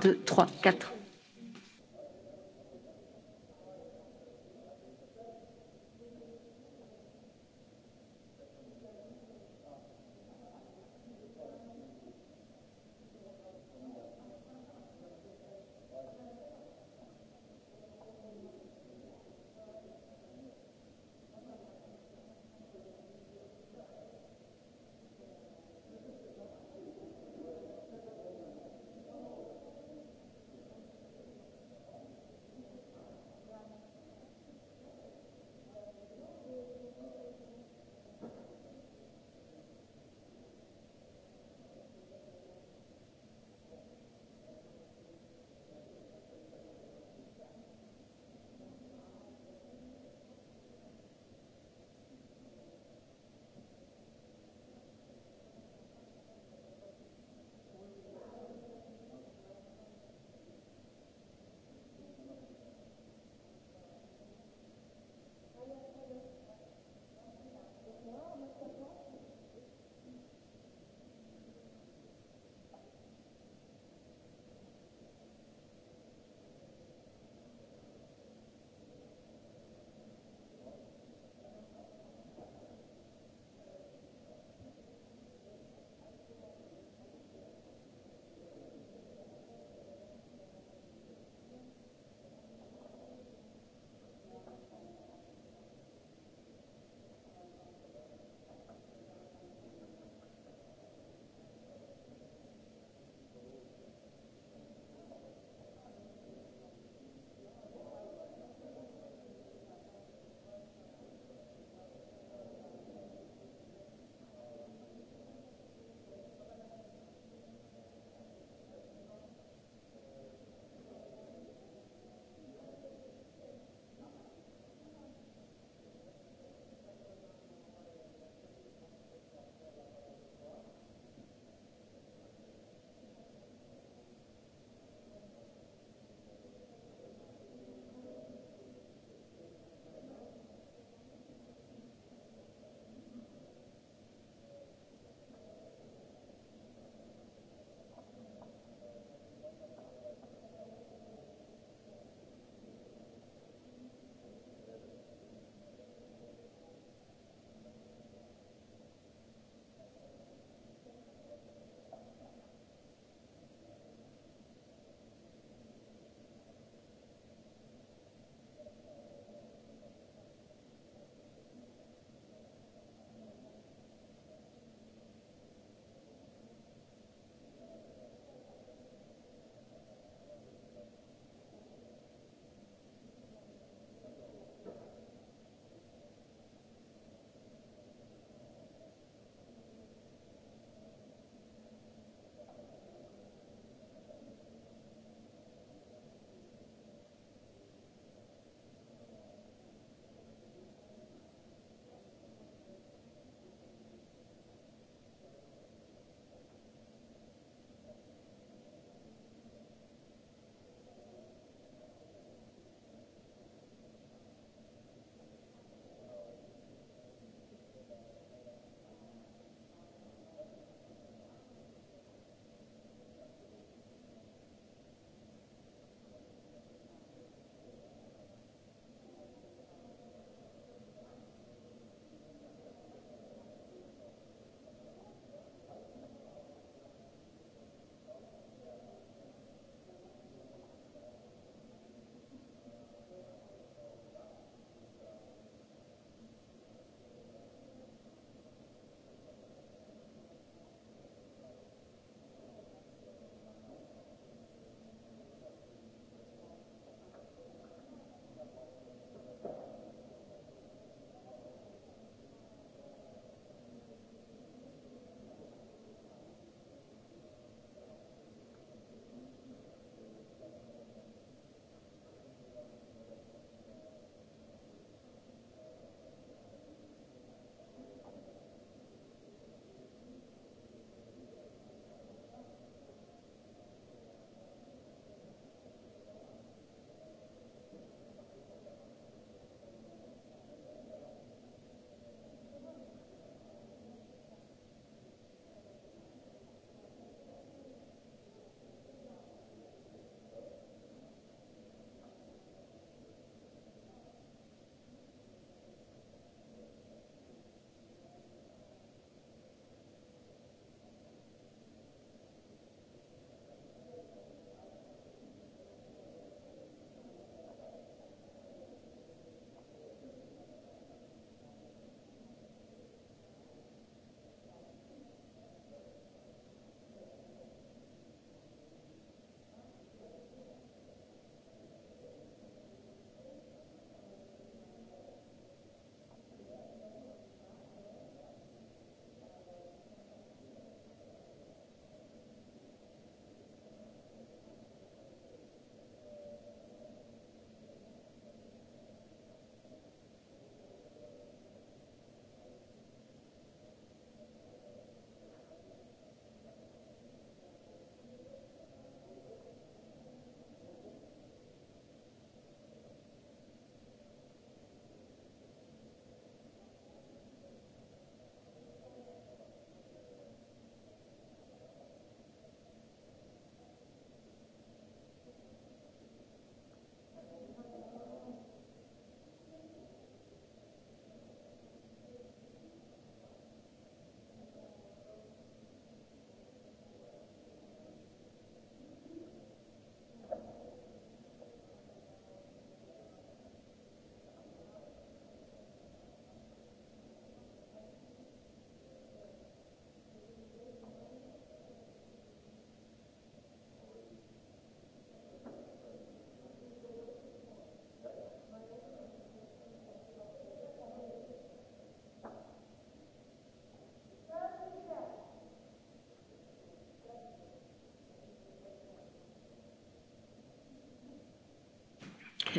deux, trois, quatre.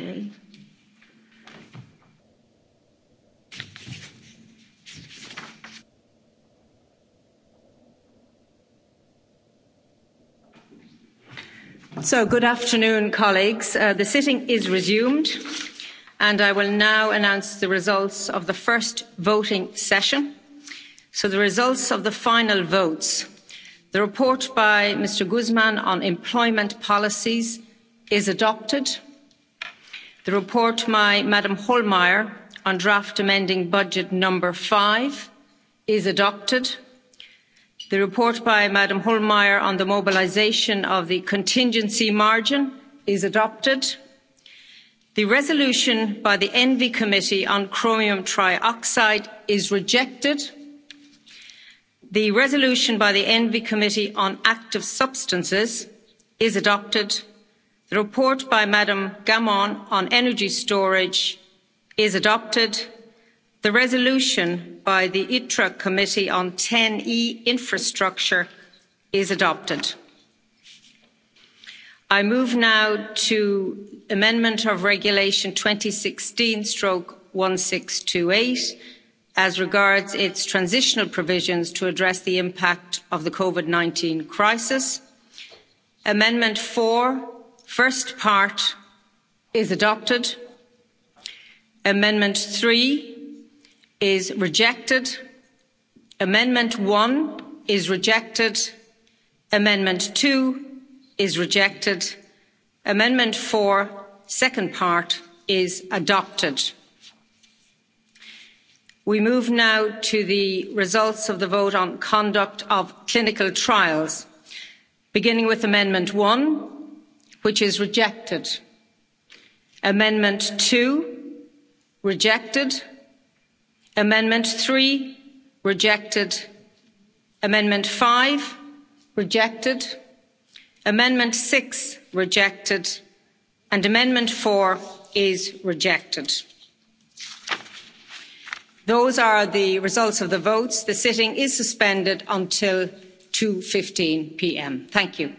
Okay. So, good afternoon, colleagues. Uh, the sitting is resumed, and I will now announce the results of the first voting session. So, the results of the final votes. The report by Mr. Guzman on employment policies is adopted the report by ms hohlmeier on draft amending budget number five is adopted. the report by ms hohlmeier on the mobilisation of the contingency margin is adopted. the resolution by the envi committee on chromium trioxide is rejected. the resolution by the envi committee on active substances is adopted the report by ms gamon on energy storage is adopted the resolution by the itre committee on ten e infrastructure is adopted. i move now to amendment of regulation two thousand and sixteen one thousand six hundred and twenty eight as regards its transitional provisions to address the impact of the covid nineteen crisis. amendment four first part is adopted amendment three is rejected amendment one is rejected amendment two is rejected amendment four second part is adopted. we move now to the results of the vote on conduct of clinical trials beginning with amendment one which is rejected. Amendment two, rejected. Amendment three, rejected. Amendment five, rejected. Amendment six, rejected. And Amendment four is rejected. Those are the results of the votes. The sitting is suspended until 2.15 p.m. Thank you.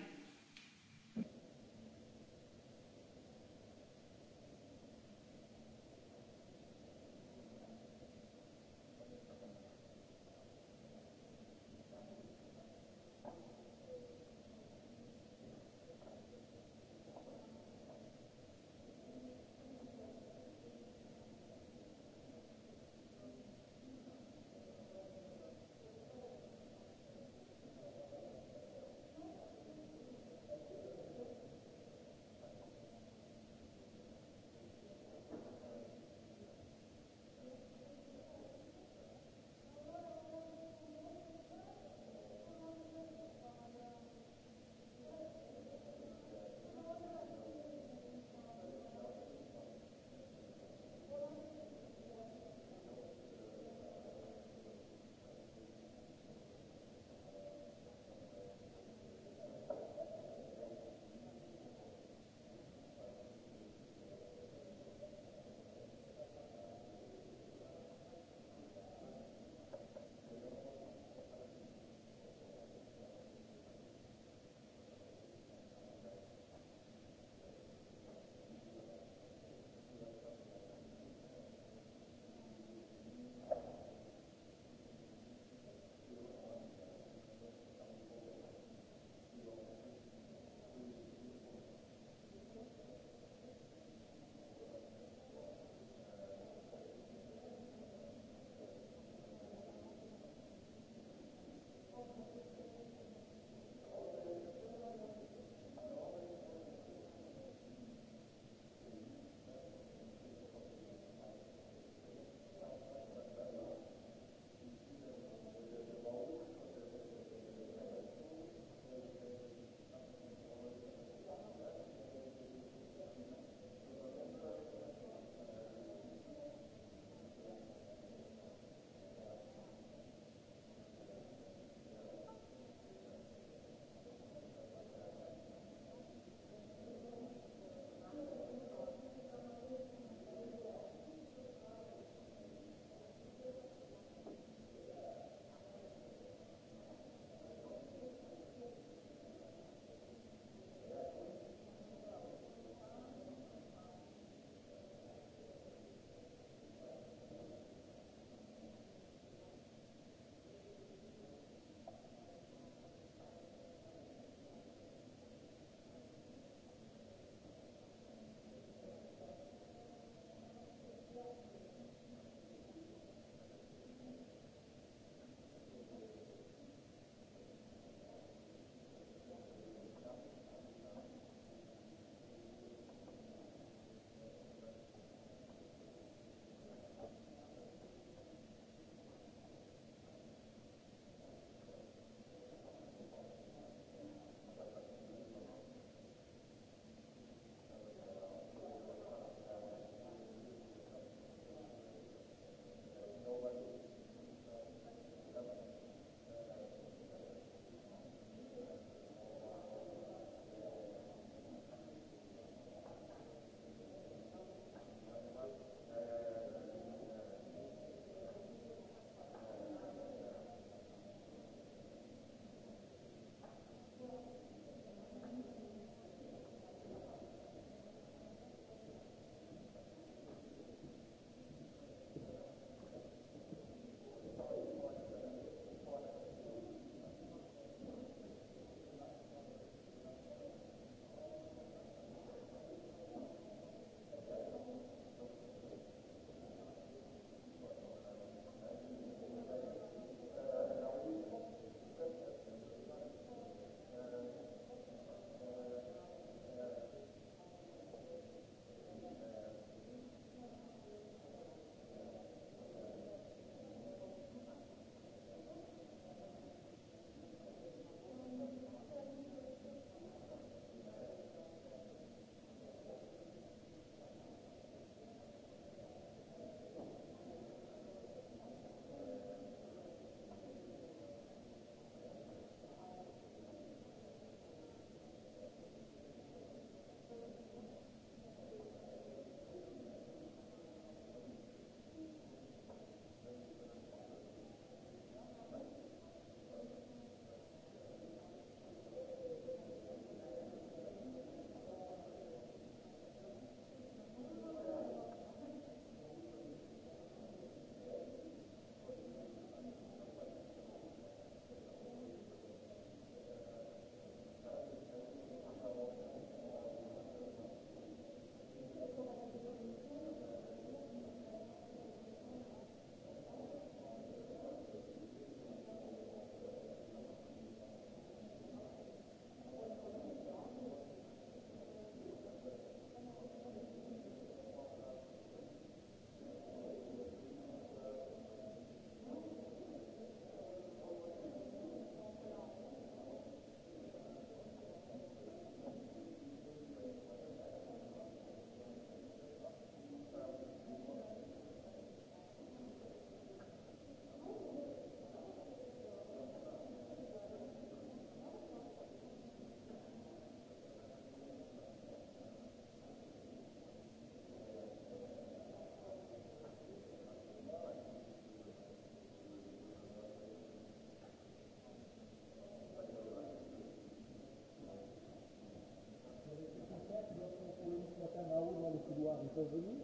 Slovénie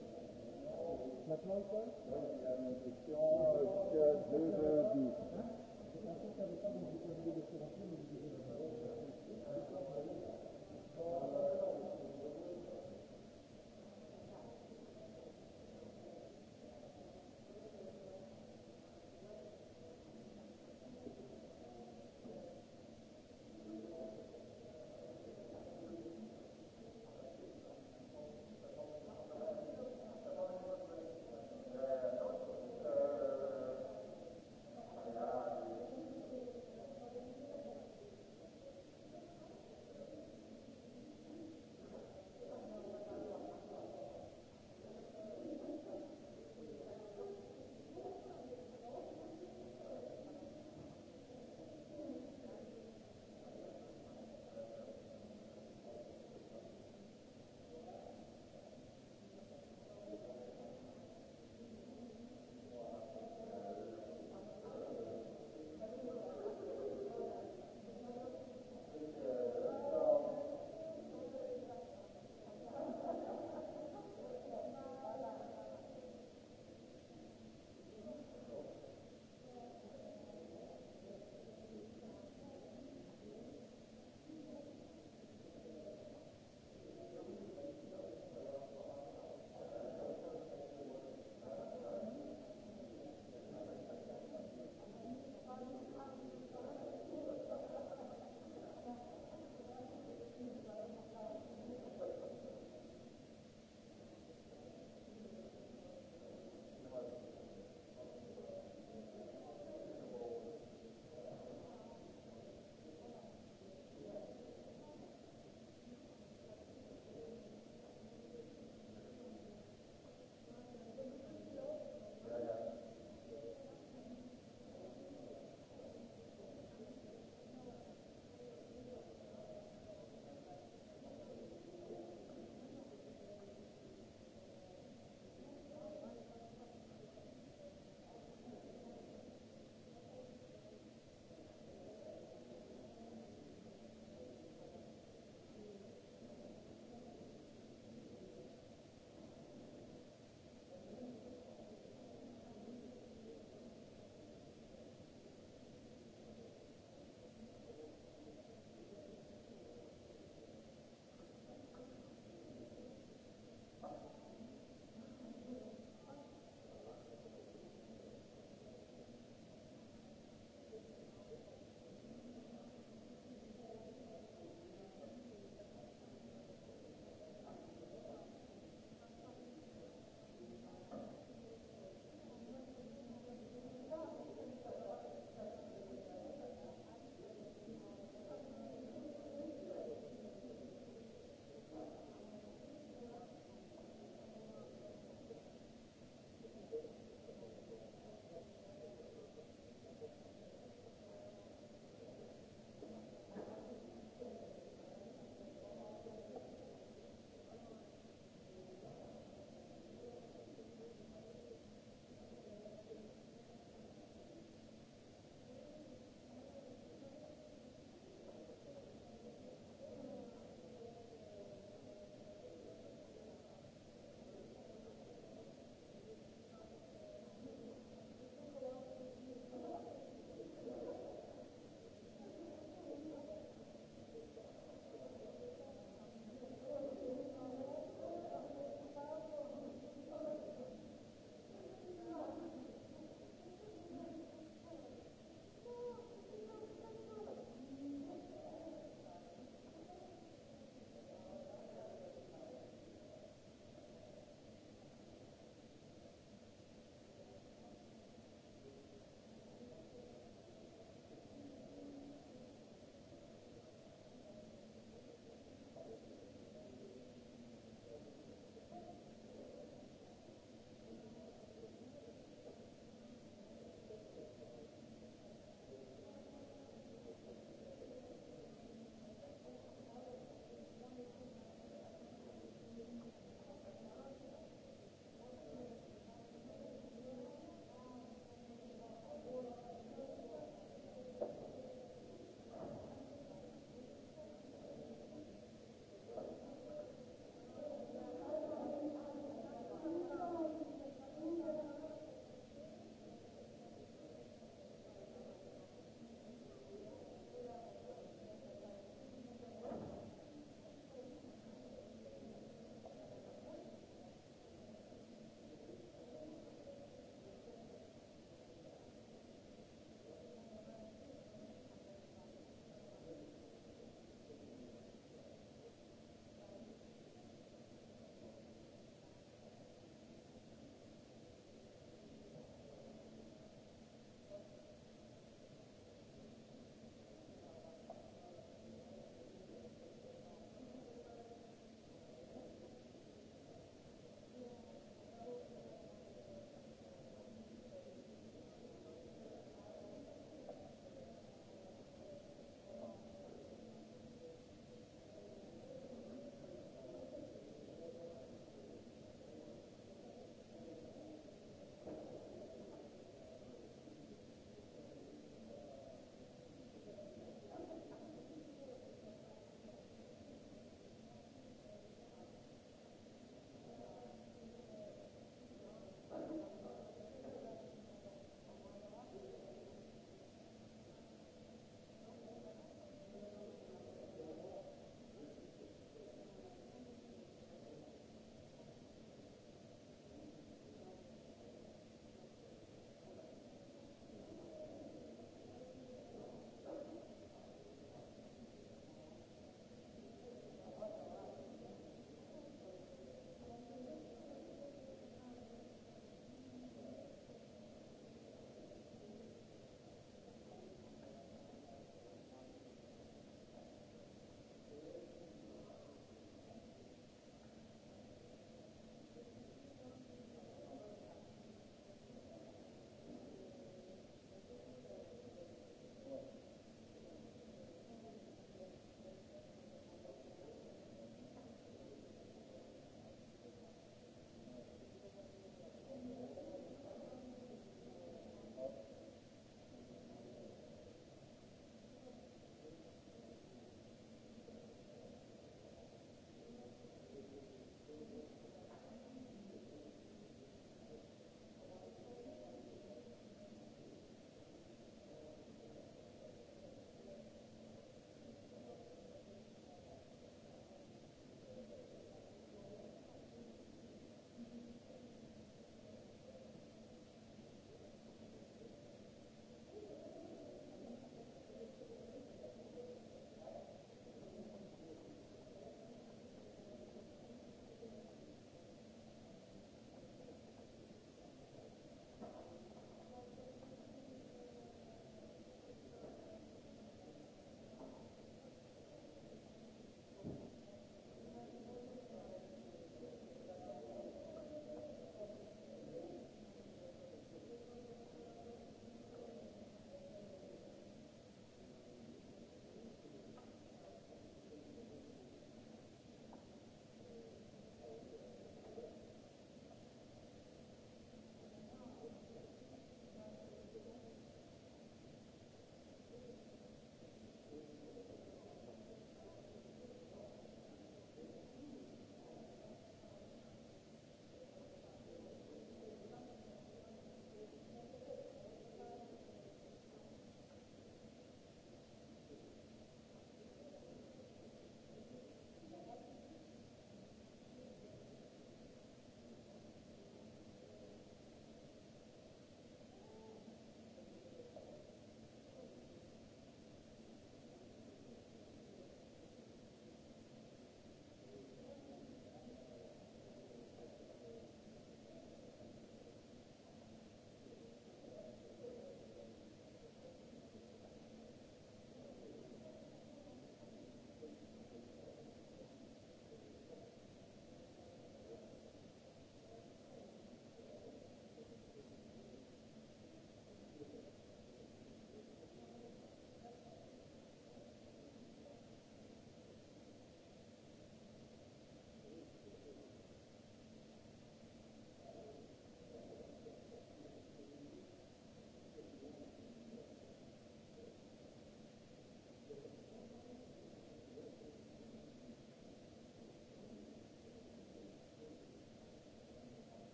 Maintenant, ça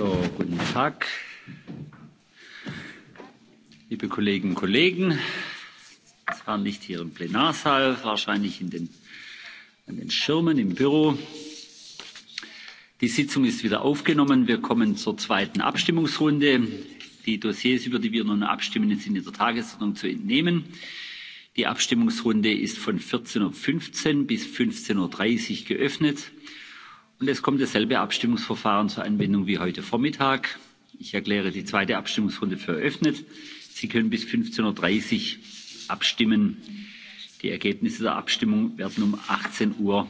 So, guten Tag, liebe Kolleginnen und Kollegen. Zwar nicht hier im Plenarsaal, wahrscheinlich in den, an den Schirmen im Büro. Die Sitzung ist wieder aufgenommen. Wir kommen zur zweiten Abstimmungsrunde. Die Dossiers, über die wir nun abstimmen, sind in der Tagesordnung zu entnehmen. Die Abstimmungsrunde ist von 14.15 Uhr bis 15.30 Uhr geöffnet. Und es kommt dasselbe Abstimmungsverfahren zur Anwendung wie heute Vormittag. Ich erkläre die zweite Abstimmungsrunde für eröffnet. Sie können bis 15.30 Uhr abstimmen. Die Ergebnisse der Abstimmung werden um 18 Uhr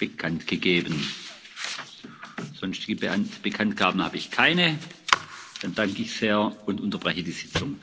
bekannt gegeben. Sonstige Bekanntgaben habe ich keine. Dann danke ich sehr und unterbreche die Sitzung.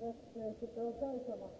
Grazzi, ci provo,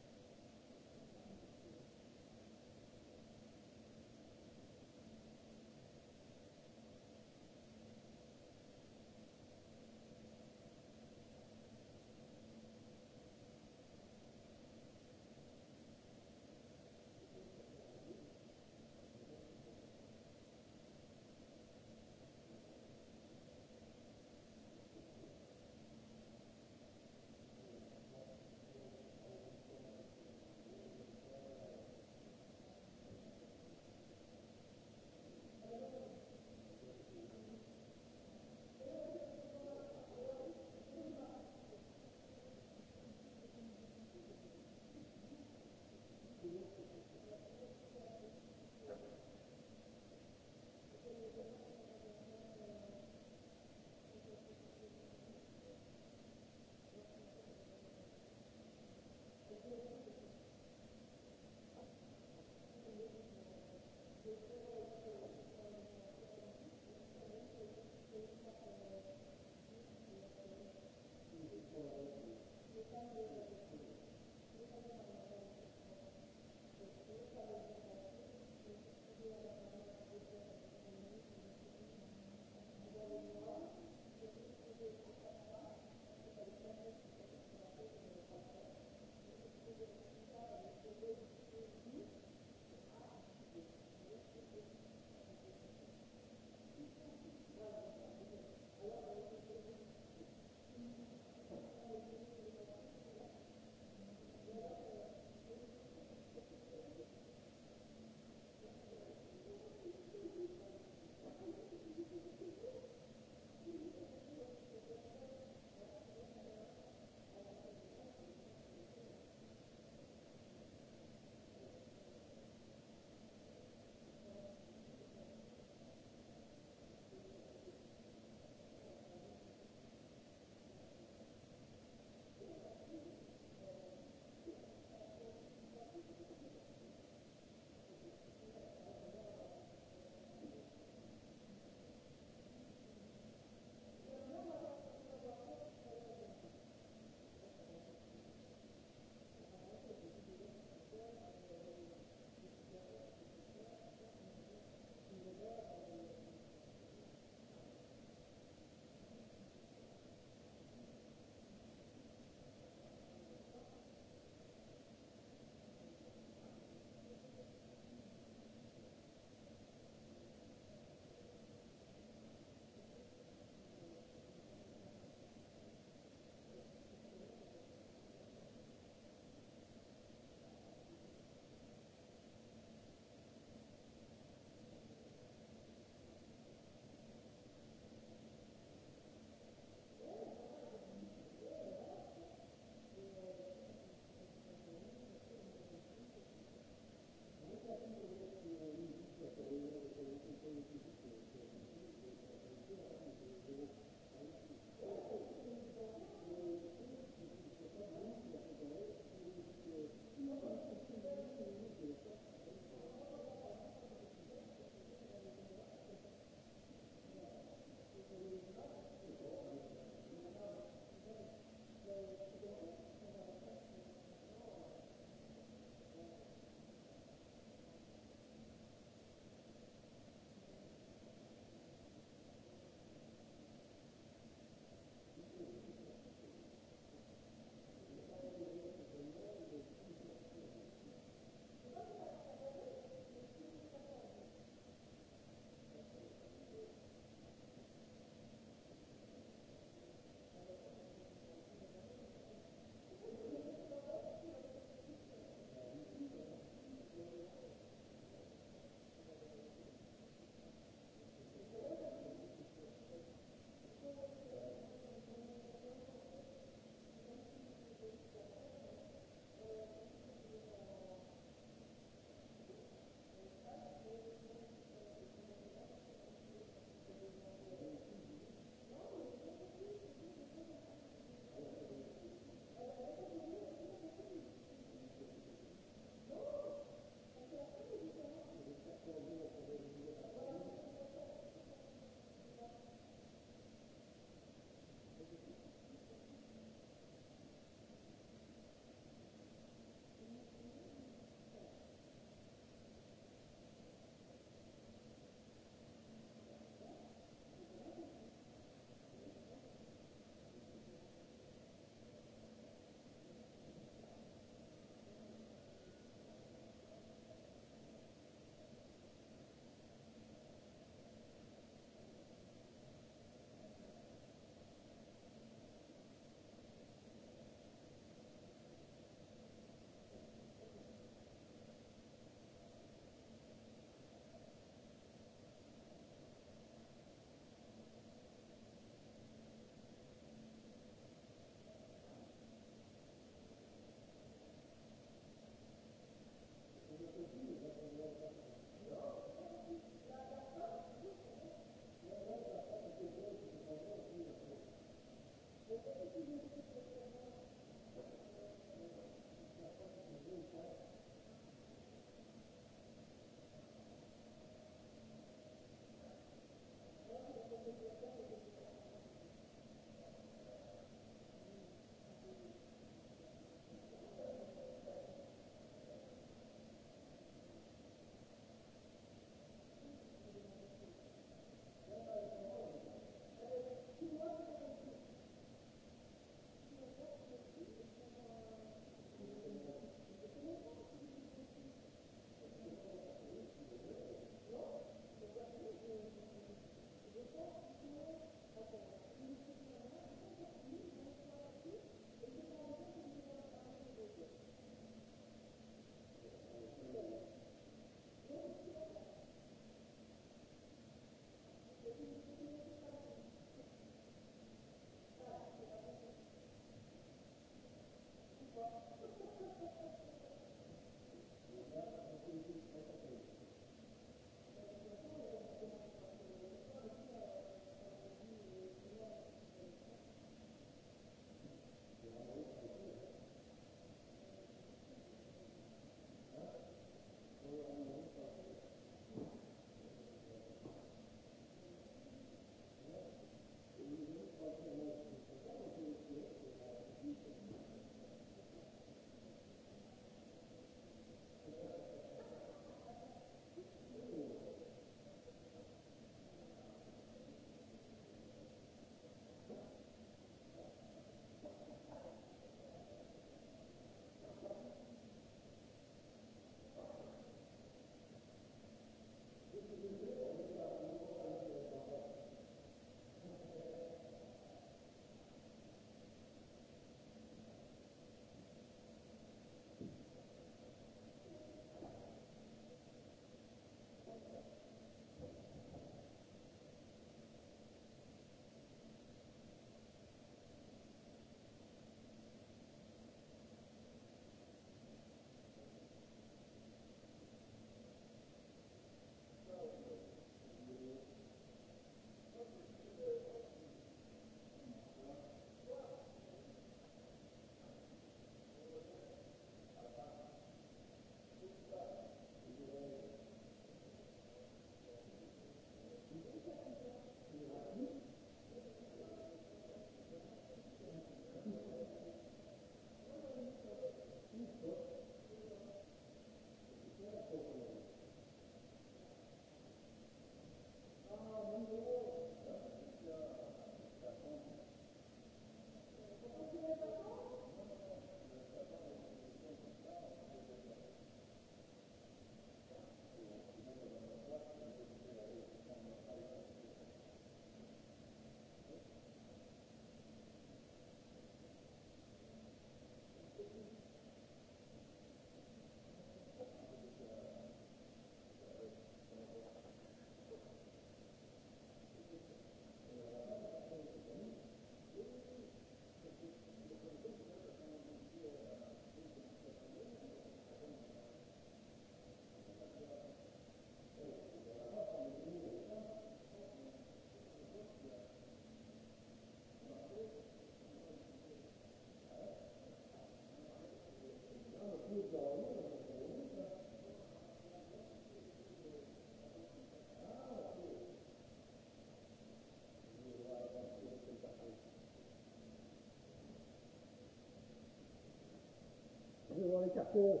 ta' fuq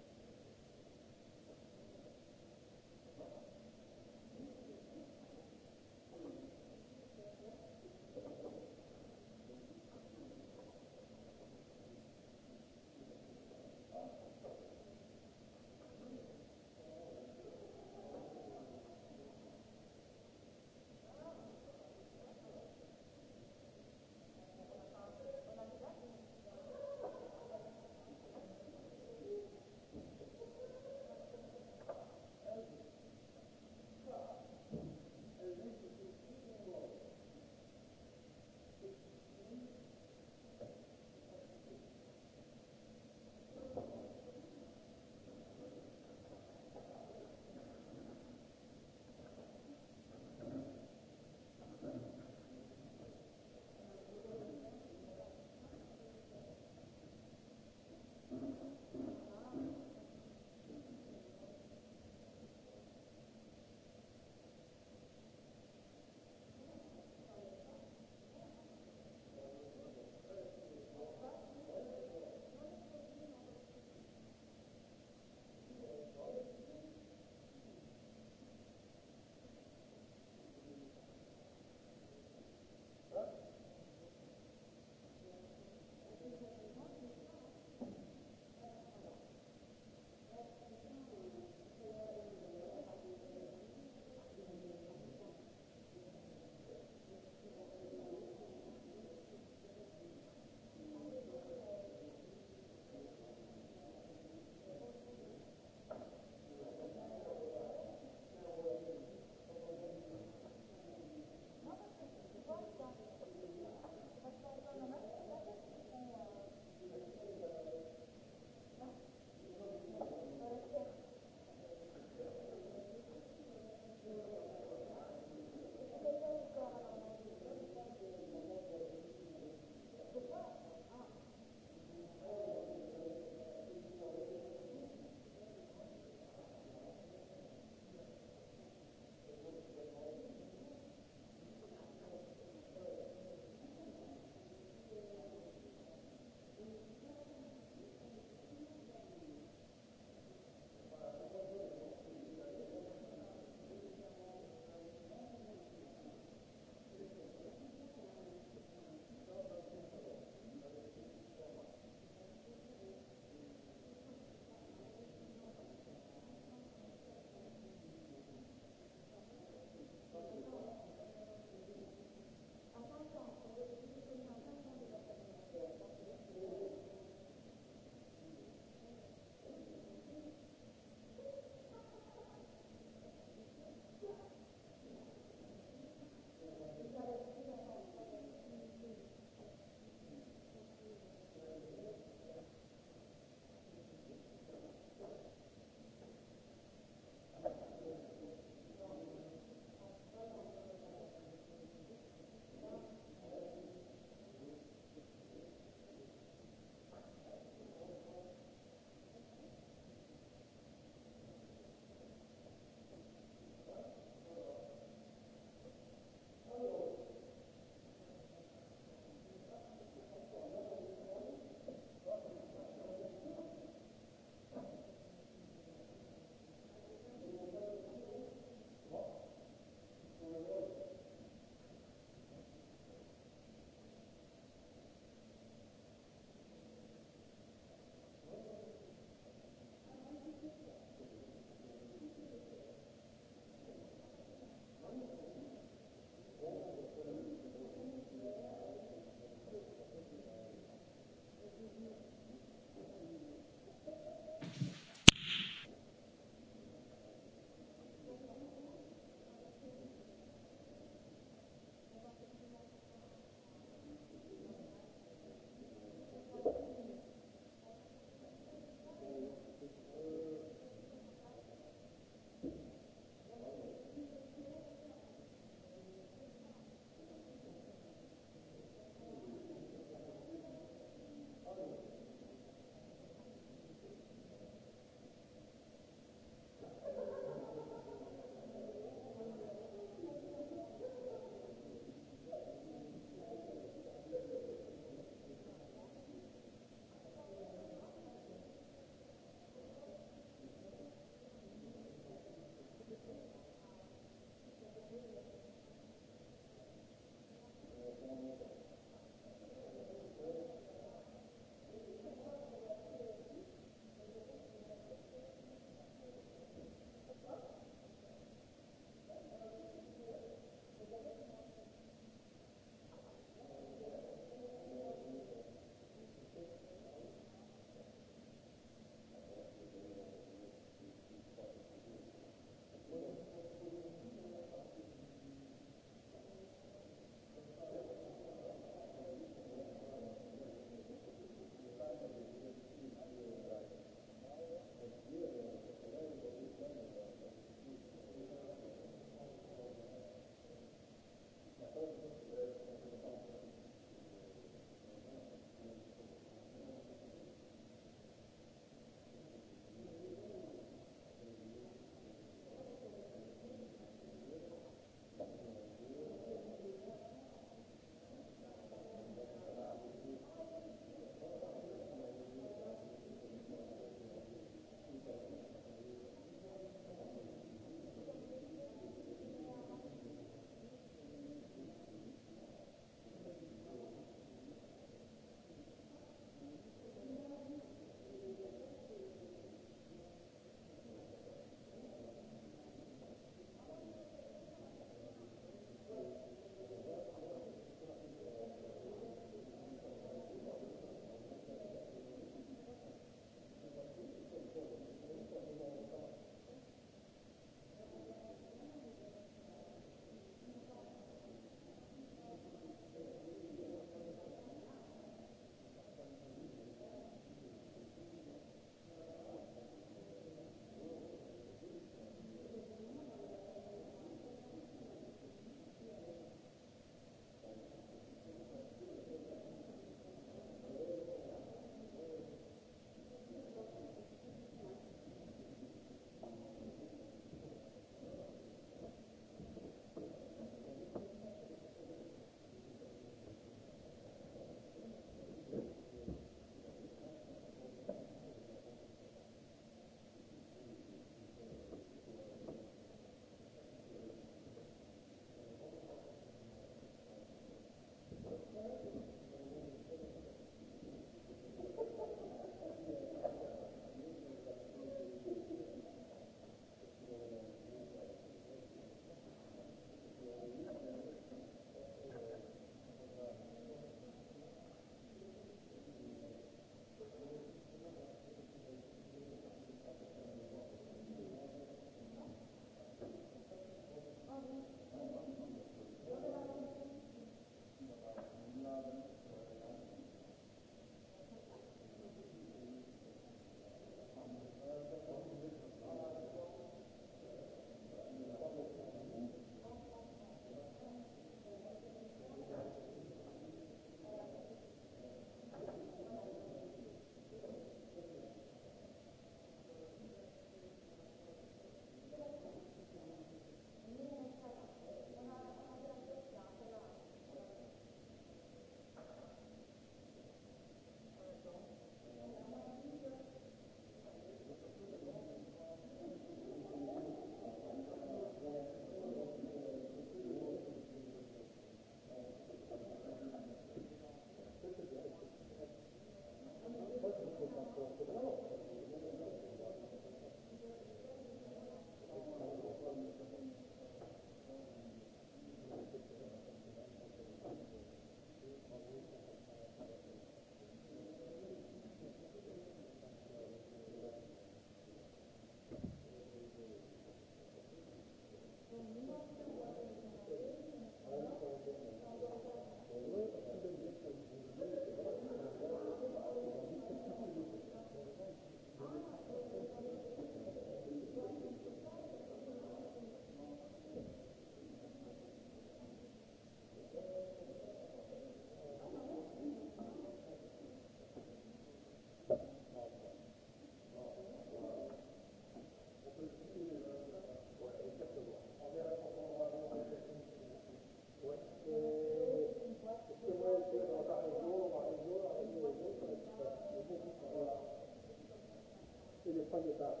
società.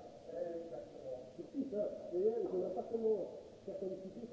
Sì, certo, è una fatto certificato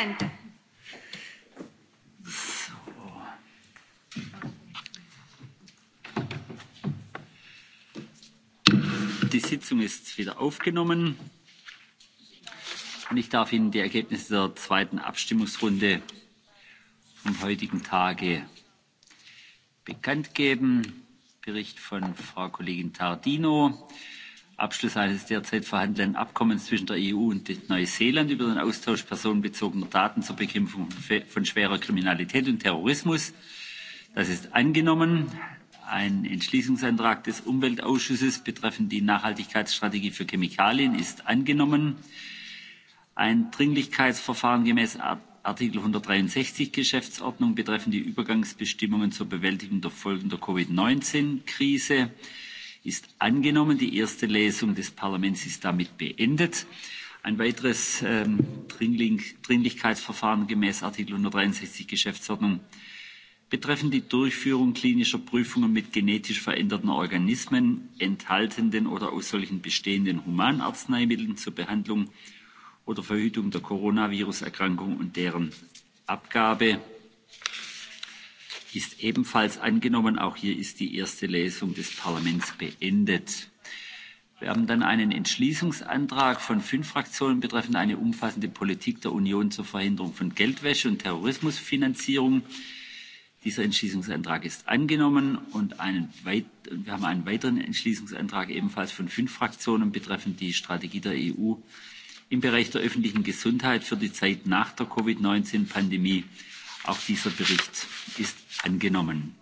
Presidente. Die Sitzung ist wieder aufgenommen. Und ich darf Ihnen die Ergebnisse der zweiten Abstimmungsrunde vom heutigen Tage bekannt geben. Bericht von Frau Kollegin Tardino Abschluss eines derzeit verhandelnden Abkommens zwischen der EU und Neuseeland über den Austausch personenbezogener Daten zur Bekämpfung von schwerer Kriminalität und Terrorismus. Das ist angenommen. Ein Entschließungsantrag des Umweltausschusses betreffend die Nachhaltigkeitsstrategie für Chemikalien ist angenommen. Ein Dringlichkeitsverfahren gemäß Artikel 163 Geschäftsordnung betreffend die Übergangsbestimmungen zur Bewältigung der Folgen der Covid-19-Krise ist angenommen. Die erste Lesung des Parlaments ist damit beendet. Ein weiteres ähm, Dringlichkeitsverfahren gemäß Artikel 163 Geschäftsordnung betreffend die Durchführung klinischer Prüfungen mit genetisch veränderten Organismen, enthaltenden oder aus solchen bestehenden Humanarzneimitteln zur Behandlung oder Verhütung der Coronavirus-Erkrankung und deren Abgabe ist ebenfalls angenommen. Auch hier ist die erste Lesung des Parlaments beendet. Wir haben dann einen Entschließungsantrag von fünf Fraktionen betreffend eine umfassende Politik der Union zur Verhinderung von Geldwäsche und Terrorismusfinanzierung. Dieser Entschließungsantrag ist angenommen und einen weit, wir haben einen weiteren Entschließungsantrag ebenfalls von fünf Fraktionen betreffend die Strategie der EU im Bereich der öffentlichen Gesundheit für die Zeit nach der Covid-19-Pandemie. Auch dieser Bericht ist angenommen.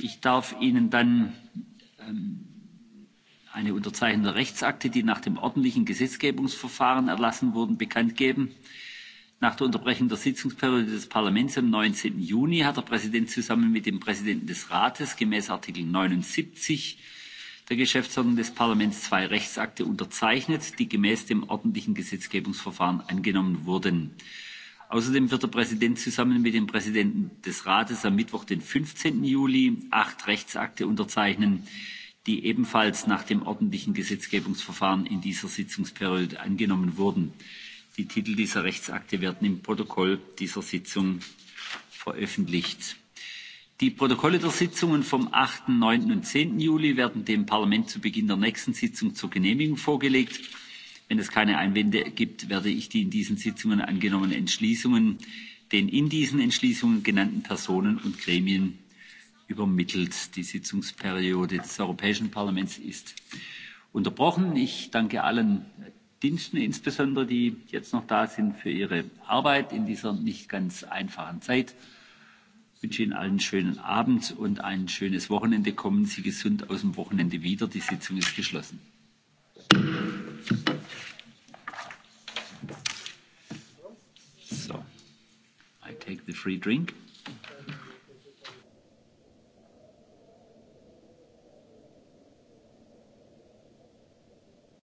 Ich darf Ihnen dann ähm, eine unterzeichnete Rechtsakte, die nach dem ordentlichen Gesetzgebungsverfahren erlassen wurden, bekannt geben. Nach der Unterbrechung der Sitzungsperiode des Parlaments am 19. Juni hat der Präsident zusammen mit dem Präsidenten des Rates gemäß Artikel 79 der Geschäftsordnung des Parlaments zwei Rechtsakte unterzeichnet, die gemäß dem ordentlichen Gesetzgebungsverfahren angenommen wurden. Außerdem wird der Präsident zusammen mit dem Präsidenten des Rates am Mittwoch, den 15. Juli, acht Rechtsakte unterzeichnen, die ebenfalls nach dem ordentlichen Gesetzgebungsverfahren in dieser Sitzungsperiode angenommen wurden. Die Titel dieser Rechtsakte werden im Protokoll dieser Sitzung veröffentlicht. Die Protokolle der Sitzungen vom 8., 9. und 10. Juli werden dem Parlament zu Beginn der nächsten Sitzung zur Genehmigung vorgelegt. Wenn es keine Einwände gibt, werde ich die in diesen Sitzungen angenommenen Entschließungen den in diesen Entschließungen genannten Personen und Gremien übermittelt. Die Sitzungsperiode des Europäischen Parlaments ist unterbrochen. Ich danke allen Diensten, insbesondere die jetzt noch da sind, für ihre Arbeit in dieser nicht ganz einfachen Zeit. Ich wünsche Ihnen allen einen schönen Abend und ein schönes Wochenende. Kommen Sie gesund aus dem Wochenende wieder. Die Sitzung ist geschlossen. So, I take the free drink.